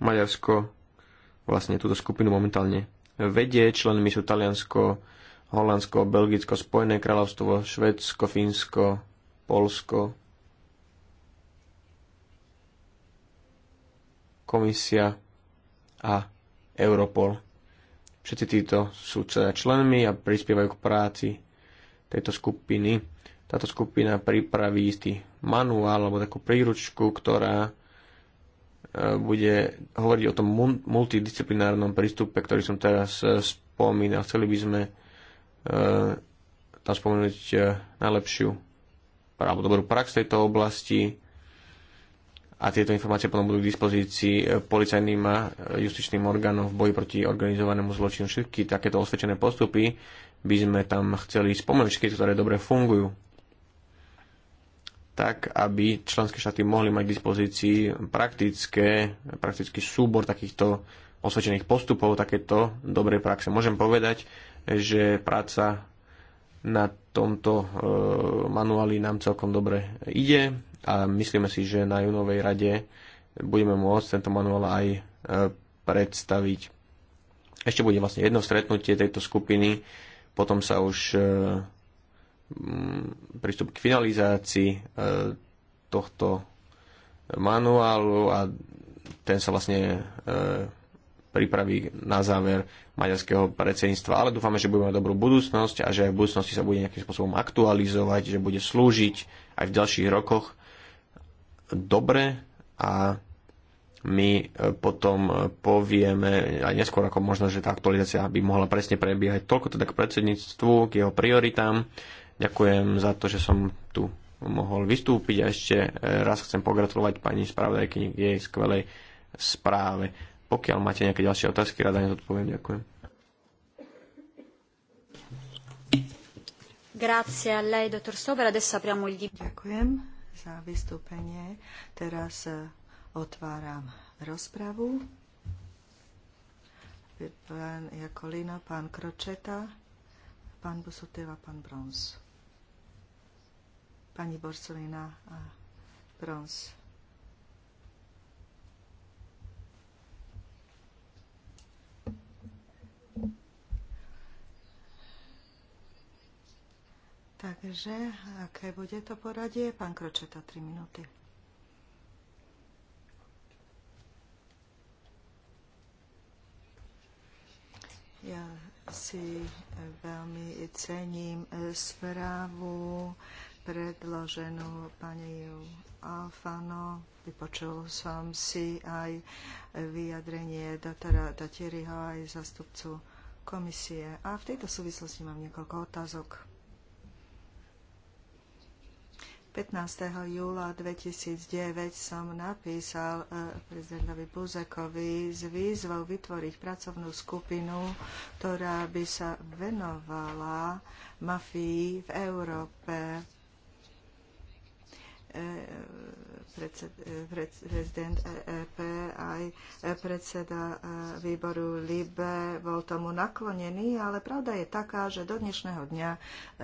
Maďarsko vlastne túto skupinu momentálne vedie. Členmi sú Taliansko, Holandsko, Belgicko, Spojené kráľovstvo, Švedsko, Fínsko, Polsko, komisia a Europol. Všetci títo sú teda členmi a prispievajú k práci tejto skupiny. Táto skupina pripraví istý manuál alebo takú príručku, ktorá e, bude hovoriť o tom multidisciplinárnom prístupe, ktorý som teraz e, spomínal. Chceli by sme e, tam spomenúť najlepšiu alebo dobrú prax tejto oblasti a tieto informácie potom budú k dispozícii policajným a justičným orgánom v boji proti organizovanému zločinu. Všetky takéto osvedčené postupy by sme tam chceli pomaličky, ktoré dobre fungujú tak, aby členské štáty mohli mať k dispozícii praktické, praktický súbor takýchto osvedčených postupov, takéto dobrej praxe. Môžem povedať, že práca na tomto e, manuáli nám celkom dobre ide a myslíme si, že na junovej rade budeme môcť tento manuál aj e, predstaviť. Ešte bude vlastne jedno stretnutie tejto skupiny potom sa už e, mm, prístup k finalizácii e, tohto manuálu a ten sa vlastne e, pripraví na záver maďarského predsedníctva. Ale dúfame, že budeme mať dobrú budúcnosť a že aj v budúcnosti sa bude nejakým spôsobom aktualizovať, že bude slúžiť aj v ďalších rokoch dobre a my e, potom e, povieme aj neskôr, ako možno, že tá aktualizácia by mohla presne prebiehať. Toľko teda k predsedníctvu, k jeho prioritám. Ďakujem za to, že som tu mohol vystúpiť a ešte e, raz chcem pogratulovať pani spravodajkyni k jej skvelej správe. Pokiaľ máte nejaké ďalšie otázky, rada nezodpoviem. Ďakujem. Grazie a lei, dottor Sober. Adesso apriamo il Ďakujem za vystúpenie. Teraz Otváram rozpravu. Pán Jakolina, pán Kročeta, pán Busutila, pán Brons. Pani Borsolina a Brons. Takže, aké bude to poradie? Pán Kročeta, 3 minúty. Ja si veľmi cením e, správu predloženú pani Alfano. Vypočul som si aj vyjadrenie doktora Datieriho aj zastupcu komisie. A v tejto súvislosti mám niekoľko otázok. 15. júla 2009 som napísal e, prezidentovi Buzekovi s výzvou vytvoriť pracovnú skupinu, ktorá by sa venovala mafii v Európe e, prezident EP, aj predseda e, výboru LIBE bol tomu naklonený, ale pravda je taká, že do dnešného dňa e, e,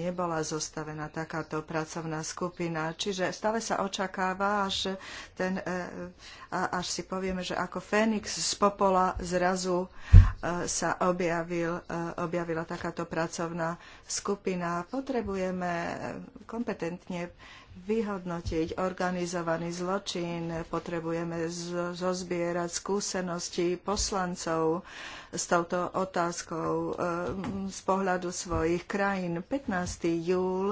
nebola zostavená takáto pracovná skupina. Čiže stále sa očakáva, až, ten, až si povieme, že ako Fénix z popola zrazu sa objavil, objavila takáto pracovná skupina. Potrebujeme kompetentne vyhodnotiť organizovaný zločin, potrebujeme zozbierať skúsenosti poslancov s touto otázkou eh, z pohľadu svojich krajín. 15. júl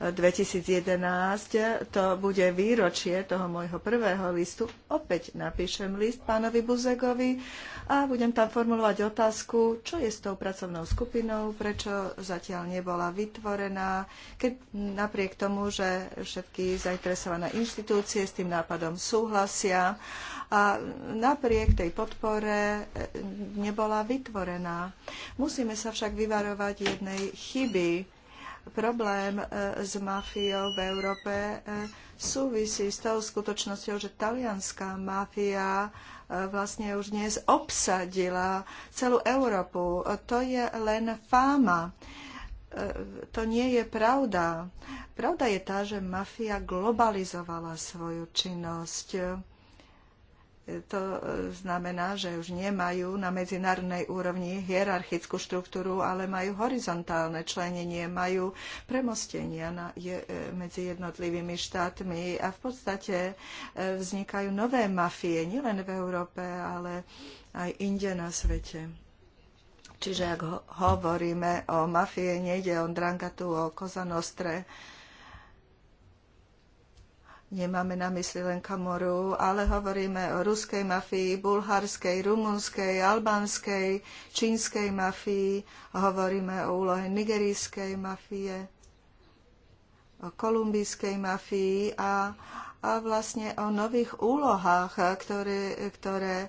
2011, to bude výročie toho môjho prvého listu. Opäť napíšem list pánovi Buzegovi a budem tam formulovať otázku, čo je s tou pracovnou skupinou, prečo zatiaľ nebola vytvorená, keď napriek tomu, že všetky zainteresované inštitúcie s tým nápadom súhlasia a napriek tej podpore nebola vytvorená. Musíme sa však vyvarovať jednej chyby problém e, s mafiou v Európe e, súvisí s tou skutočnosťou, že talianská mafia e, vlastne už dnes obsadila celú Európu. To je len fáma. To nie je pravda. Pravda je tá, že mafia globalizovala svoju činnosť to e, znamená, že už nemajú na medzinárodnej úrovni hierarchickú štruktúru, ale majú horizontálne členenie, majú premostenia na, je, e, medzi jednotlivými štátmi a v podstate e, vznikajú nové mafie, nielen v Európe, ale aj inde na svete. Čiže ak ho- hovoríme o mafie, nejde o Drangatu, o Kozanostre, Nostre, Nemáme na mysli len Kamoru, ale hovoríme o ruskej mafii, bulharskej, rumunskej, albánskej, čínskej mafii, hovoríme o úlohe nigerijskej mafie, o kolumbijskej mafii a, a vlastne o nových úlohách, ktoré, ktoré e,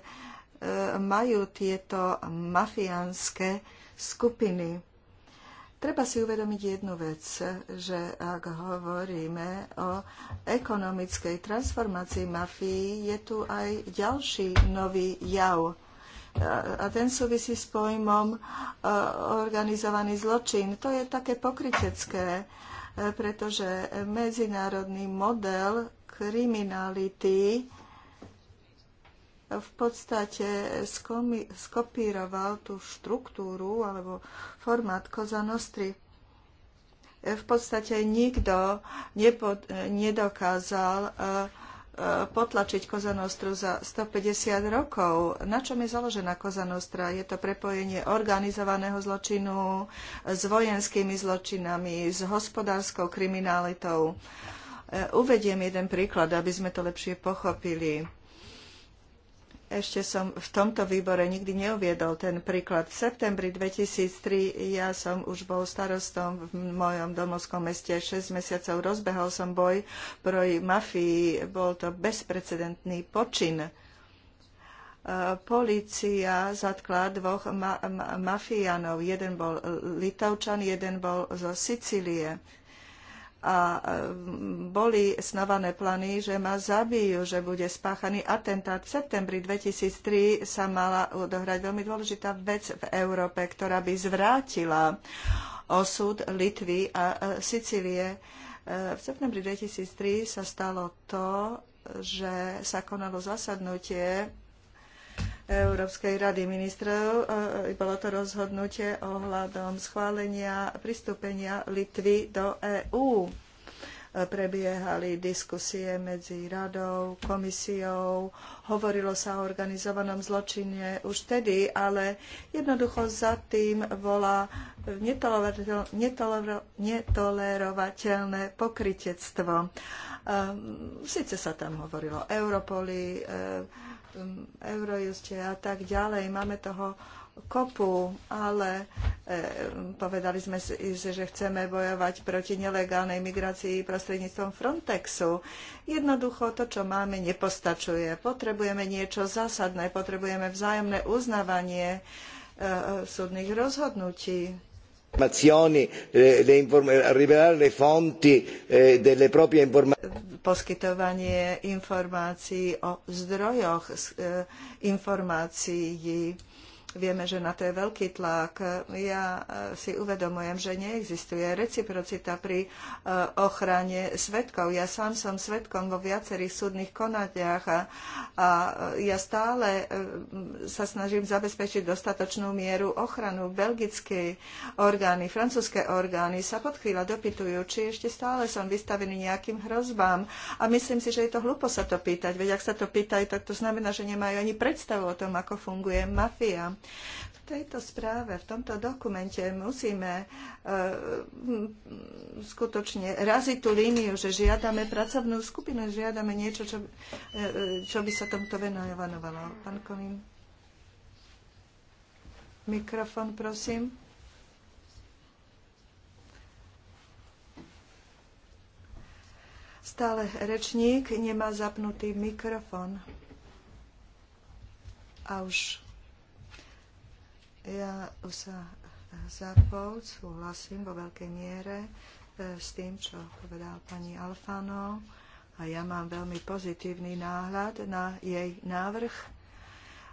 majú tieto mafiánske skupiny Treba si uvedomiť jednu vec, že ak hovoríme o ekonomickej transformácii mafii, je tu aj ďalší nový jav. A ten súvisí s pojmom e, organizovaný zločin. To je také pokrytecké, e, pretože medzinárodný model kriminality v podstate skomi, skopíroval tú štruktúru alebo formát Koza V podstate nikto nepod, nedokázal e, e, potlačiť Koza Nostru za 150 rokov. Na čom je založená Koza Nostra? Je to prepojenie organizovaného zločinu s vojenskými zločinami, s hospodárskou kriminalitou. E, uvediem jeden príklad, aby sme to lepšie pochopili ešte som v tomto výbore nikdy neuviedol ten príklad. V septembri 2003 ja som už bol starostom v mojom domovskom meste. 6 mesiacov rozbehol som boj proti mafii. Bol to bezprecedentný počin. E, polícia zatkla dvoch ma ma mafiánov. Jeden bol Litovčan, jeden bol zo Sicílie a e, boli snované plány, že ma zabijú, že bude spáchaný atentát. V septembri 2003 sa mala odohrať veľmi dôležitá vec v Európe, ktorá by zvrátila osud Litvy a e, Sicílie. E, v septembri 2003 sa stalo to, že sa konalo zasadnutie Európskej rady ministrov. E, e, bolo to rozhodnutie ohľadom schválenia pristúpenia Litvy do EÚ. E, prebiehali diskusie medzi radou, komisiou, hovorilo sa o organizovanom zločine už tedy, ale jednoducho za tým bola netolerovateľné pokritectvo. Ehm, Sice sa tam hovorilo o Europoli, ehm, Um, Eurojuste a tak ďalej. Máme toho kopu, ale e, povedali sme, si, že chceme bojovať proti nelegálnej migrácii prostredníctvom Frontexu. Jednoducho to, čo máme, nepostačuje. Potrebujeme niečo zásadné, potrebujeme vzájomné uznávanie e, e, súdnych rozhodnutí informazioni, a rivelare le fonti eh, delle proprie informazioni. Poskytovanie informácií o zdrojoch eh, informácií Vieme, že na to je veľký tlak. Ja eh, si uvedomujem, že neexistuje reciprocita pri eh, ochrane svetkov. Ja sám som svetkom vo viacerých súdnych konaniach a, a eh, ja stále sa snažím zabezpečiť dostatočnú mieru ochranu. Belgické orgány, francúzske orgány sa pod chvíľa dopytujú, či ešte stále som vystavený nejakým hrozbám. A myslím si, že je to hlúpo sa to pýtať. Veď ak sa to pýtajú, tak to znamená, že nemajú ani predstavu o tom, ako funguje mafia. V tejto správe, v tomto dokumente musíme e, skutočne raziť tú líniu, že žiadame pracovnú skupinu, žiadame niečo, čo, e, čo by sa tomto venovalo. Pán Kolín. Mikrofón, prosím. Stále rečník nemá zapnutý mikrofón. A už ja už sa zapol, súhlasím vo veľkej miere e, s tým, čo povedal pani Alfano. A ja mám veľmi pozitívny náhľad na jej návrh.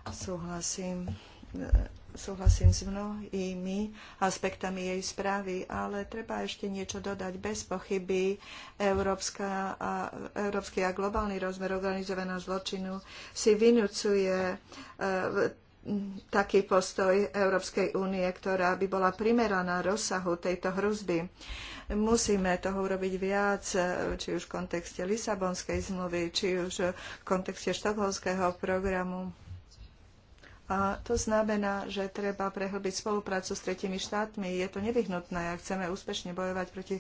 Súhlasím, e, súhlasím s mnohými aspektami jej správy, ale treba ešte niečo dodať. Bez pochyby európska a, európsky a globálny rozmer organizovaného zločinu si vynúcuje e, taký postoj Európskej únie, ktorá by bola primeraná rozsahu tejto hrozby. Musíme toho urobiť viac, či už v kontexte Lisabonskej zmluvy, či už v kontexte štokholského programu. A to znamená, že treba prehlbiť spoluprácu s tretimi štátmi. Je to nevyhnutné, ak chceme úspešne bojovať proti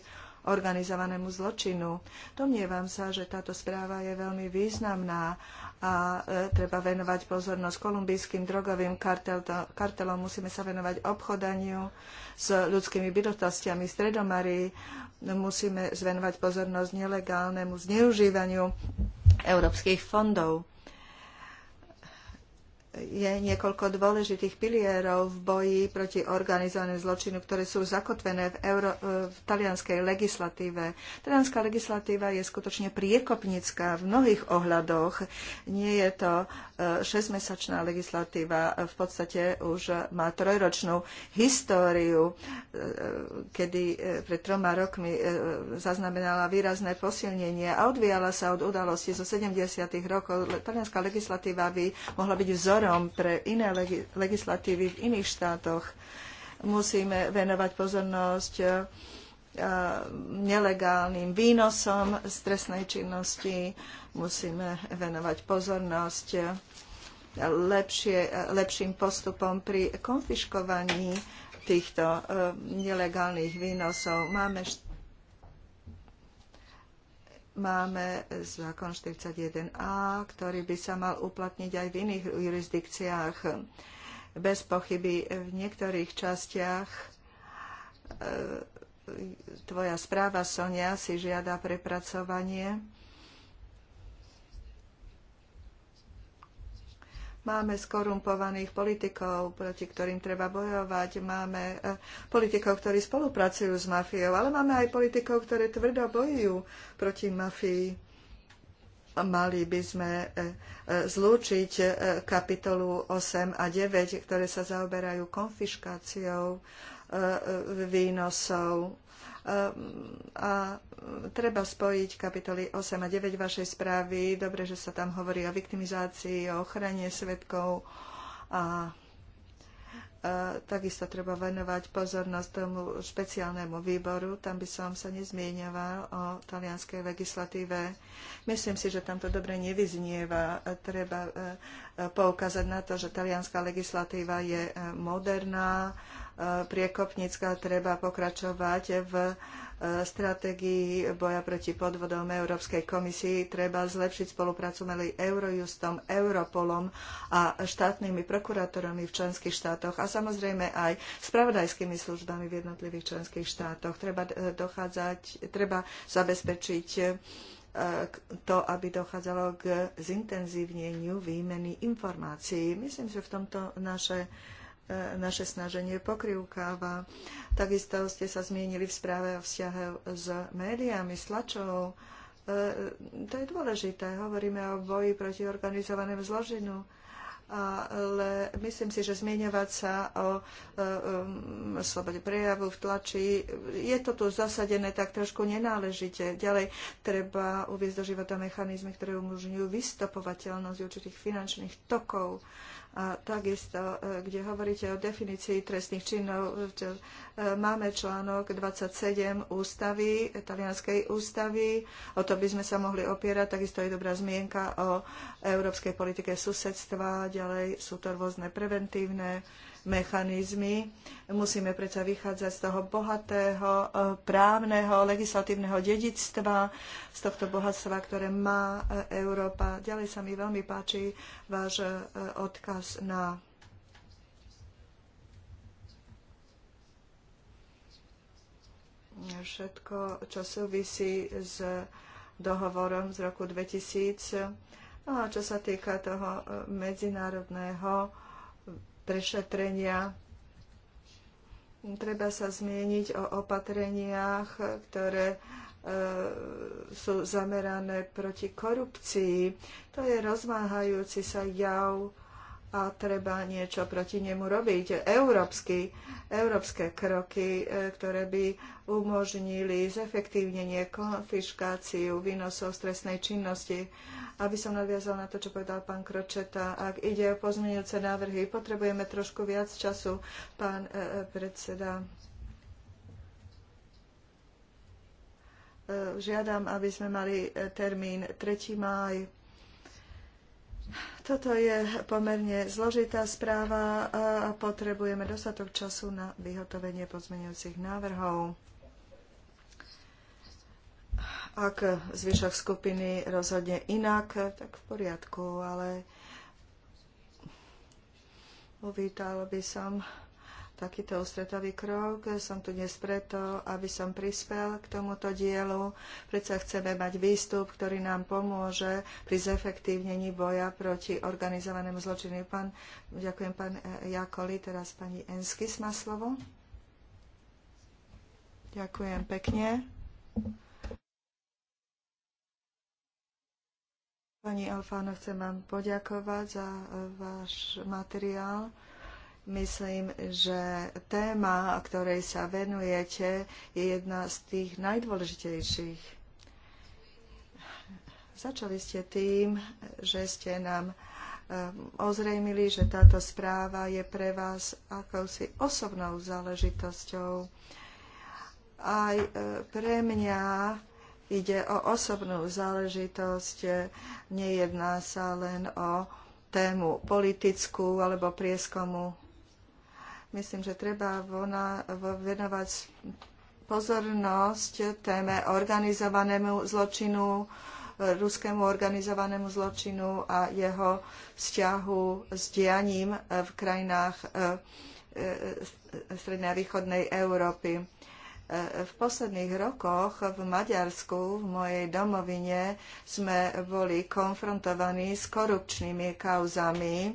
organizovanému zločinu. Domnievam sa, že táto správa je veľmi významná a e, treba venovať pozornosť kolumbijským drogovým kartel, kartelom. Musíme sa venovať obchodaniu s ľudskými bytostiami Stredomary. Musíme zvenovať pozornosť nelegálnemu zneužívaniu európskych fondov je niekoľko dôležitých pilierov v boji proti organizovanému zločinu, ktoré sú zakotvené v, euro, e, v talianskej legislatíve. Talianská legislatíva je skutočne priekopnická v mnohých ohľadoch. Nie je to e, šesťmesačná legislatíva, e, v podstate už má trojročnú históriu, kedy pred troma rokmi zaznamenala výrazné posilnenie a odvíjala sa od udalostí zo 70. rokov. Talianská legislatíva by mohla byť vzor vzorom pre iné legislatívy v iných štátoch. Musíme venovať pozornosť e, e, nelegálnym výnosom z trestnej činnosti, musíme venovať pozornosť lepšie, lepším postupom pri konfiškovaní týchto e, nelegálnych výnosov. Máme máme zákon 41a, ktorý by sa mal uplatniť aj v iných jurisdikciách. Bez pochyby v niektorých častiach e, tvoja správa, Sonia, si žiada prepracovanie Máme skorumpovaných politikov, proti ktorým treba bojovať. Máme eh, politikov, ktorí spolupracujú s mafiou, ale máme aj politikov, ktorí tvrdo bojujú proti mafii mali by sme e, e, zlúčiť e, kapitolu 8 a 9, ktoré sa zaoberajú konfiškáciou výnosov. A treba spojiť kapitoly 8 a 9 vašej správy. Dobre, že sa tam hovorí o viktimizácii, o ochrane svetkov a takisto treba venovať pozornosť tomu špeciálnemu výboru. Tam by som sa nezmieňoval o talianskej legislatíve. Myslím si, že tam to dobre nevyznieva. Treba e, e, poukázať na to, že talianská legislatíva je e, moderná, priekopnícka treba pokračovať v e, stratégii boja proti podvodom Európskej komisii. Treba zlepšiť spoluprácu medzi Eurojustom, Europolom a štátnymi prokurátorami v členských štátoch a samozrejme aj spravodajskými službami v jednotlivých členských štátoch. Treba, e, dochádzať, treba zabezpečiť e, to, aby dochádzalo k zintenzívneniu výmeny informácií. Myslím, že v tomto naše E, naše snaženie pokrivkáva. Takisto ste sa zmienili v správe o vzťahe s médiami, s tlačou. E, to je dôležité. Hovoríme o boji proti organizovanému zložinu ale myslím si, že zmieňovať sa o e, um, slobode prejavu v tlači, je to tu zasadené tak trošku nenáležite. Ďalej treba uviezť do života mechanizmy, ktoré umožňujú vystopovateľnosť určitých finančných tokov. A takisto, e, kde hovoríte o definícii trestných činov, e, máme článok 27 ústavy, talianskej ústavy, o to by sme sa mohli opierať, takisto je dobrá zmienka o európskej politike susedstva, ďalej sú to rôzne preventívne mechanizmy. Musíme predsa vychádzať z toho bohatého e, právneho, legislatívneho dedictva, z tohto bohatstva, ktoré má e, Európa. Ďalej sa mi veľmi páči váš e, odkaz na všetko, čo súvisí s dohovorom z roku 2000. No a čo sa týka toho medzinárodného prešetrenia. Treba sa zmieniť o opatreniach, ktoré e, sú zamerané proti korupcii. To je rozmáhajúci sa jav a treba niečo proti nemu robiť. Európsky, európske kroky, e, ktoré by umožnili zefektívnenie konfiškáciu výnosov stresnej činnosti. Aby som nadviazal na to, čo povedal pán Kročeta, ak ide o pozmeňujúce návrhy, potrebujeme trošku viac času, pán e, e, predseda. Žiadam, aby sme mali termín 3. máj toto je pomerne zložitá správa a potrebujeme dostatok času na vyhotovenie pozmeňujúcich návrhov. Ak zvyšok skupiny rozhodne inak, tak v poriadku, ale uvítal by som takýto ústretový krok. Som tu dnes preto, aby som prispel k tomuto dielu. Predsa chceme mať výstup, ktorý nám pomôže pri zefektívnení boja proti organizovanému zločinu. Pán, ďakujem pán Jakoli, teraz pani Enskis má slovo. Ďakujem pekne. Pani Alfáno, chcem vám poďakovať za eh, váš materiál. Myslím, že téma, ktorej sa venujete, je jedna z tých najdôležitejších. Začali ste tým, že ste nám eh, ozrejmili, že táto správa je pre vás akousi osobnou záležitosťou. Aj eh, pre mňa ide o osobnú záležitosť, eh, nejedná sa len o tému politickú alebo prieskomu Myslím, že treba vona, venovať pozornosť téme organizovanému zločinu, ruskému organizovanému zločinu a jeho vzťahu s dianím v krajinách e, e, strednej a východnej Európy. E, v posledných rokoch v Maďarsku, v mojej domovine, sme boli konfrontovaní s korupčnými kauzami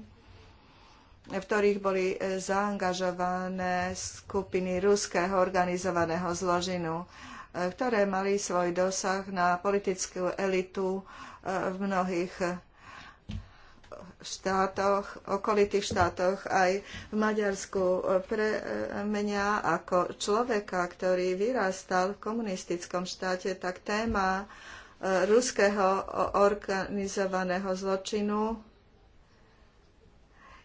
v ktorých boli e, zaangažované skupiny ruského organizovaného zložinu, e, ktoré mali svoj dosah na politickú elitu e, v mnohých štátoch, okolitých štátoch, aj v Maďarsku. Pre mňa ako človeka, ktorý vyrastal v komunistickom štáte, tak téma ruského organizovaného zločinu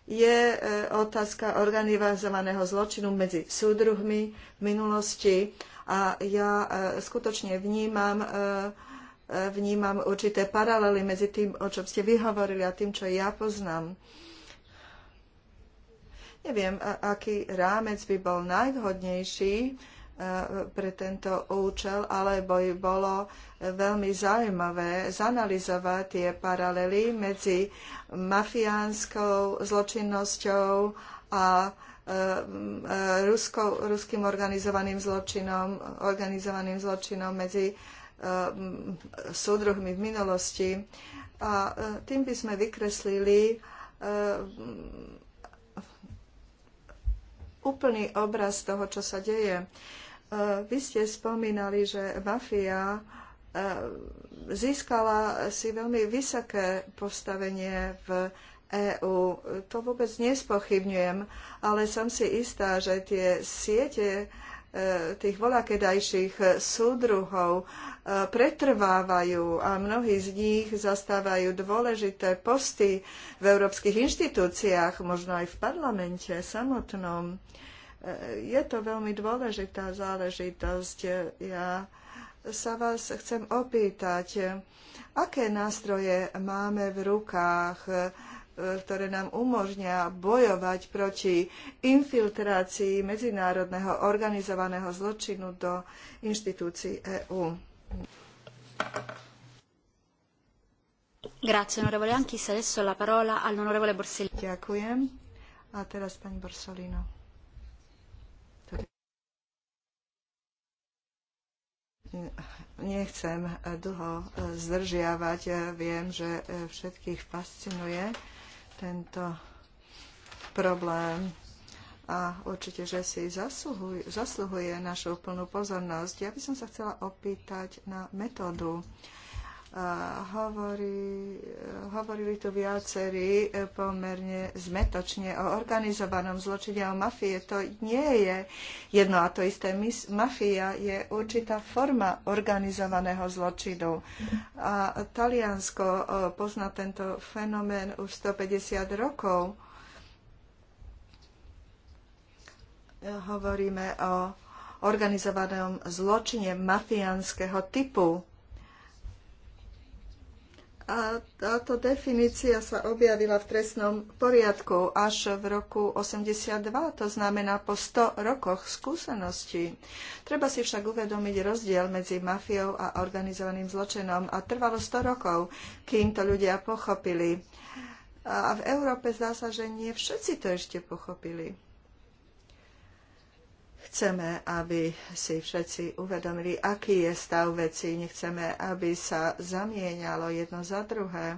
je e, otázka organizovaného zločinu medzi súdruhmi v minulosti a ja e, skutočne vnímam, e, vnímam určité paralely medzi tým, o čom ste vyhovorili a tým, čo ja poznám. Neviem, aký rámec by bol najvhodnejší E, pre tento účel, alebo by bolo veľmi zaujímavé zanalizovať tie paralely medzi mafiánskou zločinnosťou a e, e, Rusko, ruským organizovaným zločinom, organizovaným zločinom medzi súdruhmi v minulosti. A tým by sme vykreslili úplný obraz toho, čo sa deje. Eh, vy ste spomínali, že mafia eh, získala si veľmi vysoké postavenie v EÚ. To vôbec nespochybňujem, ale som si istá, že tie siete eh, tých volakedajších súdruhov pretrvávajú a mnohí z nich zastávajú dôležité posty v európskych inštitúciách, možno aj v parlamente samotnom. Je to veľmi dôležitá záležitosť. Ja sa vás chcem opýtať, aké nástroje máme v rukách, e, ktoré nám umožňa bojovať proti infiltrácii medzinárodného organizovaného zločinu do inštitúcií EÚ. Ďakujem. A teraz pani Borsolino. nechcem dlho zdržiavať. Ja viem, že všetkých fascinuje tento problém a určite, že si zasluhuje, zasluhuje našu plnú pozornosť. Ja by som sa chcela opýtať na metódu. Uh, hovorí, hovorili tu viacerí e, pomerne zmetočne o organizovanom zločine, a o mafie. To nie je jedno a to isté. Mafia je určitá forma organizovaného zločinu. A Taliansko e, pozná tento fenomén už 150 rokov. E, hovoríme o organizovanom zločine mafiánskeho typu a táto definícia sa objavila v trestnom poriadku až v roku 82, to znamená po 100 rokoch skúseností. Treba si však uvedomiť rozdiel medzi mafiou a organizovaným zločinom a trvalo 100 rokov, kým to ľudia pochopili. A v Európe zdá sa, že nie všetci to ešte pochopili. Chceme, aby si všetci uvedomili, aký je stav veci. Nechceme, aby sa zamieňalo jedno za druhé e,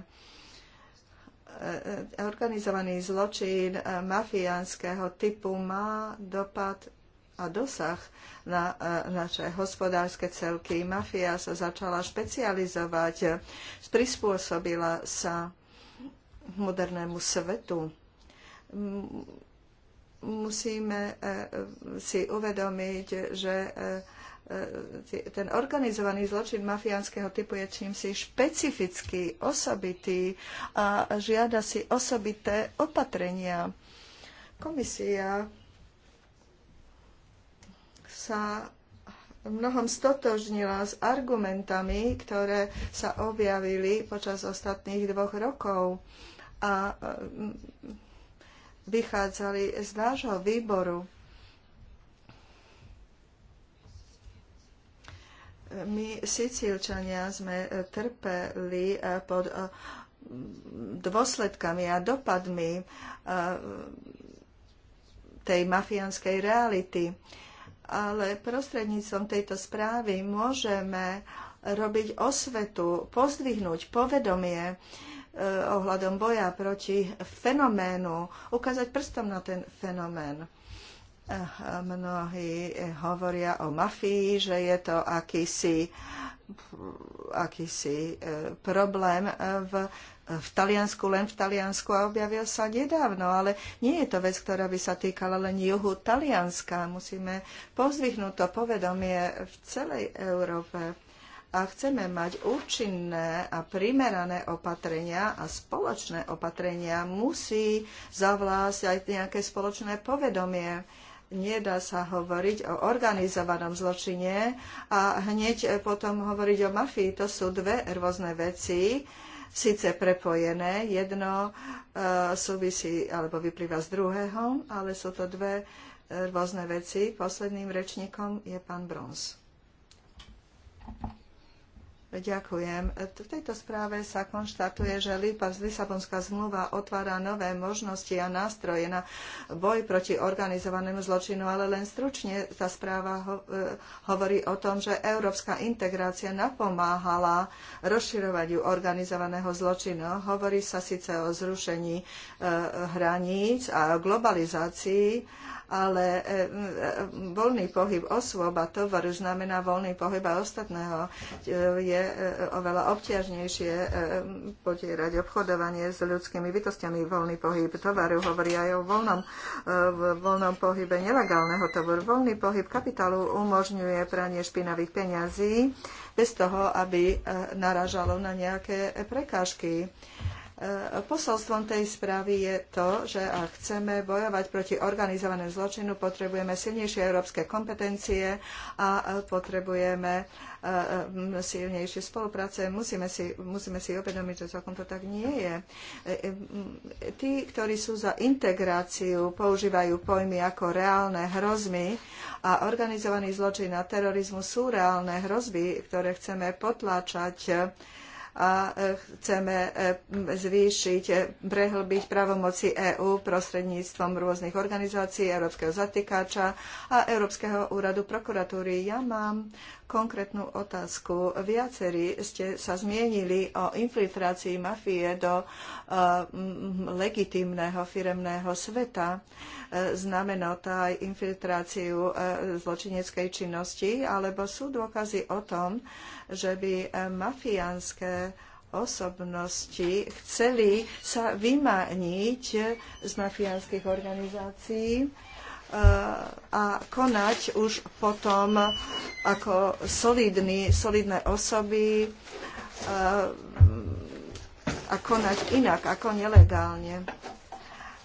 e, organizovaný zločin e, mafiánskeho typu má dopad a dosah na naše hospodárske celky. Mafia sa začala špecializovať, prispôsobila sa modernému svetu musíme e, e, si uvedomiť, že e, ten organizovaný zločin mafiánskeho typu je čím si špecifický, osobitý a žiada si osobité opatrenia. Komisia sa mnohom stotožnila s argumentami, ktoré sa objavili počas ostatných dvoch rokov. A vychádzali z nášho výboru. My, Sicílčania, sme eh, trpeli eh, pod eh, dôsledkami a dopadmi tej mafiánskej reality. Ale prostredníctvom tejto správy môžeme robiť osvetu, pozdvihnúť povedomie, Eh, ohľadom boja proti fenoménu, ukázať prstom na ten fenomén. Eh, mnohí hovoria o mafii, že je to akýsi, akýsi eh, problém v v Taliansku, len v Taliansku a objavil sa nedávno, ale nie je to vec, ktorá by sa týkala len juhu Talianska. Musíme pozvihnúť to povedomie v celej Európe a chceme mať účinné a primerané opatrenia a spoločné opatrenia, musí zavlásť aj nejaké spoločné povedomie. Nedá sa hovoriť o organizovanom zločine a hneď potom hovoriť o mafii. To sú dve rôzne veci síce prepojené, jedno e, súvisí alebo vyplýva z druhého, ale sú to dve e, rôzne veci. Posledným rečníkom je pán Brons. Ďakujem. V tejto správe sa konštatuje, že Lisabonská zmluva otvára nové možnosti a nástroje na boj proti organizovanému zločinu, ale len stručne tá správa ho, e, hovorí o tom, že európska integrácia napomáhala rozširovaniu organizovaného zločinu. Hovorí sa síce o zrušení e, hraníc a globalizácii, ale e, e, voľný pohyb osôb a tovaru znamená voľný pohyb a ostatného. E, je oveľa obťažnejšie potierať obchodovanie s ľudskými bytostiami. Voľný pohyb tovaru hovorí aj o voľnom, voľnom pohybe nelegálneho tovaru. Voľný pohyb kapitálu umožňuje pranie špinavých peňazí bez toho, aby naražalo na nejaké prekážky. E, posolstvom tej správy je to, že ak chceme bojovať proti organizovanému zločinu, potrebujeme silnejšie európske kompetencie a e, potrebujeme e, silnejšie spolupráce. Musíme si, musíme si uvedomiť, že celkom to tak nie je. Tí, ktorí sú za integráciu, používajú pojmy ako reálne hrozby a organizovaný zločin a terorizmus sú reálne hrozby, ktoré chceme potláčať a e, chceme e, zvýšiť, e, prehlbiť právomoci EÚ prostredníctvom rôznych organizácií, Európskeho zatýkača a Európskeho úradu prokuratúry. Ja mám konkrétnu otázku. Viacerí ste sa zmienili o infiltrácii mafie do legitímneho firemného sveta. Znamená to aj infiltráciu zločineckej činnosti, alebo sú dôkazy o tom, že by eh, mafiánske osobnosti chceli sa vymaniť eh, z mafiánskych organizácií eh, a konať už potom ako solidní, solidné osoby a, konať inak ako nelegálne.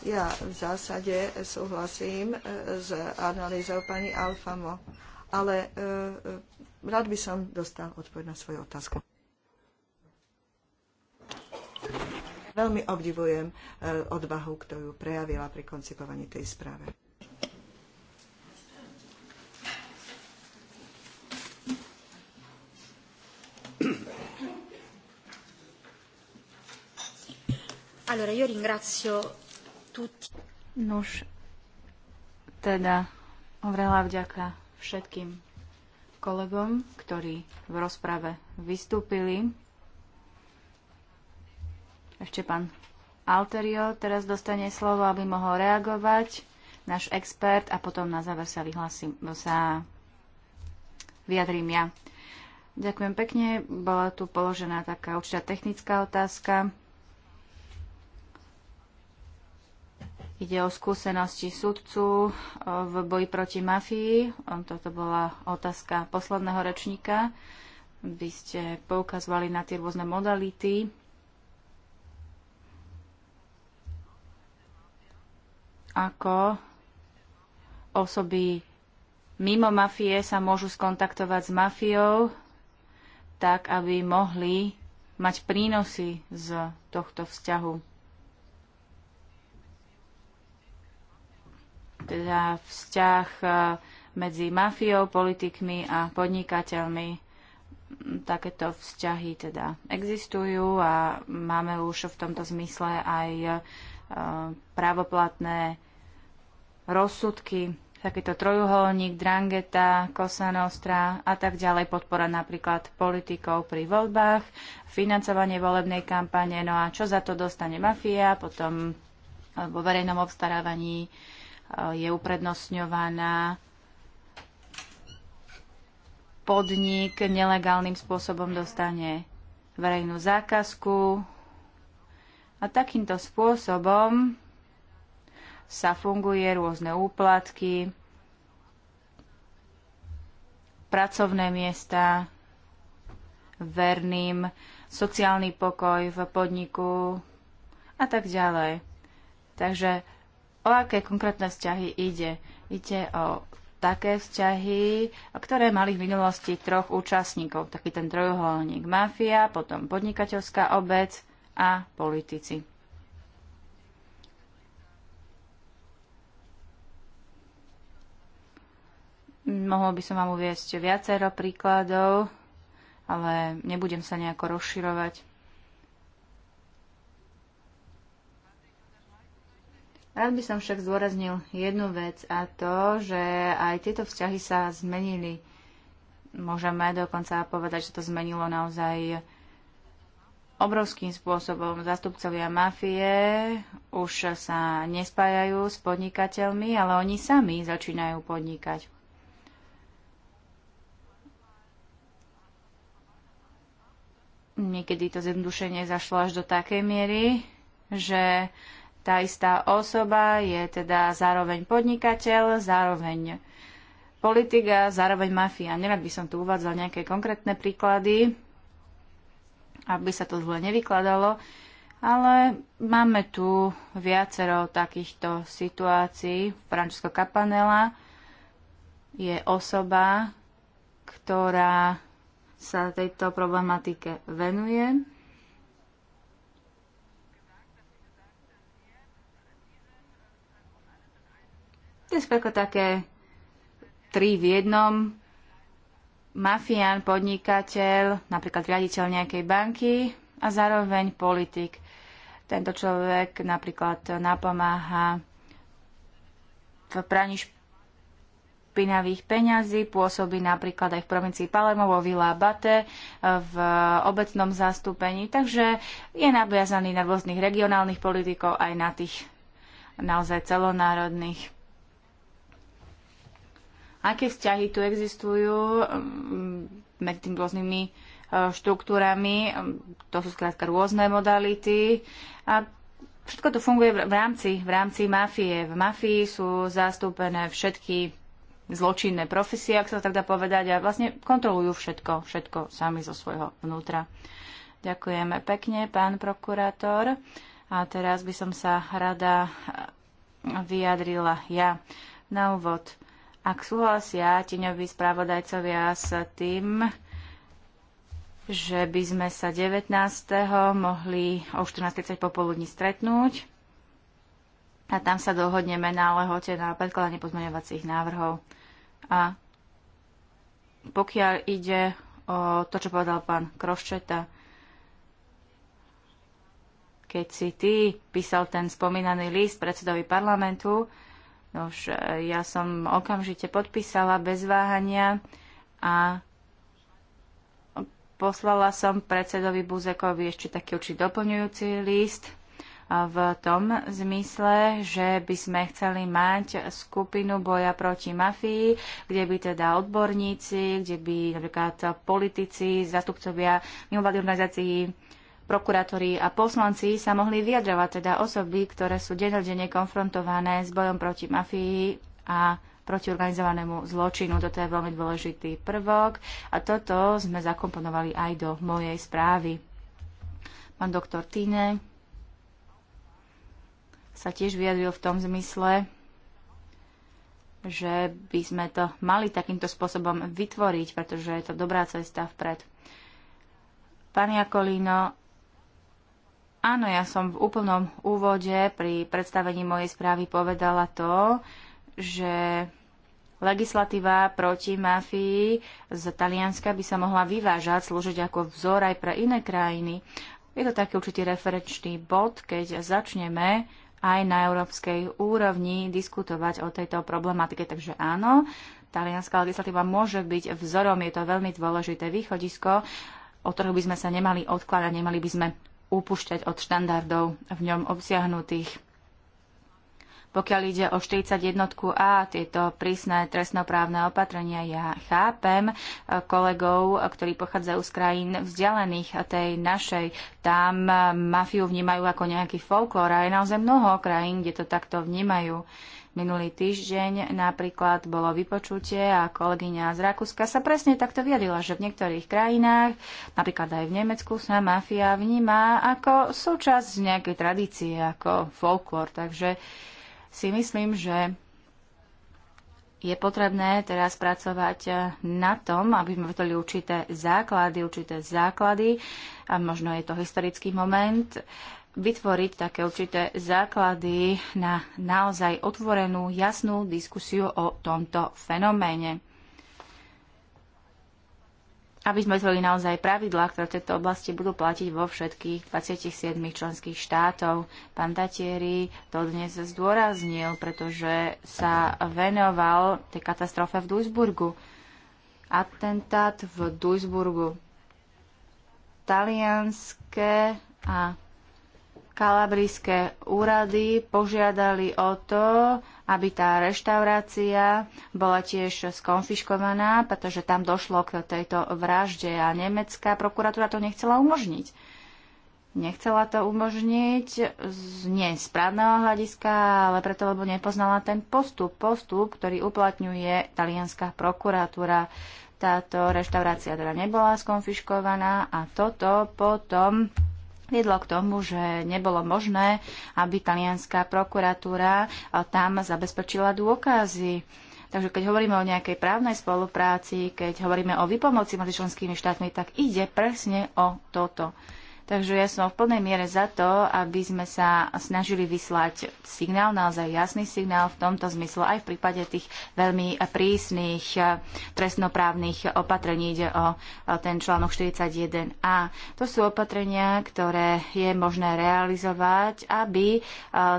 Ja v zásade súhlasím s analýzou pani Alfamo, ale rád by som dostal odpoveď na svoju otázku. Veľmi obdivujem e, odvahu, ktorú prejavila pri koncipovaní tej správe. Allora, io ringrazio tutti. Nuž, teda oveľa vďaka všetkým kolegom, ktorí v rozprave vystúpili. Ešte pán Alterio teraz dostane slovo, aby mohol reagovať, náš expert, a potom na záver sa vyhlasím, sa vyjadrím ja. Ďakujem pekne. Bola tu položená taká určitá technická otázka. Ide o skúsenosti sudcu v boji proti mafii. Toto bola otázka posledného rečníka. By ste poukazovali na tie rôzne modality. Ako osoby mimo mafie sa môžu skontaktovať s mafiou, tak aby mohli mať prínosy z tohto vzťahu. teda vzťah e, medzi mafiou, politikmi a podnikateľmi. Takéto vzťahy teda existujú a máme už v tomto zmysle aj e, právoplatné rozsudky, takýto trojuholník, drangeta, kosa nostra a tak ďalej, podpora napríklad politikov pri voľbách, financovanie volebnej kampane, no a čo za to dostane mafia, potom vo verejnom obstarávaní je uprednostňovaná podnik nelegálnym spôsobom dostane verejnú zákazku a takýmto spôsobom sa funguje rôzne úplatky, pracovné miesta, verným, sociálny pokoj v podniku a tak ďalej. Takže o aké konkrétne vzťahy ide. Ide o také vzťahy, ktoré mali v minulosti troch účastníkov. Taký ten trojuholník mafia, potom podnikateľská obec a politici. Mohol by som vám uviesť viacero príkladov, ale nebudem sa nejako rozširovať. Rád by som však zdôraznil jednu vec a to, že aj tieto vzťahy sa zmenili. Môžeme dokonca povedať, že to zmenilo naozaj obrovským spôsobom. zastupcovia mafie už sa nespájajú s podnikateľmi, ale oni sami začínajú podnikať. Niekedy to zjednodušenie zašlo až do takej miery, že tá istá osoba je teda zároveň podnikateľ, zároveň politika, zároveň mafia. Nerad by som tu uvádzal nejaké konkrétne príklady, aby sa to zle nevykladalo, ale máme tu viacero takýchto situácií. Francesco Capanella je osoba, ktorá sa tejto problematike venuje To je skoro také tri v jednom. Mafián, podnikateľ, napríklad riaditeľ nejakej banky a zároveň politik. Tento človek napríklad napomáha v praní špinavých peňazí, pôsobí napríklad aj v provincii Palermo vo Vila Bate v obecnom zastúpení, takže je nabiazaný na rôznych regionálnych politikov aj na tých naozaj celonárodných aké vzťahy tu existujú um, medzi tým rôznymi uh, štruktúrami. Um, to sú skrátka rôzne modality. A všetko to funguje v rámci, v rámci mafie. V mafii sú zastúpené všetky zločinné profesie, ak sa tak dá povedať, a vlastne kontrolujú všetko, všetko sami zo svojho vnútra. Ďakujeme pekne, pán prokurátor. A teraz by som sa rada vyjadrila ja na úvod ak súhlasia tieňoví spravodajcovia s tým, že by sme sa 19. mohli o 14.30 popoludní stretnúť a tam sa dohodneme na lehote na predkladanie pozmeňovacích návrhov. A pokiaľ ide o to, čo povedal pán Kroščeta, keď si ty písal ten spomínaný list predsedovi parlamentu, Nož, e, ja som okamžite podpísala bez váhania a poslala som predsedovi Buzekovi ešte taký určitý doplňujúci list e, v tom zmysle, že by sme chceli mať skupinu boja proti mafii, kde by teda odborníci, kde by napríklad politici, zastupcovia mimovládnych organizácií, prokurátori a poslanci sa mohli vyjadrovať, teda osoby, ktoré sú denodene konfrontované s bojom proti mafii a proti organizovanému zločinu. Toto je veľmi dôležitý prvok a toto sme zakomponovali aj do mojej správy. Pán doktor Tine sa tiež vyjadril v tom zmysle, že by sme to mali takýmto spôsobom vytvoriť, pretože je to dobrá cesta vpred. Pán Jakolino, Áno, ja som v úplnom úvode pri predstavení mojej správy povedala to, že legislatíva proti mafii z Talianska by sa mohla vyvážať, slúžiť ako vzor aj pre iné krajiny. Je to taký určitý referenčný bod, keď začneme aj na európskej úrovni diskutovať o tejto problematike. Takže áno, talianská legislatíva môže byť vzorom, je to veľmi dôležité východisko, od ktorého by sme sa nemali odkladať, nemali by sme upúšťať od štandardov v ňom obsiahnutých. Pokiaľ ide o 41a, tieto prísne trestnoprávne opatrenia, ja chápem e, kolegov, e, ktorí pochádzajú z krajín vzdialených a tej našej. Tam e, mafiu vnímajú ako nejaký folklór a je naozaj mnoho krajín, kde to takto vnímajú. Minulý týždeň napríklad bolo vypočutie a kolegyňa z Rakúska sa presne takto vyjadila, že v niektorých krajinách, napríklad aj v Nemecku, sa mafia vníma ako súčasť nejakej tradície, ako folklór. Takže si myslím, že je potrebné teraz pracovať na tom, aby sme vytvorili určité základy, určité základy, a možno je to historický moment, vytvoriť také určité základy na naozaj otvorenú, jasnú diskusiu o tomto fenoméne. Aby sme tvorili naozaj pravidlá, ktoré v tejto oblasti budú platiť vo všetkých 27 členských štátov. Pán Tatieri to dnes zdôraznil, pretože sa venoval tej katastrofe v Duisburgu. Atentát v Duisburgu. Talianské a kalabrijské úrady požiadali o to, aby tá reštaurácia bola tiež skonfiškovaná, pretože tam došlo k tejto vražde a nemecká prokuratúra to nechcela umožniť. Nechcela to umožniť z nesprávneho hľadiska, ale preto, lebo nepoznala ten postup, postup, ktorý uplatňuje talianská prokuratúra. Táto reštaurácia teda nebola skonfiškovaná a toto potom viedlo k tomu, že nebolo možné, aby talianská prokuratúra tam zabezpečila dôkazy. Takže keď hovoríme o nejakej právnej spolupráci, keď hovoríme o vypomoci medzi členskými štátmi, tak ide presne o toto. Takže ja som v plnej miere za to, aby sme sa snažili vyslať signál, naozaj jasný signál v tomto zmysle, aj v prípade tých veľmi prísnych eh, trestnoprávnych opatrení. Ide o ten článok 41a. To sú opatrenia, ktoré je možné realizovať, aby eh,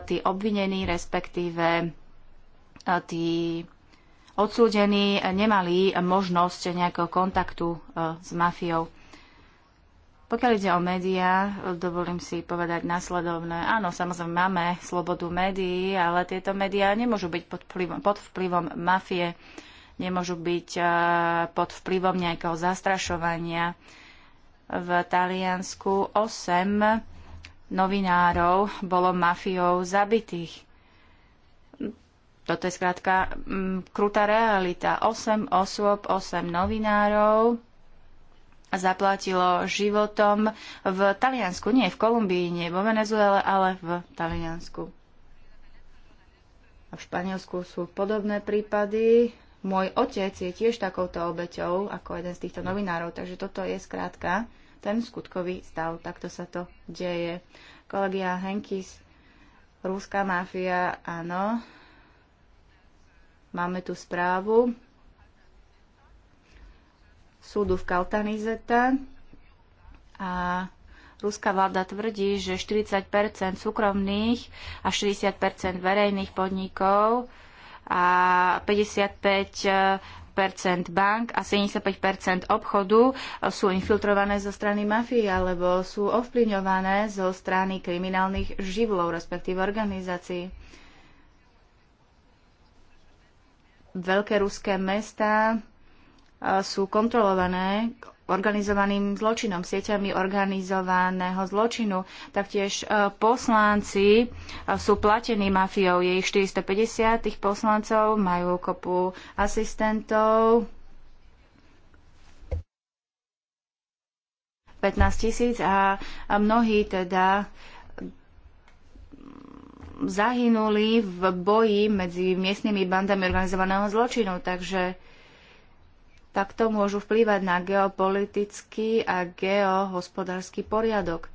tí obvinení, respektíve eh, tí odsúdení nemali možnosť nejakého kontaktu s mafiou. Pokiaľ ide o médiá, dovolím si povedať následovné. Áno, samozrejme máme slobodu médií, ale tieto médiá nemôžu byť pod vplyvom, pod vplyvom mafie, nemôžu byť eh, pod vplyvom nejakého zastrašovania. V Taliansku 8 novinárov bolo mafiou zabitých. Toto je skrátka mm, krutá realita. 8 osôb, 8 novinárov a zaplatilo životom v Taliansku, nie v Kolumbii, nie vo Venezuele, ale v Taliansku. A v Španielsku sú podobné prípady. Môj otec je tiež takouto obeťou ako jeden z týchto novinárov, takže toto je skrátka ten skutkový stav. Takto sa to deje. Kolegia Henkis, rúská máfia, áno. Máme tu správu súdu v Kaltanizeta a ruská vláda tvrdí, že 40 súkromných a 60 verejných podnikov a 55 bank a 75 obchodu sú infiltrované zo strany mafie alebo sú ovplyvňované zo strany kriminálnych živlov, respektíve organizácií. Veľké ruské mesta sú kontrolované organizovaným zločinom, sieťami organizovaného zločinu. Taktiež e, poslanci e, sú platení mafiou, je ich 450 tých poslancov, majú kopu asistentov, 15 tisíc a mnohí teda zahynuli v boji medzi miestnymi bandami organizovaného zločinu. Takže takto môžu vplývať na geopolitický a geohospodársky poriadok.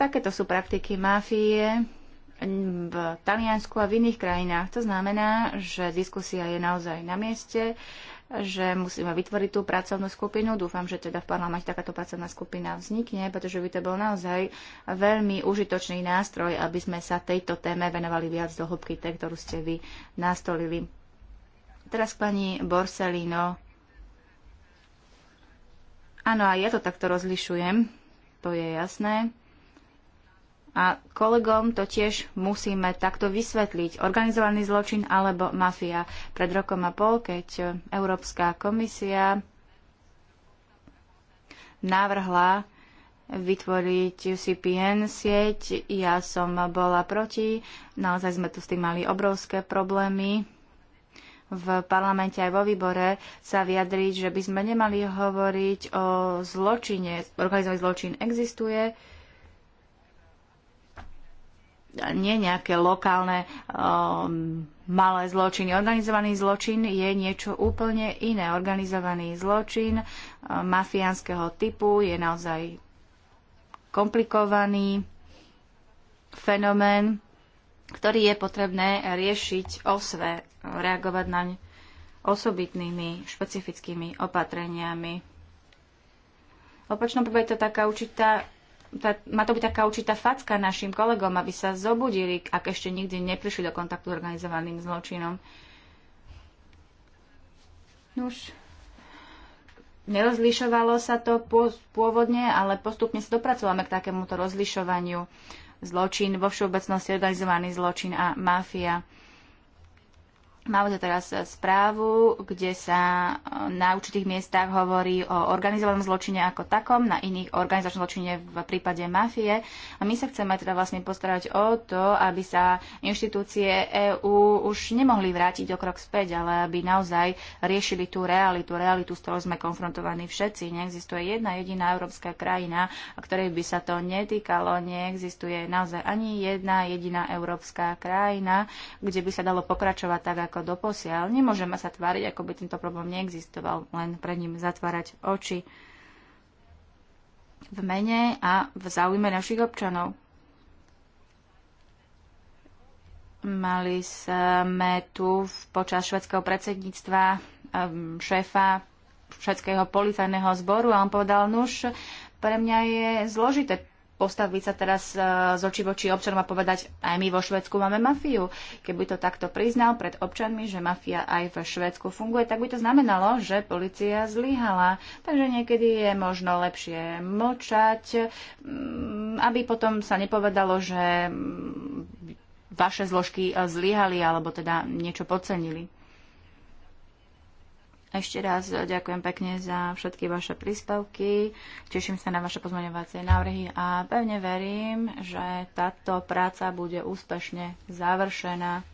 Takéto sú praktiky mafie v Taliansku a v iných krajinách. To znamená, že diskusia je naozaj na mieste, že musíme vytvoriť tú pracovnú skupinu. Dúfam, že teda v parlamente takáto pracovná skupina vznikne, pretože by to bol naozaj veľmi užitočný nástroj, aby sme sa tejto téme venovali viac do hĺbky, tej, ktorú ste vy nastolili. Teraz k pani Borsellino Áno, aj ja to takto rozlišujem, to je jasné. A kolegom to tiež musíme takto vysvetliť. Organizovaný zločin alebo mafia. Pred rokom a pol, keď Európska komisia navrhla vytvoriť CPN sieť, ja som bola proti. Naozaj sme tu s tým mali obrovské problémy v parlamente aj vo výbore sa vyjadriť, že by sme nemali hovoriť o zločine. Organizovaný zločin existuje. Nie nejaké lokálne um, malé zločiny. Organizovaný zločin je niečo úplne iné. Organizovaný zločin um, mafiánskeho typu je naozaj komplikovaný fenomén ktorý je potrebné riešiť osve, reagovať naň osobitnými špecifickými opatreniami. V opačnom prípade to taká určitá tá, má to byť taká určitá facka našim kolegom, aby sa zobudili, ak ešte nikdy neprišli do kontaktu s organizovaným zločinom. Nuž, nerozlišovalo sa to pôvodne, ale postupne sa dopracovame k takémuto rozlišovaniu zločin, vo všeobecnosti organizovaný zločin a mafia. Máme tu teraz správu, kde sa eh, na určitých miestach hovorí o organizovanom zločine ako takom, na iných organizačnom zločine v prípade mafie. A my sa chceme teda vlastne postarať o to, aby sa inštitúcie EÚ už nemohli vrátiť o krok späť, ale aby naozaj riešili tú realitu, realitu, s ktorou sme konfrontovaní všetci. Neexistuje jedna jediná európska krajina, ktorej by sa to netýkalo. Neexistuje naozaj ani jedna jediná európska krajina, kde by sa dalo pokračovať tak, ako ako doposiaľ. Nemôžeme sa tváriť, ako by tento problém neexistoval, len pred ním zatvárať oči v mene a v záujme našich občanov. Mali sme tu počas švedského predsedníctva ehm, šéfa švedského policajného zboru a on povedal, nuž, pre mňa je zložité postaviť sa teraz e, z očí voči občanom a povedať, aj my vo Švedsku máme mafiu. Keby to takto priznal pred občanmi, že mafia aj v Švedsku funguje, tak by to znamenalo, že policia zlyhala. Takže niekedy je možno lepšie mlčať, mm, aby potom sa nepovedalo, že mm, vaše zložky e, zlyhali alebo teda niečo podcenili. Ešte raz ďakujem pekne za všetky vaše príspevky. Teším sa na vaše pozmeňovacie návrhy a pevne verím, že táto práca bude úspešne završená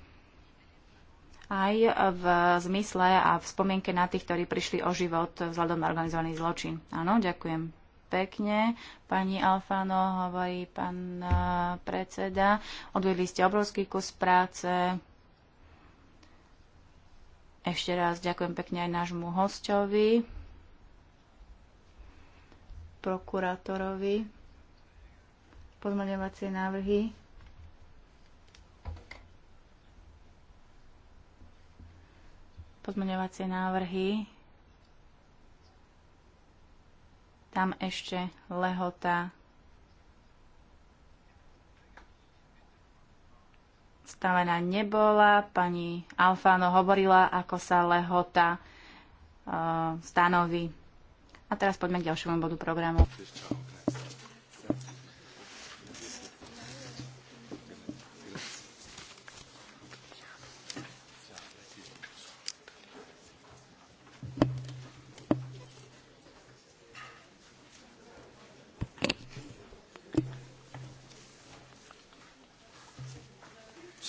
aj v zmysle a v spomienke na tých, ktorí prišli o život vzhľadom na organizovaný zločin. Áno, ďakujem pekne. Pani Alfano, hovorí pán eh, predseda, odvedli ste obrovský kus práce. Ešte raz ďakujem pekne aj nášmu hostovi, prokurátorovi, pozmaňovacie návrhy. Pozmaňovacie návrhy. Tam ešte lehota stavená nebola. Pani Alfano hovorila, ako sa lehota e, stanoví. A teraz poďme k ďalšiemu bodu programu.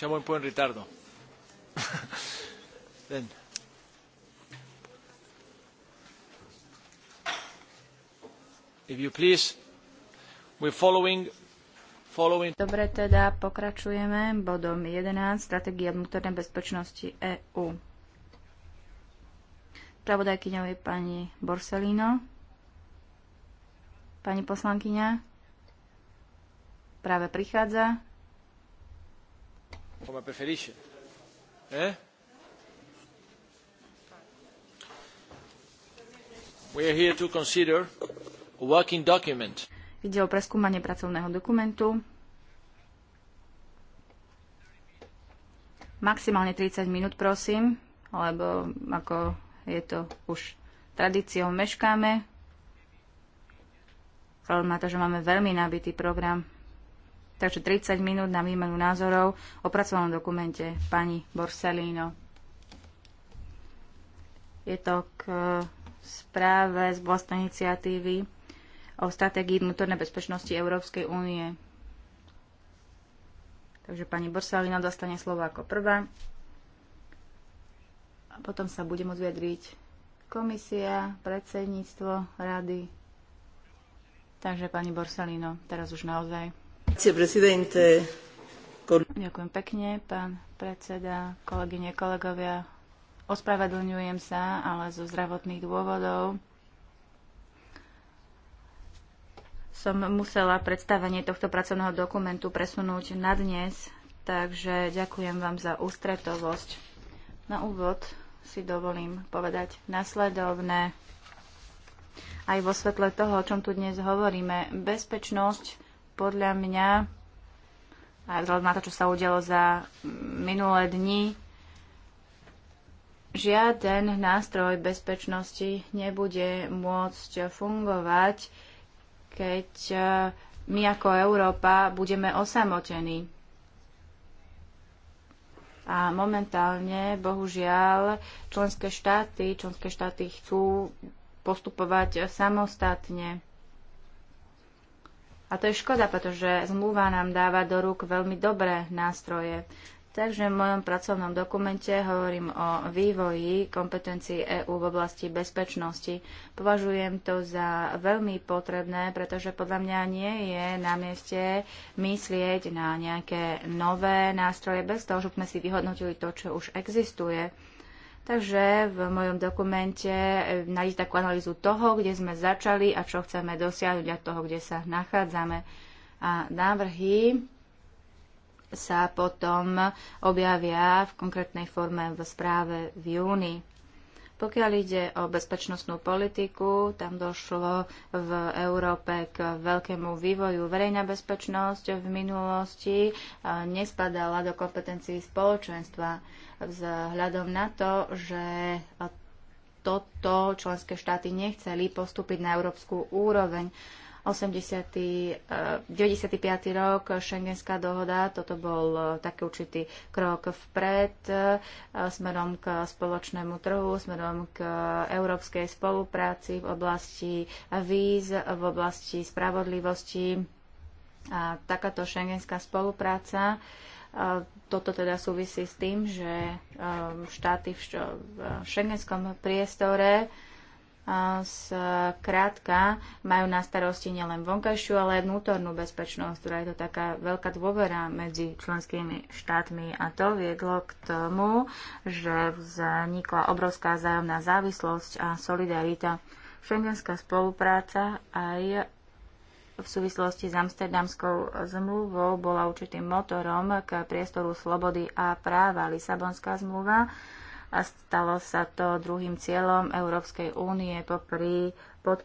siamo un po' in ritardo. Then. If you please, we're following Following... Dobre, teda pokračujeme bodom 11, stratégia vnútornej bezpečnosti EÚ. Pravodajkyňou je pani Borsellino. Pani poslankyňa práve prichádza come preferisce. Eh? We are here to consider a working document. Ide o preskúmanie pracovného dokumentu. Maximálne 30 minút, prosím, lebo ako je to už tradíciou, meškáme. Problém na to, že máme veľmi nabitý program takže 30 minút na výmenu názorov o pracovnom dokumente pani Borsellino. Je to k e, správe z vlastnej iniciatívy o stratégii vnútornej bezpečnosti Európskej únie. Takže pani Borsalina dostane slovo ako prvá. A potom sa bude môcť vyjadriť komisia, predsedníctvo, rady. Takže pani Borsalino, teraz už naozaj. Ďakujem pekne, pán predseda, kolegyne, kolegovia. Ospravedlňujem sa, ale zo zdravotných dôvodov som musela predstavenie tohto pracovného dokumentu presunúť na dnes, takže ďakujem vám za ústretovosť. Na úvod si dovolím povedať nasledovné. Aj vo svetle toho, o čom tu dnes hovoríme, bezpečnosť podľa mňa, aj vzhľadom na to, čo sa udialo za minulé dni, žiaden nástroj bezpečnosti nebude môcť fungovať, keď e, my ako Európa budeme osamotení. A momentálne, bohužiaľ, členské štáty, členské štáty chcú postupovať samostatne. A to je škoda, pretože zmluva nám dáva do rúk veľmi dobré nástroje. Takže v mojom pracovnom dokumente hovorím o vývoji kompetencií EÚ v oblasti bezpečnosti. Považujem to za veľmi potrebné, pretože podľa mňa nie je na mieste myslieť na nejaké nové nástroje bez toho, že sme si vyhodnotili to, čo už existuje. Takže v mojom dokumente e, nájdete takú analýzu toho, kde sme začali a čo chceme dosiahnuť a toho, kde sa nachádzame. A návrhy sa potom objavia v konkrétnej forme v správe v júni. Pokiaľ ide o bezpečnostnú politiku, tam došlo v Európe k veľkému vývoju. Verejná bezpečnosť v minulosti eh, nespadala do kompetencií spoločenstva vzhľadom na to, že toto členské štáty nechceli postúpiť na európsku úroveň. 80, 95. Eh, rok, Schengenská dohoda, toto bol eh, taký určitý krok vpred eh, smerom k spoločnému trhu, smerom k európskej spolupráci v oblasti víz, v oblasti spravodlivosti. A takáto šengenská spolupráca toto teda súvisí s tým, že štáty v šengenskom priestore z krátka majú na starosti nielen vonkajšiu, ale aj vnútornú bezpečnosť, ktorá je to taká veľká dôvera medzi členskými štátmi. A to viedlo k tomu, že vznikla obrovská zájomná závislosť a solidarita. Schengenská spolupráca aj v súvislosti s Amsterdamskou zmluvou bola určitým motorom k priestoru slobody a práva. Lisabonská zmluva a stalo sa to druhým cieľom Európskej únie popri, pod,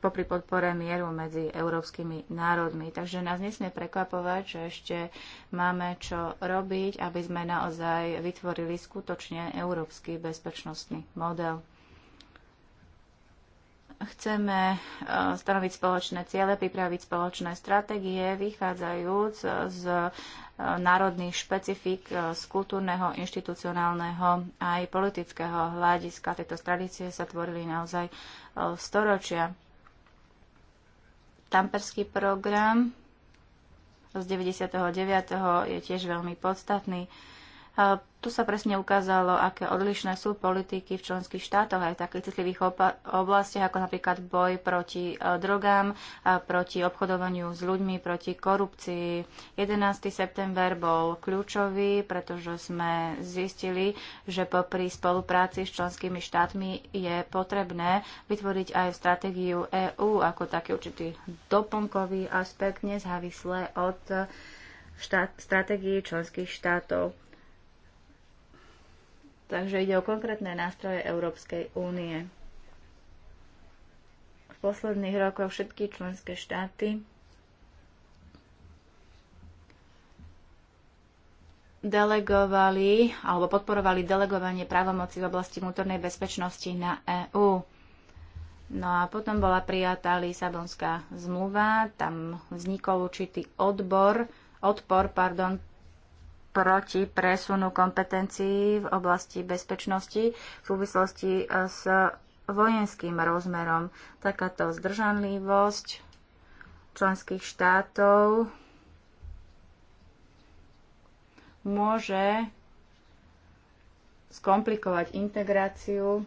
popri podpore mieru medzi európskymi národmi. Takže nás nesmie prekvapovať, že ešte máme čo robiť, aby sme naozaj vytvorili skutočne európsky bezpečnostný model chceme e, stanoviť spoločné ciele, pripraviť spoločné stratégie, vychádzajúc z e, národných špecifik e, z kultúrneho, inštitucionálneho aj politického hľadiska. Tieto tradície sa tvorili naozaj storočia. Tamperský program z 99. je tiež veľmi podstatný. Tu sa presne ukázalo, aké odlišné sú politiky v členských štátoch aj v takých citlivých oblastiach, ako napríklad boj proti e, drogám, proti obchodovaniu s ľuďmi, proti korupcii. 11. september bol kľúčový, pretože sme zistili, že popri spolupráci s členskými štátmi je potrebné vytvoriť aj stratégiu EÚ ako taký určitý doplnkový aspekt nezávisle od štát, stratégií členských štátov. Takže ide o konkrétne nástroje Európskej únie. V posledných rokoch všetky členské štáty delegovali alebo podporovali delegovanie právomoci v oblasti vnútornej bezpečnosti na EÚ. No a potom bola prijatá Lisabonská zmluva, tam vznikol určitý odbor, odpor pardon, proti presunu kompetencií v oblasti bezpečnosti v súvislosti e, s vojenským rozmerom. Takáto zdržanlivosť členských štátov môže skomplikovať integráciu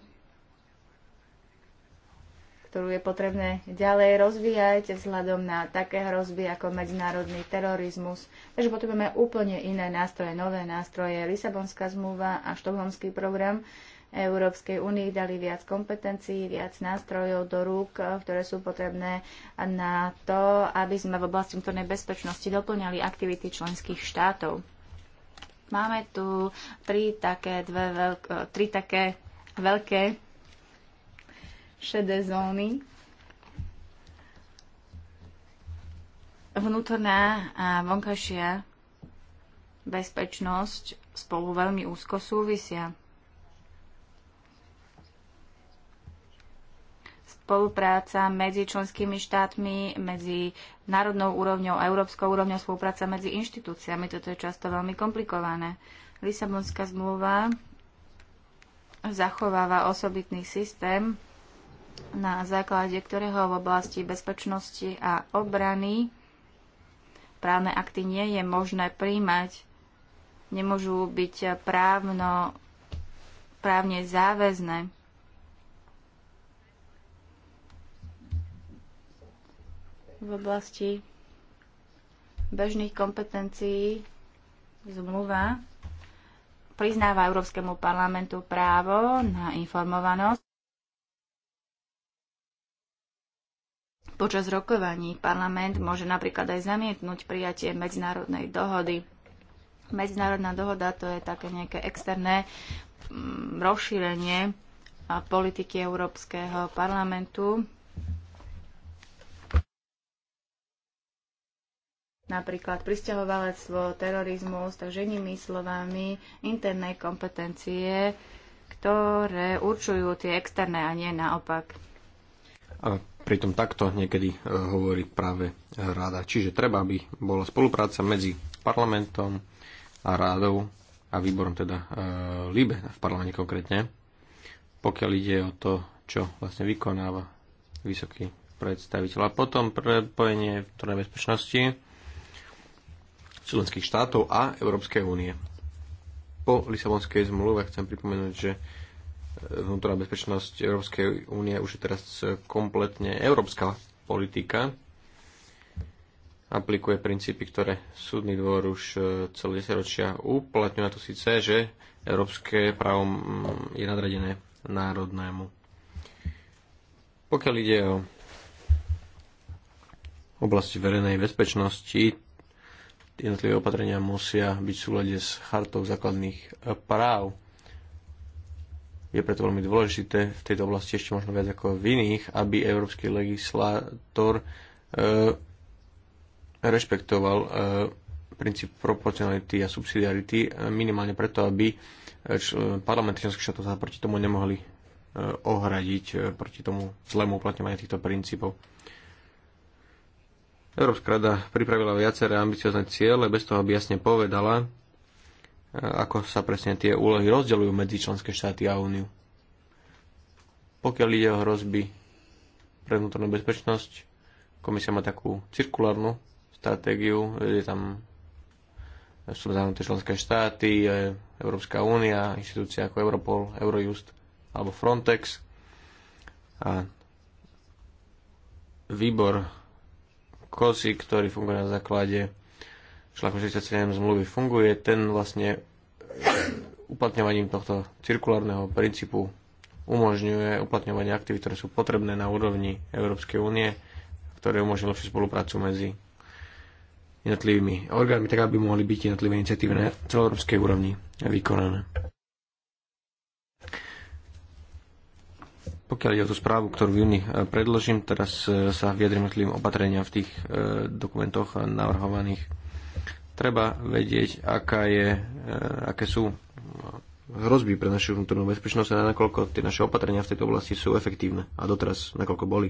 ktorú je potrebné ďalej rozvíjať vzhľadom na také hrozby ako medzinárodný terorizmus. Takže potrebujeme úplne iné nástroje, nové nástroje. Lisabonská zmluva a štokholmský program Európskej únii dali viac kompetencií, viac nástrojov do rúk, ktoré sú potrebné na to, aby sme v oblasti vnútornej bezpečnosti doplňali aktivity členských štátov. Máme tu tri také, dve veľk- tri také veľké šedé zóny. Vnútorná a vonkajšia bezpečnosť spolu veľmi úzko súvisia. Spolupráca medzi členskými štátmi, medzi národnou úrovňou a európskou úrovňou, spolupráca medzi inštitúciami, toto je často veľmi komplikované. Lisabonská zmluva zachováva osobitný systém na základe ktorého v oblasti bezpečnosti a obrany právne akty nie je možné príjmať, nemôžu byť právno, právne záväzné. V oblasti bežných kompetencií zmluva priznáva Európskemu parlamentu právo na informovanosť Počas rokovaní parlament môže napríklad aj zamietnúť prijatie medzinárodnej dohody. Medzinárodná dohoda to je také nejaké externé mm, rozšírenie politiky Európskeho parlamentu. Napríklad pristahovalectvo, terorizmus, takže inými slovami interné kompetencie, ktoré určujú tie externé a nie naopak pritom takto niekedy e, hovorí práve rada. Čiže treba, aby bola spolupráca medzi parlamentom a rádou a výborom teda e, LIBE v parlamente konkrétne, pokiaľ ide o to, čo vlastne vykonáva vysoký predstaviteľ. A potom prepojenie vnútornej bezpečnosti členských štátov a Európskej únie. Po Lisabonskej zmluve chcem pripomenúť, že vnútorná bezpečnosť Európskej únie už je teraz kompletne európska politika. Aplikuje princípy, ktoré súdny dvor už e, celé 10 ročia uplatňuje to síce, že európske právo mm, je nadradené národnému. Pokiaľ ide o oblasti verejnej bezpečnosti, jednotlivé opatrenia musia byť v súlade s chartou základných práv je preto veľmi dôležité v tejto oblasti ešte možno viac ako v iných, aby európsky legislátor e, rešpektoval e, princíp proporcionality a subsidiarity e, minimálne preto, aby e, parlamenty členských štátov sa proti tomu nemohli e, ohradiť e, proti tomu zlému uplatňovaniu týchto princípov. Európska rada pripravila viaceré ambiciozne ciele bez toho, aby jasne povedala, E, ako sa presne tie úlohy rozdeľujú medzi členské štáty a úniu. Pokiaľ ide o hrozby pre vnútornú bezpečnosť, komisia má takú cirkulárnu stratégiu, je tam sú zahrnuté členské štáty, Európska únia, inštitúcie ako Europol, Eurojust alebo Frontex. A výbor COSI, ktorý funguje na základe článkom 67 zmluvy funguje, ten vlastne uplatňovaním tohto cirkulárneho princípu umožňuje uplatňovanie aktivít, ktoré sú potrebné na úrovni Európskej únie, ktoré umožňujú lepšiu spoluprácu medzi jednotlivými orgánmi, tak aby mohli byť jednotlivé iniciatívy na celoeurópskej úrovni vykonané. Pokiaľ ide o tú správu, ktorú v júni e, predložím, teraz e, sa vyjadrím jednotlivým opatrenia v tých e, dokumentoch navrhovaných Treba vedieť, aká je, e, aké sú hrozby pre našu vnútornú bezpečnosť a nakoľko tie naše opatrenia v tejto oblasti sú efektívne a doteraz nakoľko boli.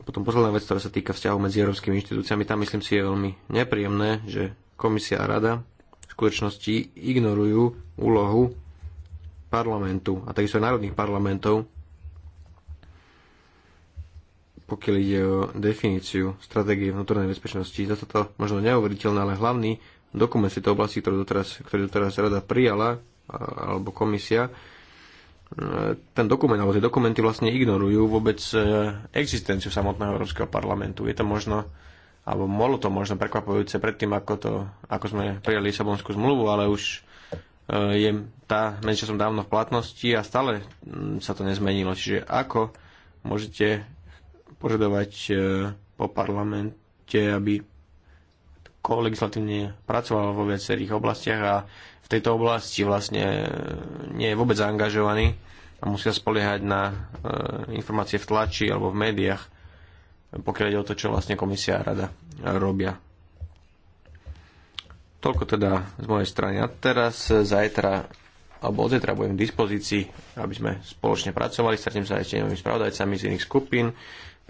Potom posledná vec, ktorá sa týka vzťahu medzi európskymi inštitúciami, tam myslím si je veľmi nepríjemné, že komisia a rada v skutočnosti ignorujú úlohu parlamentu a takisto aj národných parlamentov pokiaľ ide o definíciu stratégie vnútornej bezpečnosti. Za toto možno neuveriteľné, ale hlavný dokument z tejto oblasti, ktorý doteraz, ktorý doteraz rada prijala, alebo komisia, e, ten dokument, alebo tie dokumenty vlastne ignorujú vôbec e, existenciu samotného Európskeho parlamentu. Je to možno, alebo molo to možno prekvapujúce predtým, ako, to, ako sme prijali Lisabonskú zmluvu, ale už e, je tá medzičasom dávno v platnosti a stále sa to nezmenilo. Čiže ako môžete požadovať e, po parlamente, aby legislatívne pracoval vo viacerých oblastiach a v tejto oblasti vlastne e, nie je vôbec zaangažovaný a musia spoliehať na e, informácie v tlači alebo v médiách, pokiaľ ide o to, čo vlastne komisia a rada robia. Toľko teda z mojej strany. A teraz zajtra alebo od budem k dispozícii, aby sme spoločne pracovali. Stretnem sa aj s spravodajcami z iných skupín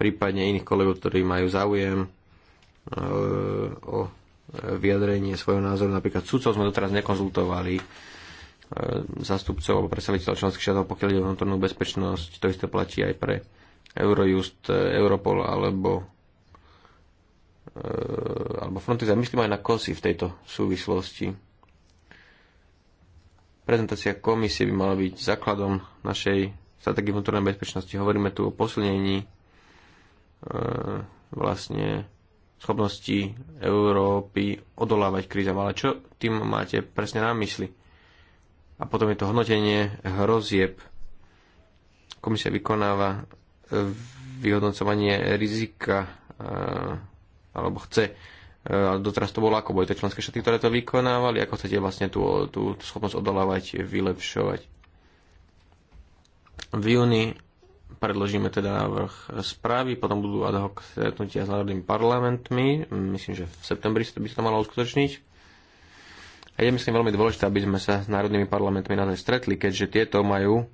prípadne iných kolegov, ktorí majú záujem e, o vyjadrenie svojho názoru. Napríklad sudcov sme doteraz nekonzultovali, e, zastupcov alebo predstaviteľov členských štátov, pokiaľ ide o vnútornú bezpečnosť, to isté platí aj pre Eurojust, e, Europol alebo alebo Frontex a myslím aj na kosy v tejto súvislosti. Prezentácia komisie by mala byť základom našej stratégie vnútornej bezpečnosti. Hovoríme tu o posilnení E, vlastne schopnosti Európy odolávať krízam. Ale čo tým máte presne na mysli? A potom je to hodnotenie hrozieb. Komisia vykonáva vyhodnocovanie rizika e, alebo chce e, ale doteraz to bolo ako, boli to členské štáty, ktoré to vykonávali, ako chcete vlastne tú, tú, tú schopnosť odolávať, vylepšovať. V júni predložíme teda návrh správy, potom budú ad hoc stretnutia s národnými parlamentmi, myslím, že v septembri by sa to malo uskutočniť. A je myslím veľmi dôležité, aby sme sa s národnými parlamentmi naozaj stretli, keďže tieto majú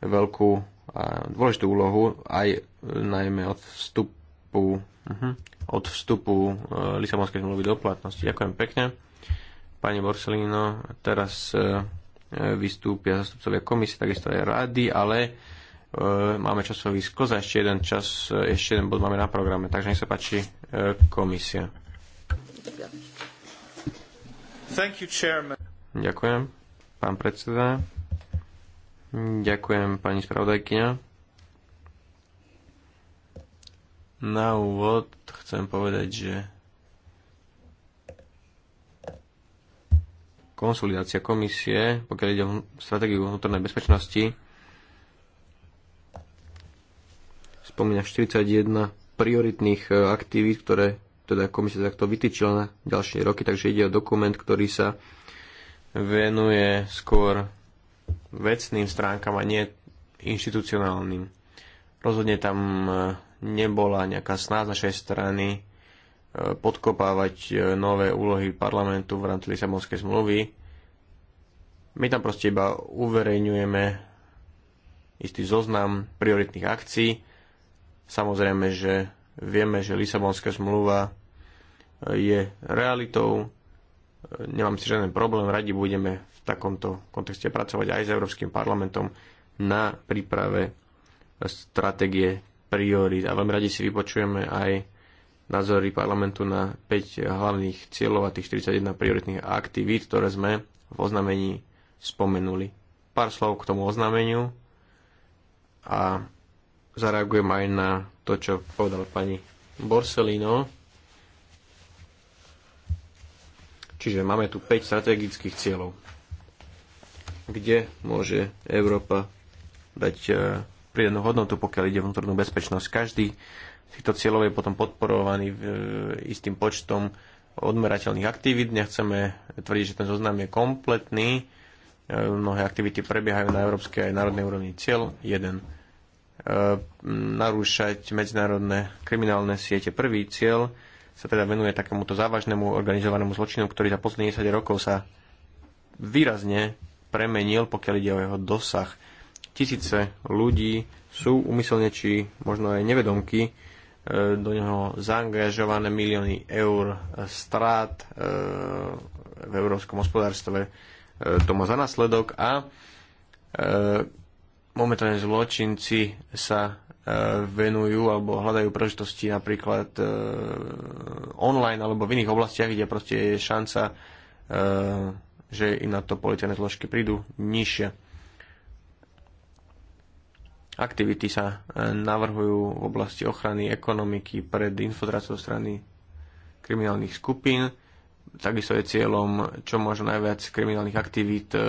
veľkú a dôležitú úlohu aj najmä od vstupu, uh-huh, od vstupu uh, Lisabonskej zmluvy do platnosti. Ďakujem pekne. Pani Borsellino, teraz uh, vystúpia zastupcovia komisie, takisto aj rady, ale E, máme časový skos a ešte jeden čas, e, ešte jeden bod máme na programe. Takže nech sa páči e, komisia. Thank you, chairman. Ďakujem, pán predseda. Ďakujem, pani spravodajkyňa. Na úvod chcem povedať, že konsolidácia komisie, pokiaľ ide o stratégiu vnútornej bezpečnosti, spomína 41 prioritných e, aktivít, ktoré teda komisia takto vytýčila na ďalšie roky, takže ide o dokument, ktorý sa venuje skôr vecným stránkam a nie inštitucionálnym. Rozhodne tam e, nebola nejaká sná z našej strany e, podkopávať nové úlohy parlamentu v rámci Lisabonskej zmluvy. My tam proste iba uverejňujeme istý zoznam prioritných akcií Samozrejme, že vieme, že Lisabonská zmluva e, je realitou. E, nemám si žiaden problém, radi budeme v takomto kontexte pracovať aj s Európskym parlamentom na príprave stratégie priorit. A veľmi radi si vypočujeme aj názory parlamentu na 5 hlavných cieľov a tých 41 prioritných aktivít, ktoré sme v oznamení spomenuli. Pár slov k tomu oznámeniu a zareagujem aj na to, čo povedal pani Borsellino. Čiže máme tu 5 strategických cieľov, kde môže Európa dať e, pridanú hodnotu, pokiaľ ide vnútornú bezpečnosť. Každý z týchto cieľov je potom podporovaný e, istým počtom odmerateľných aktivít. Nechceme tvrdiť, že ten zoznam je kompletný. E, mnohé aktivity prebiehajú na európskej aj národnej úrovni. Cieľ 1 Eh, narúšať medzinárodné kriminálne siete. Prvý cieľ sa teda venuje takémuto závažnému organizovanému zločinu, ktorý za posledných 10 rokov sa výrazne premenil, pokiaľ ide o jeho dosah. Tisíce ľudí sú umyselne či možno aj nevedomky eh, do neho zaangažované milióny eur strát eh, v európskom hospodárstve. To má za následok a momentálne zločinci sa e, venujú alebo hľadajú príležitosti napríklad e, online alebo v iných oblastiach, kde proste je šanca, e, že im na to policajné zložky prídu nižšie. Aktivity sa e, navrhujú v oblasti ochrany ekonomiky pred infiltráciou strany kriminálnych skupín takisto je cieľom čo možno najviac kriminálnych aktivít e, e,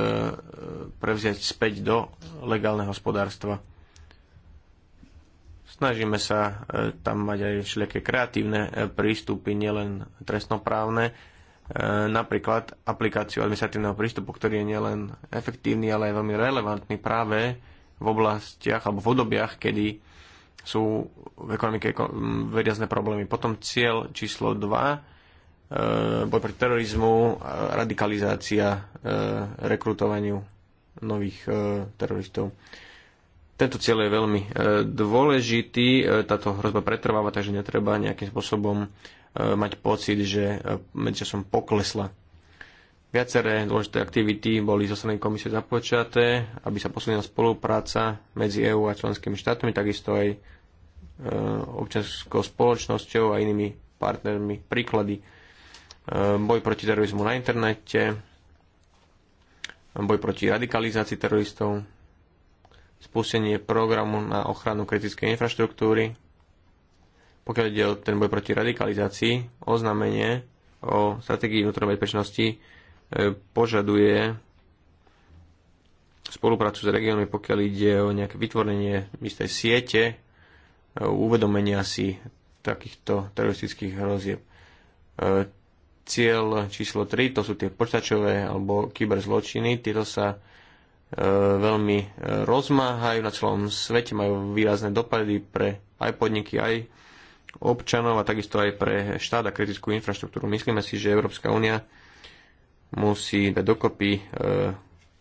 prevziať späť do legálneho hospodárstva. Snažíme sa e, tam mať aj všelijaké kreatívne prístupy, nielen trestnoprávne, napríklad aplikáciu administratívneho prístupu, ktorý je nielen efektívny, ale aj veľmi relevantný práve v oblastiach alebo v odobiach, kedy sú v ekonomike výrazné problémy. Potom cieľ číslo 2 E, boj proti terorizmu, e, radikalizácia, e, rekrutovaniu nových teroristov. Tento cieľ je veľmi dôležitý, táto hrozba pretrváva, takže netreba nejakým spôsobom mať pocit, že medzičasom poklesla. Viaceré dôležité aktivity boli zo strany komisie započaté, aby sa posunila spolupráca medzi EÚ a členskými štátmi, takisto aj občianskou spoločnosťou a inými partnermi. Príklady Ehm, boj proti terorizmu na internete, boj proti radikalizácii teroristov, spustenie programu na ochranu kritickej infraštruktúry, pokiaľ ide o ten boj proti radikalizácii, oznámenie o strategii vnútornej bezpečnosti ehm, požaduje spoluprácu s regiónmi, pokiaľ ide o nejaké vytvorenie istej siete, ehm, uvedomenia si takýchto teroristických hrozieb cieľ číslo 3, to sú tie počtačové alebo kyberzločiny, tieto sa e, veľmi e, rozmáhajú na celom svete, majú výrazné dopady pre aj podniky, aj občanov a takisto aj pre štát a kritickú infraštruktúru. Myslíme si, že Európska únia musí dať dokopy e,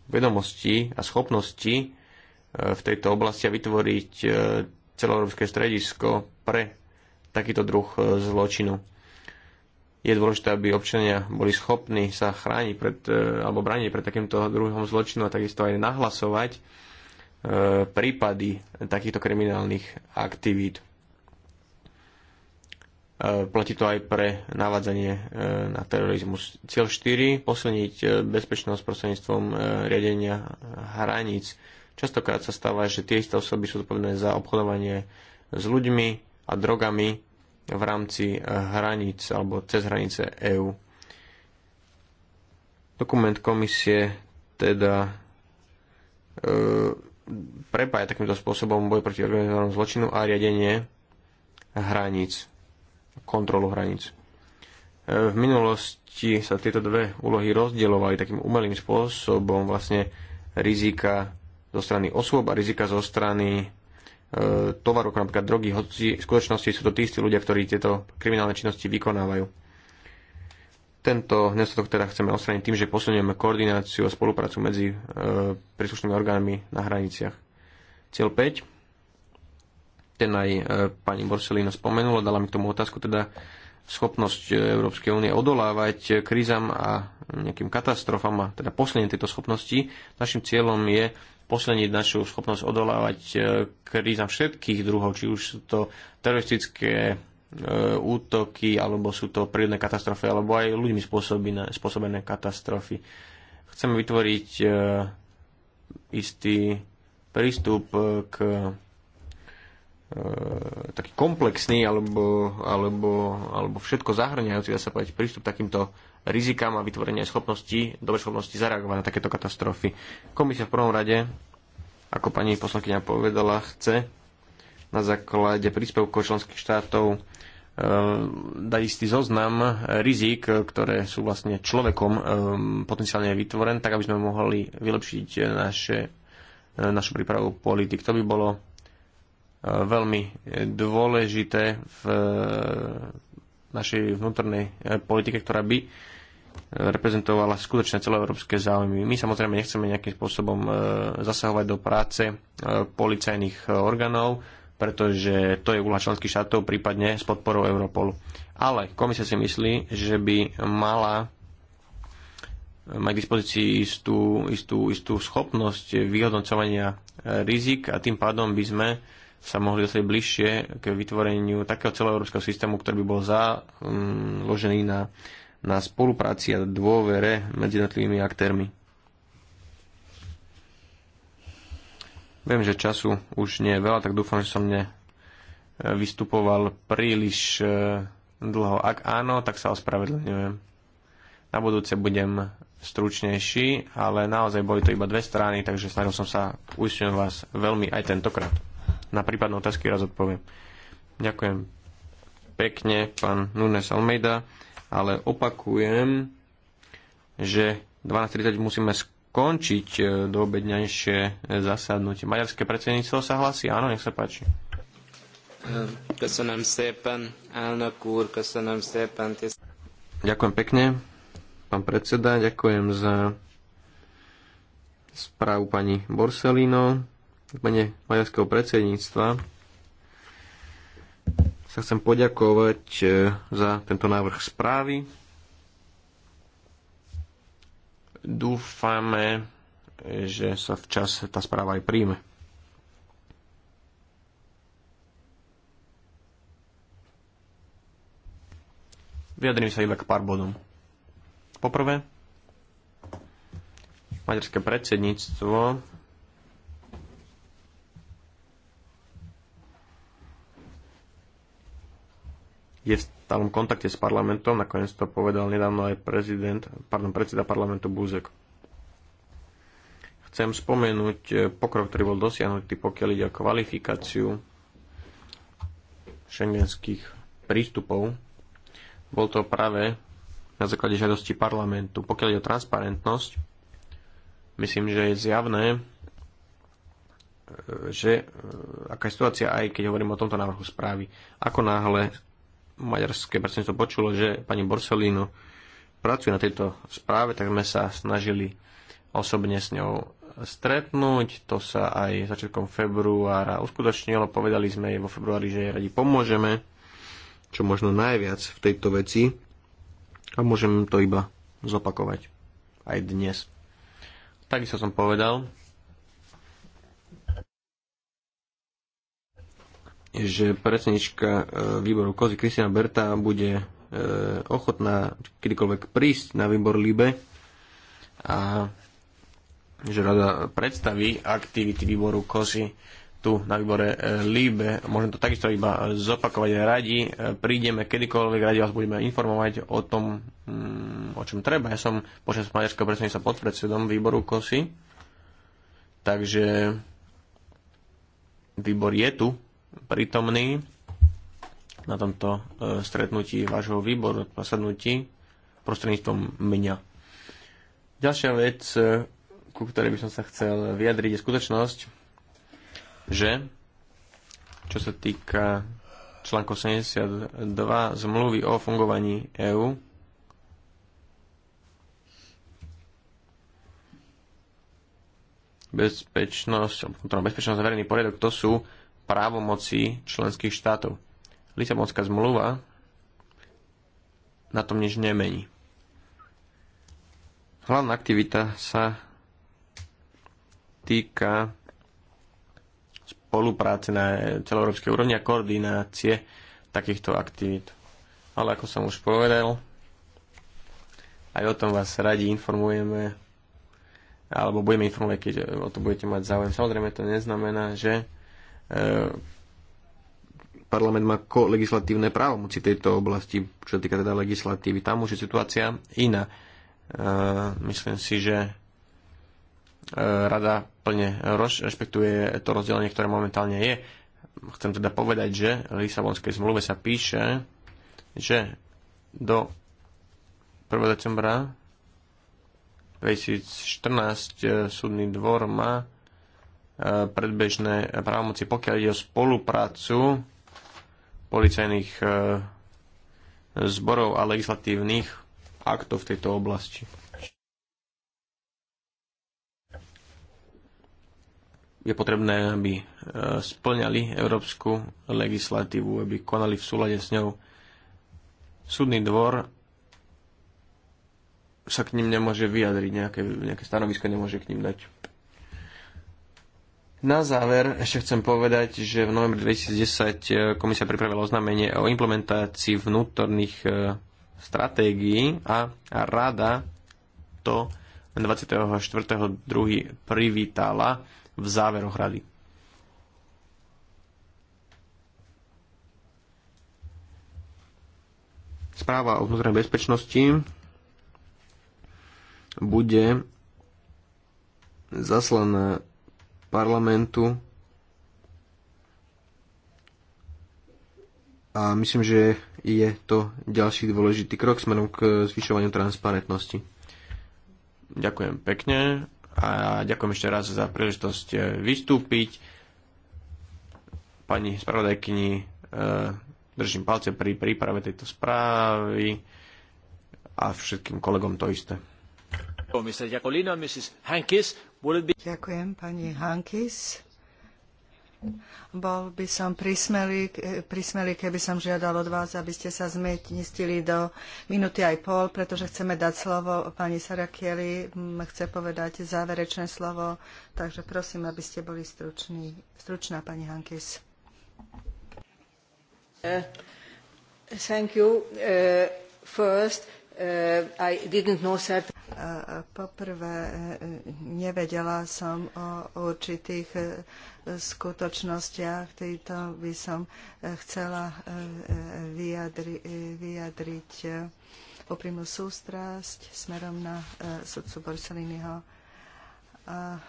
vedomosti a schopnosti e, v tejto oblasti a vytvoriť e, celoeurópske stredisko pre takýto druh zločinu je dôležité, aby občania boli schopní sa chrániť pred, e, alebo brániť pred takýmto druhom zločinu a takisto aj nahlasovať e, prípady takýchto kriminálnych aktivít. E, platí to aj pre navádzanie e, na terorizmus. Cieľ 4. Posilniť e, bezpečnosť prostredníctvom e, riadenia hraníc. Častokrát sa stáva, že tie isté osoby sú zodpovedné za obchodovanie s ľuďmi a drogami v rámci eh, hraníc alebo cez hranice EÚ. Dokument komisie teda e, prepája takýmto spôsobom boj proti organizovanému zločinu a riadenie hraníc, kontrolu hraníc. E, v minulosti sa tieto dve úlohy rozdielovali takým umelým spôsobom vlastne rizika zo strany osôb a rizika zo strany E, tovaru, ako napríklad drogy, hoci v skutočnosti sú to tí istí ľudia, ktorí tieto kriminálne činnosti vykonávajú. Tento nedostatok teda chceme odstrániť tým, že posunieme koordináciu a spoluprácu medzi e, príslušnými orgánmi na hraniciach. Cieľ 5, ten aj e, pani Borsellino spomenula, dala mi k tomu otázku, teda schopnosť Európskej únie odolávať krízam a nejakým katastrofám a teda posilnenie tejto schopnosti. Našim cieľom je posilniť našu schopnosť odolávať e, krízam všetkých druhov, či už sú to teroristické e, útoky, alebo sú to prírodné katastrofy, alebo aj ľuďmi spôsobené, spôsobené katastrofy. Chceme vytvoriť e, istý prístup k taký komplexný alebo, alebo, alebo všetko zahrňajúci, dá sa povedať, prístup takýmto rizikám a vytvorenie schopnosti, dobre schopnosti zareagovať na takéto katastrofy. Komisia v prvom rade, ako pani poslankyňa povedala, chce na základe príspevkov členských štátov e, dať istý zoznam rizik, ktoré sú vlastne človekom e, potenciálne vytvorené, tak aby sme mohli vylepšiť naše, e, našu prípravu politik. To by bolo veľmi dôležité v našej vnútornej politike, ktorá by reprezentovala skutočne celoeurópske záujmy. My samozrejme nechceme nejakým spôsobom e, zasahovať do práce e, policajných e, orgánov, pretože to je úľa členských štátov, prípadne s podporou Europolu. Ale komisia si myslí, že by mala mať k dispozícii istú, istú, istú schopnosť vyhodnocovania rizik a tým pádom by sme sa mohli dostať bližšie k vytvoreniu takého celoeurópskeho systému, ktorý by bol založený mm, na na spolupráci a dôvere medzi jednotlivými aktérmi. Viem, že času už nie je veľa, tak dúfam, že som nevystupoval príliš e, dlho. Ak áno, tak sa ospravedlňujem. Na budúce budem stručnejší, ale naozaj boli to iba dve strany, takže snažil som sa uistňovať vás veľmi aj tentokrát. Na prípadnú otázky raz odpoviem. Ďakujem pekne, pán Nunes Almeida ale opakujem, že 12.30 musíme skončiť e, do obedňajšie e, zasadnutie. Maďarské predsedníctvo sa hlasí? Áno, nech sa páči. Ďakujem pekne, pán predseda, ďakujem za správu pani Borselino, pani maďarského predsedníctva sa chcem poďakovať e, za tento návrh správy. Dúfame, že sa včas tá správa aj príjme. Vyjadrím sa iba k pár bodom. Poprvé, maďarské predsedníctvo je v stálom kontakte s parlamentom, nakoniec to povedal nedávno aj prezident, pardon, predseda parlamentu Búzek. Chcem spomenúť eh, pokrok, ktorý bol dosiahnutý, pokiaľ ide o kvalifikáciu šengenských prístupov. Bol to práve na základe žiadosti parlamentu. Pokiaľ ide o transparentnosť, myslím, že je zjavné, eh, že eh, aká je situácia, aj keď hovorím o tomto návrhu správy. Ako náhle maďarské predsedníctvo počulo, že pani Borsellino pracuje na tejto správe, tak sme sa snažili osobne s ňou stretnúť. To sa aj začiatkom februára uskutočnilo. Povedali sme jej vo februári, že jej radi pomôžeme, čo možno najviac v tejto veci. A môžem to iba zopakovať aj dnes. Takisto som povedal, že predsednička e, výboru Kozy Kristina Berta bude e, ochotná kedykoľvek prísť na výbor Libe a že rada predstaví aktivity výboru Kozy tu na výbore e, Líbe. Môžem to takisto iba zopakovať radi. Prídeme kedykoľvek, radi vás budeme informovať o tom, mm, o čom treba. Ja som počas maďarského pod predsedom výboru KOSY, takže výbor je tu prítomní na tomto e, stretnutí vášho výboru, posadnutí prostredníctvom mňa. Ďalšia vec, e, ku ktorej by som sa chcel vyjadriť, je skutočnosť, že čo sa týka článku 72 zmluvy o fungovaní EÚ, bezpečnosť, teda bezpečnosť a verejný poriadok, to sú právomocí členských štátov. Lisabonská zmluva na tom nič nemení. Hlavná aktivita sa týka spolupráce na celoeurópskej úrovni a koordinácie takýchto aktivít. Ale ako som už povedal, aj o tom vás radi informujeme alebo budeme informovať, keď o to budete mať záujem. Samozrejme to neznamená, že E, parlament má legislatívne právomoci tejto oblasti, čo sa týka teda legislatívy. Tam už je situácia iná. E, myslím si, že e, rada plne rešpektuje to rozdelenie, ktoré momentálne je. Chcem teda povedať, že v Lisabonskej zmluve sa píše, že do 1. decembra 2014 súdny dvor má predbežné právomoci, pokiaľ ide o spoluprácu policajných e, zborov a legislatívnych aktov v tejto oblasti. Je potrebné, aby e, splňali európsku legislatívu, aby konali v súlade s ňou. Súdny dvor sa k ním nemôže vyjadriť, nejaké, nejaké stanovisko nemôže k ním dať. Na záver ešte chcem povedať, že v novembri 2010 eh, komisia pripravila oznámenie o implementácii vnútorných eh, stratégií a rada to 24.2. privítala v záveroch rady. Správa o vnútornej bezpečnosti bude zaslaná parlamentu. A myslím, že je to ďalší dôležitý krok smerom k zvyšovaniu transparentnosti. Ďakujem pekne a ďakujem ešte raz za príležitosť eh, vystúpiť. Pani spravodajkyni, eh, držím palce pri príprave tejto správy a všetkým kolegom to isté. Mr. Jacolino, Mrs. Hankis, Ďakujem, pani Hankis. Bol by som prismelý, prismelý, keby som žiadal od vás, aby ste sa zmestili do minúty aj pol, pretože chceme dať slovo pani Sarakieli, mm, chce povedať záverečné slovo, takže prosím, aby ste boli struční. Stručná, pani Hankis. Uh, thank you. Uh, first, Uh, Poprvé, eh, nevedela som o určitých eh, skutočnostiach, týto by som eh, chcela vyjadri, vyjadriť úprimnú sústrasť smerom na sudcu Borsaliniho. A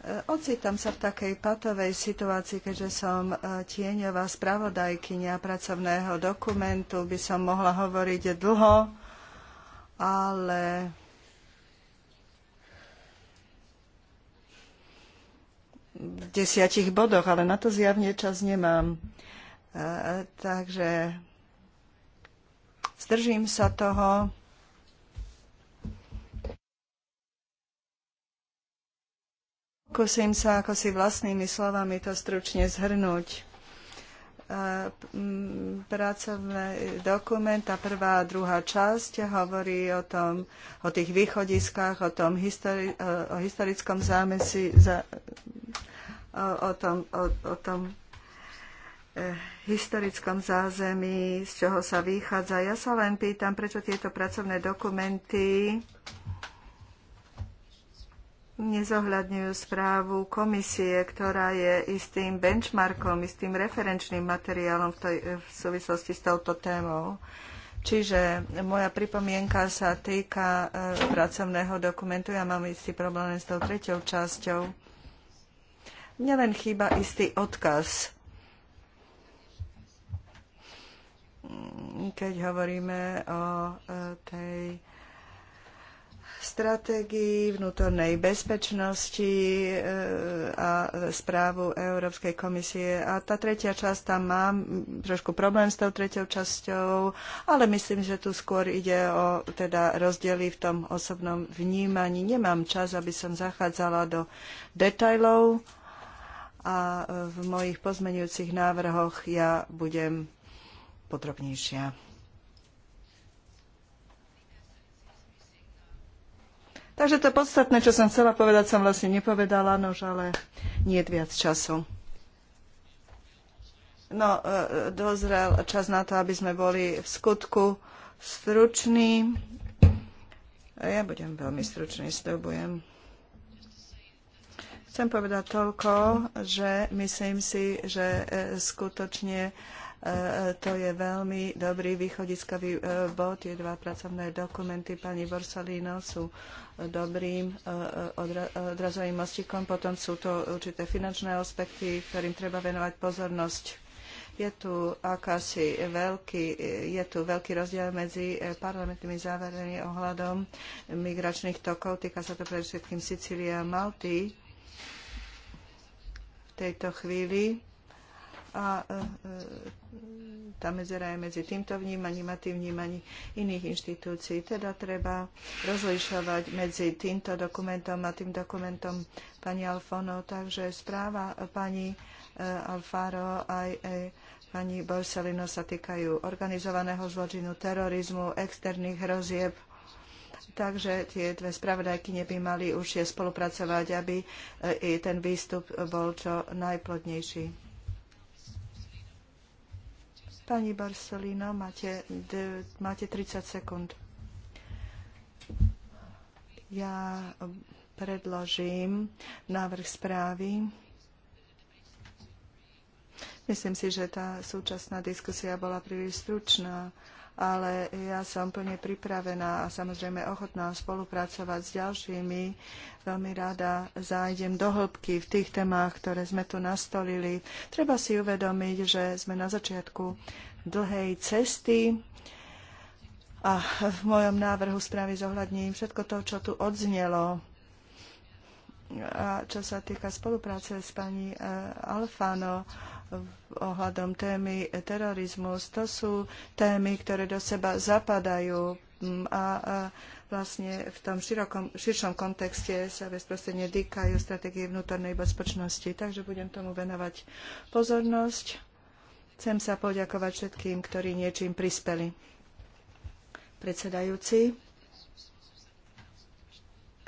E, Ocitam sa v takej patovej situácii, keďže som e, tieňová spravodajkynia pracovného dokumentu. By som mohla hovoriť dlho, ale v desiatich bodoch, ale na to zjavne čas nemám. E, takže zdržím sa toho. Kúsim sa ako si vlastnými slovami to stručne zhrnúť. E, Pracovný dokument, tá prvá a druhá časť hovorí o, tom, o tých východiskách, o tom histori- e, o historickom zámesi, za, o, o tom, o, o tom e, historickom zázemí, z čoho sa vychádza. Ja sa len pýtam, prečo tieto pracovné dokumenty nezohľadňujú správu komisie, ktorá je istým benchmarkom, istým referenčným materiálom v, tej, v súvislosti s touto témou. Čiže moja pripomienka sa týka e, pracovného dokumentu. Ja mám istý problém s tou treťou časťou. Mne len chýba istý odkaz. Keď hovoríme o e, tej stratégii vnútornej bezpečnosti eh, a správu Európskej komisie. A tá tretia časť, tam mám trošku problém s tou tretiou časťou, ale myslím, že tu skôr ide o teda rozdiely v tom osobnom vnímaní. Nemám čas, aby som zachádzala do detajlov a v mojich pozmenujúcich návrhoch ja budem podrobnejšia. Takže to podstatné, čo som chcela povedať, som vlastne nepovedala, no ale nie je viac času. No, e, e, dozrel čas na to, aby sme boli v skutku struční. Ja budem veľmi stručný, sľubujem. Chcem povedať toľko, že myslím si, že e, skutočne E, e, to je veľmi dobrý východiskový e, bod. Tie dva pracovné dokumenty pani Borsalino sú dobrým odrazovým mostikom. Potom sú to určité finančné aspekty, ktorým treba venovať pozornosť je tu akási veľký, je tu veľký rozdiel medzi parlamentnými závermi ohľadom migračných tokov. Týka sa to predovšetkým Sicílie a Malty v tejto chvíli a e, e, tá medzera je medzi týmto vnímaním a tým vnímaním iných inštitúcií. Teda treba rozlišovať medzi týmto dokumentom a tým dokumentom pani Alfono. Takže správa pani e, Alfaro aj pani Borsalino sa týkajú organizovaného zločinu, terorizmu, externých hrozieb, Takže tie dve spravodajky neby mali už spolupracovať, aby ten výstup bol čo najplodnejší. Pani Barcelino, máte, de, máte 30 sekúnd. Ja predložím návrh správy. Myslím si, že tá súčasná diskusia bola príliš stručná. Uh, ale ja som plne pripravená a samozrejme ochotná spolupracovať s ďalšími. Veľmi rada zájdem do hĺbky v tých témach, ktoré sme tu nastolili. Treba si uvedomiť, že sme na začiatku dlhej cesty a v mojom návrhu správy zohľadním všetko to, čo tu odznelo. A čo sa týka spolupráce s pani eh, Alfano, ohľadom témy terorizmus. To sú témy, ktoré do seba zapadajú mm, a, a vlastne v tom širokom, širšom kontexte sa bezprostredne týkajú stratégie vnútornej bezpečnosti. Takže budem tomu venovať pozornosť. Chcem sa poďakovať všetkým, ktorí niečím prispeli. Predsedajúci.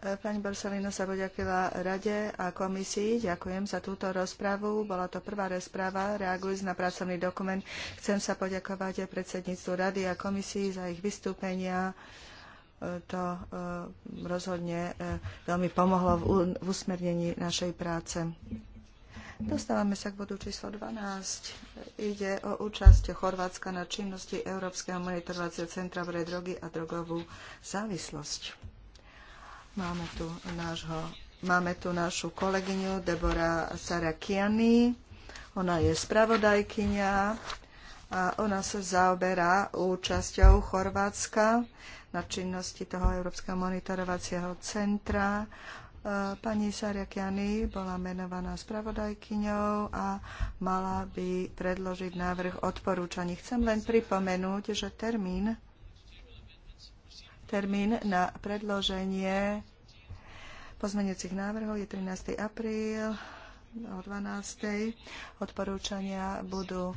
Pani Borsalino sa poďakila Rade a komisii. Ďakujem za túto rozpravu. Bola to prvá rozprava reagujúc na pracovný dokument. Chcem sa poďakovať predsedníctvu Rady a komisii za ich vystúpenia. To e, rozhodne e, veľmi pomohlo v usmernení našej práce. Dostávame sa k bodu číslo 12. Ide o účasť Chorvátska na činnosti Európskeho monitorovacieho centra pre drogy a drogovú závislosť. Máme tu, nášho, máme tu našu kolegyňu Debora Sarakiany. Ona je spravodajkyňa a ona sa zaoberá účasťou Chorvátska na činnosti toho Európskeho monitorovacieho centra. E, pani Sarakiany bola menovaná spravodajkyňou a mala by predložiť návrh odporúčaní. Chcem len pripomenúť, že termín Termín na predloženie pozmeniacich návrhov je 13. apríl o 12. Odporúčania budú eh,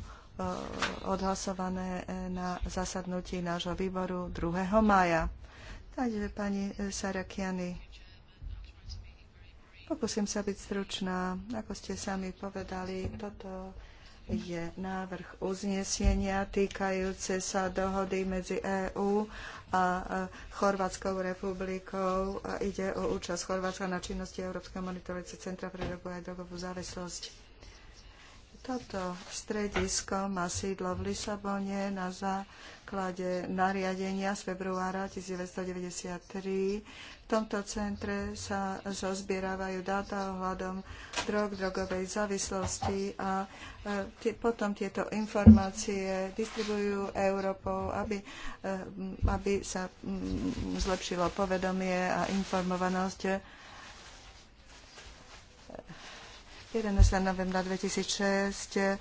odhlasované na zasadnutí nášho výboru 2. maja. Takže pani Sarakiany, pokúsim sa byť stručná. Ako ste sami povedali, toto je návrh uznesenia týkajúce sa dohody medzi EÚ a e, Chorvátskou republikou. Ide o účasť Chorvátska na činnosti Európskeho monitorovacieho centra pre drogu a drogovú závislosť. Toto stredisko má sídlo v Lisabone na základe nariadenia z februára 1993. V tomto centre sa zozbieravajú dáta ohľadom drog, drogovej závislosti a e, potom tieto informácie distribujú Európou, aby, e, aby sa zlepšilo povedomie a informovanosť 11. novembra 2006 e,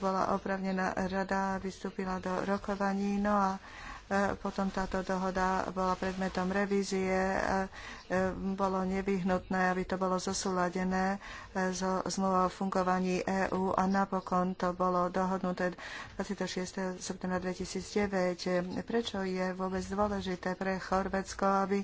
bola opravnená rada, vystúpila do rokovaní, no a e, potom táto dohoda bola predmetom revízie e, Ehm, bolo nevyhnutné, aby to bolo zosúladené eh, so zmluvou o fungovaní EÚ a napokon to bolo dohodnuté 26. septembra 2009. Ehm, prečo je vôbec dôležité pre Chorvátsko, aby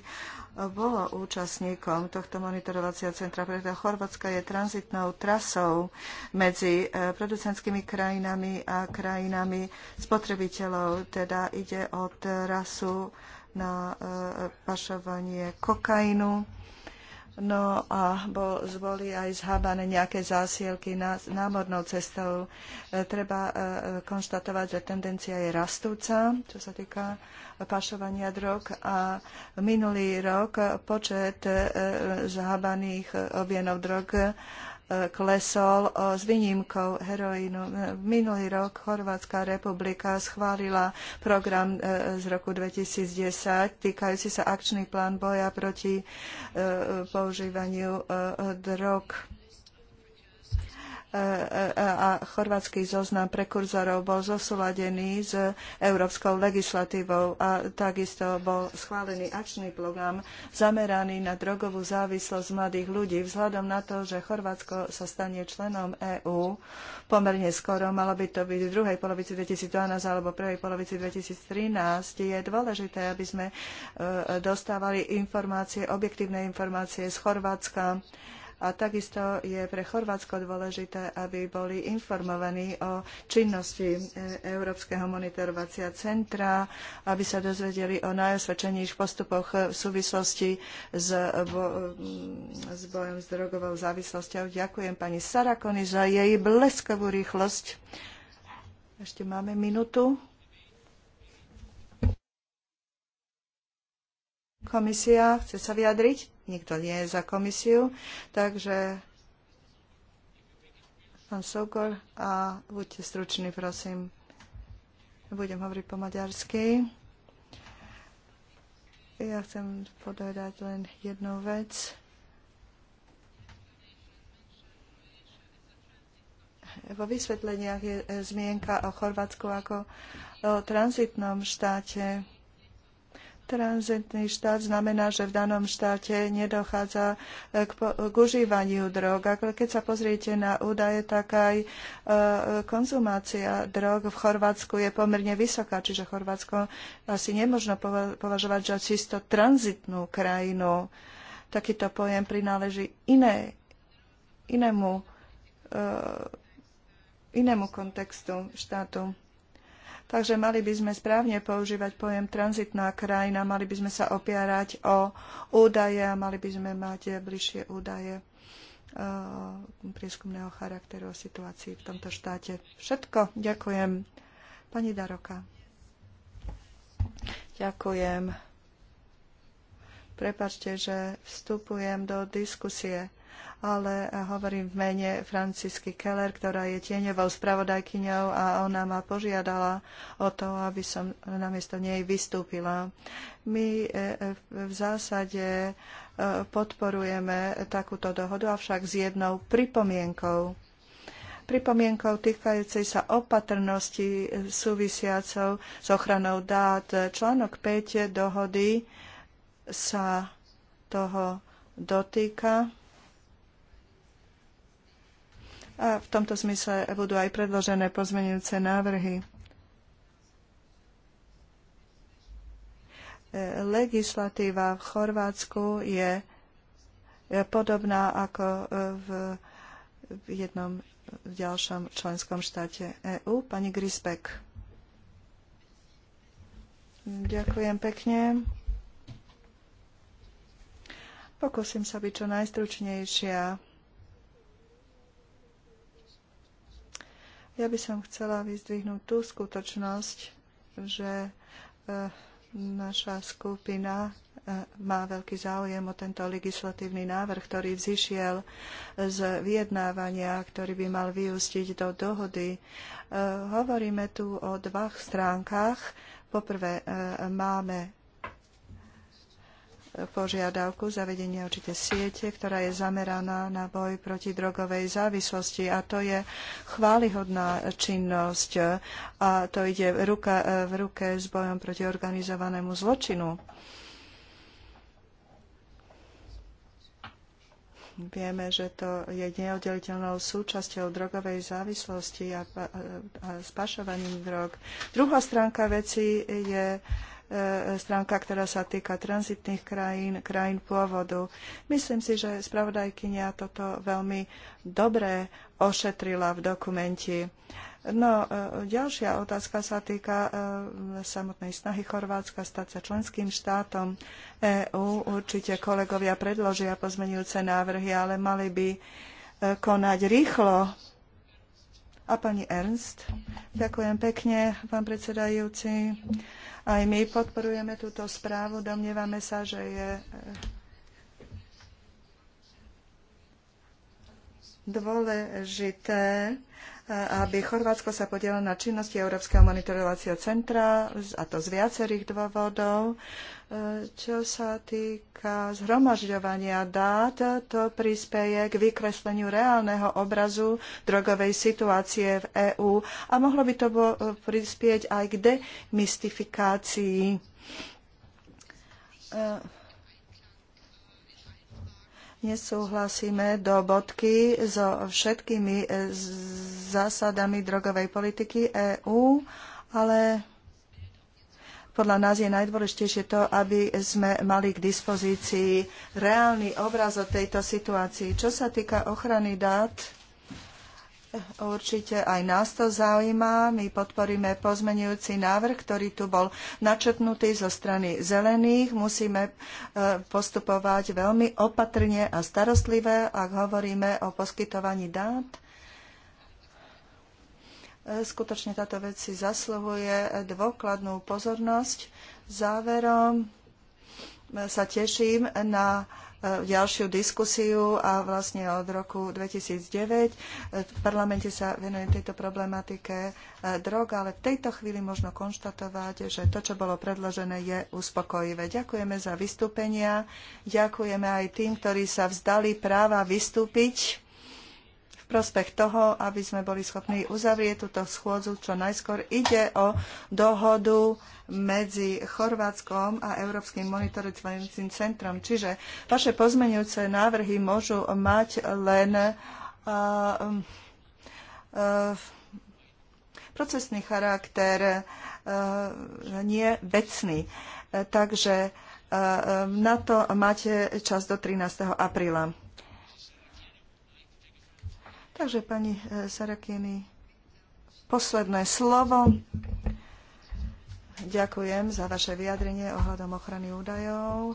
bolo účastníkom tohto monitorovacieho centra? Preto Chorvátska je tranzitnou trasou medzi eh, producentskými krajinami a krajinami spotrebiteľov. Teda ide o trasu na e, pašovanie kokainu. No a bol, boli aj zhábané nejaké zásielky námornou cestou. E, treba e, konštatovať, že tendencia je rastúca, čo sa týka pašovania drog a minulý rok počet zhábaných objenov drog klesol s výnimkou heroínu. Minulý rok Chorvátska republika schválila program e, z roku 2010 týkajúci sa akčný plán boja proti e, e, používaniu drog E, e, a chorvátsky zoznam prekurzorov bol zosúladený s európskou legislatívou a takisto bol schválený akčný program zameraný na drogovú závislosť mladých ľudí. Vzhľadom na to, že Chorvátsko sa stane členom EÚ pomerne skoro, malo by to byť v druhej polovici 2012 alebo prvej polovici 2013, je dôležité, aby sme e, dostávali informácie, objektívne informácie z Chorvátska, a takisto je pre Chorvátsko dôležité, aby boli informovaní o činnosti e, Európskeho monitorovacia centra, aby sa dozvedeli o najosvedčenejších postupoch v súvislosti s, bo- mm, s bojom s drogovou závislosťou. Ďakujem pani Sarakony za jej bleskovú rýchlosť. Ešte máme minútu. Komisia chce sa vyjadriť? nikto nie je za komisiu, takže pán Sokol a buďte struční, prosím. Budem hovoriť po maďarsky. Ja chcem povedať len jednu vec. vo vysvetleniach je zmienka o Chorvátsku ako o tranzitnom štáte. Tranzitný štát znamená, že v danom štáte nedochádza eh, k, k užívaniu drog. A keď sa pozriete na údaje, tak aj eh, konzumácia drog v Chorvátsku je pomerne vysoká, čiže Chorvátsko asi nemôžno považovať za čisto tranzitnú krajinu. Takýto pojem prináleží iné, inému, eh, inému kontextu štátu. Takže mali by sme správne používať pojem tranzitná krajina, mali by sme sa opierať o údaje a mali by sme mať bližšie údaje eh, prieskumného charakteru o situácii v tomto štáte. Všetko. Ďakujem. Pani Daroka. Ďakujem. Prepačte, že vstupujem do diskusie ale hovorím v mene Francisky Keller, ktorá je tieňovou spravodajkyňou a ona ma požiadala o to, aby som namiesto nej vystúpila. My e, e, v zásade e, podporujeme takúto dohodu, avšak s jednou pripomienkou pripomienkou týkajúcej sa opatrnosti súvisiacou s ochranou dát. Článok 5 dohody sa toho dotýka a v tomto zmysle budú aj predložené pozmeňujúce návrhy. Legislatíva v Chorvátsku je podobná ako v jednom v ďalšom členskom štáte EÚ. Pani Grisbeck. Ďakujem pekne. Pokúsim sa byť čo najstručnejšia. Ja by som chcela vyzdvihnúť tú skutočnosť, že e, naša skupina e, má veľký záujem o tento legislatívny návrh, ktorý vzýšiel z vyjednávania, ktorý by mal vyústiť do dohody. E, hovoríme tu o dvoch stránkach. Poprvé máme požiadavku zavedenia určitej siete, ktorá je zameraná na boj proti drogovej závislosti. A to je chválihodná činnosť a to ide v, ruka, v ruke s bojom proti organizovanému zločinu. Vieme, že to je neoddeliteľnou súčasťou drogovej závislosti a, a, a spašovaním drog. Druhá stránka veci je E, stránka, ktorá sa týka tranzitných krajín, krajín pôvodu. Myslím si, že spravodajkynia toto veľmi dobre ošetrila v dokumenti. No, e, ďalšia otázka sa týka e, samotnej snahy Chorvátska stať sa členským štátom EÚ. Určite kolegovia predložia pozmenujúce návrhy, ale mali by konať rýchlo. A pani Ernst, ďakujem pekne, pán predsedajúci. Aj my podporujeme túto správu. Domnievame sa, že je eh, dôležité, eh, aby Chorvátsko sa podielalo na činnosti Európskeho monitorovacieho centra, a to z viacerých dôvodov. Čo sa týka zhromažďovania dát, to prispieje k vykresleniu reálneho obrazu drogovej situácie v EÚ a mohlo by to e, prispieť aj k demystifikácii e, nesúhlasíme do bodky so všetkými e, zásadami drogovej politiky EÚ, ale podľa nás je najdôležitejšie to, aby sme mali k dispozícii reálny obraz o tejto situácii. Čo sa týka ochrany dát, určite aj nás to zaujíma. My podporíme pozmenujúci návrh, ktorý tu bol načetnutý zo strany zelených. Musíme e, postupovať veľmi opatrne a starostlivé, ak hovoríme o poskytovaní dát E, skutočne táto vec si zaslovuje dôkladnú pozornosť. Záverom e, sa teším na e, ďalšiu diskusiu a vlastne od roku 2009 v parlamente sa venuje tejto problematike drog, ale v tejto chvíli možno konštatovať, že to, čo bolo predložené, je uspokojivé. Ďakujeme za vystúpenia, ďakujeme aj tým, ktorí sa vzdali práva vystúpiť prospech toho, aby sme boli schopní uzavrieť túto schôdzu čo najskôr. Ide o dohodu medzi Chorvátskom a Európskym monitorovacím centrom. Čiže vaše pozmeňujúce návrhy môžu mať len uh, uh, procesný charakter, nie vecný. Takže na to máte čas do 13. apríla. Takže pani e, Sarakiny, posledné slovo. Ďakujem za vaše vyjadrenie ohľadom ochrany údajov.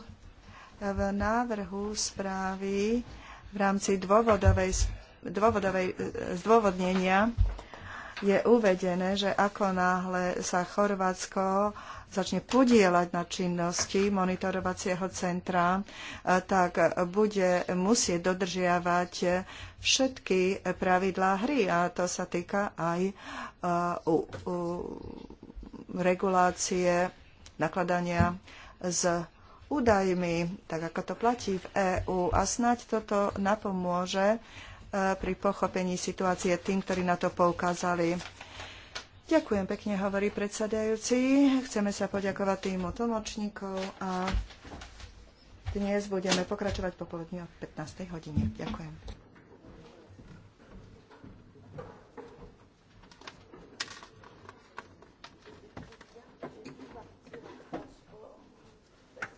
V návrhu správy v rámci dôvodovej, dôvodovej e, zdôvodnenia je uvedené, že ako náhle sa Chorvátsko začne podielať na činnosti monitorovacieho centra, e, tak bude musieť dodržiavať všetky pravidlá hry a to sa týka aj e, u, u, regulácie nakladania s údajmi, tak ako to platí v EÚ. A snáď toto napomôže E, pri pochopení situácie tým, ktorí na to poukázali. Ďakujem pekne, hovorí predsedajúci. Chceme sa poďakovať týmu tlmočníkov a dnes budeme pokračovať popoludne o 15. hodine. Ďakujem.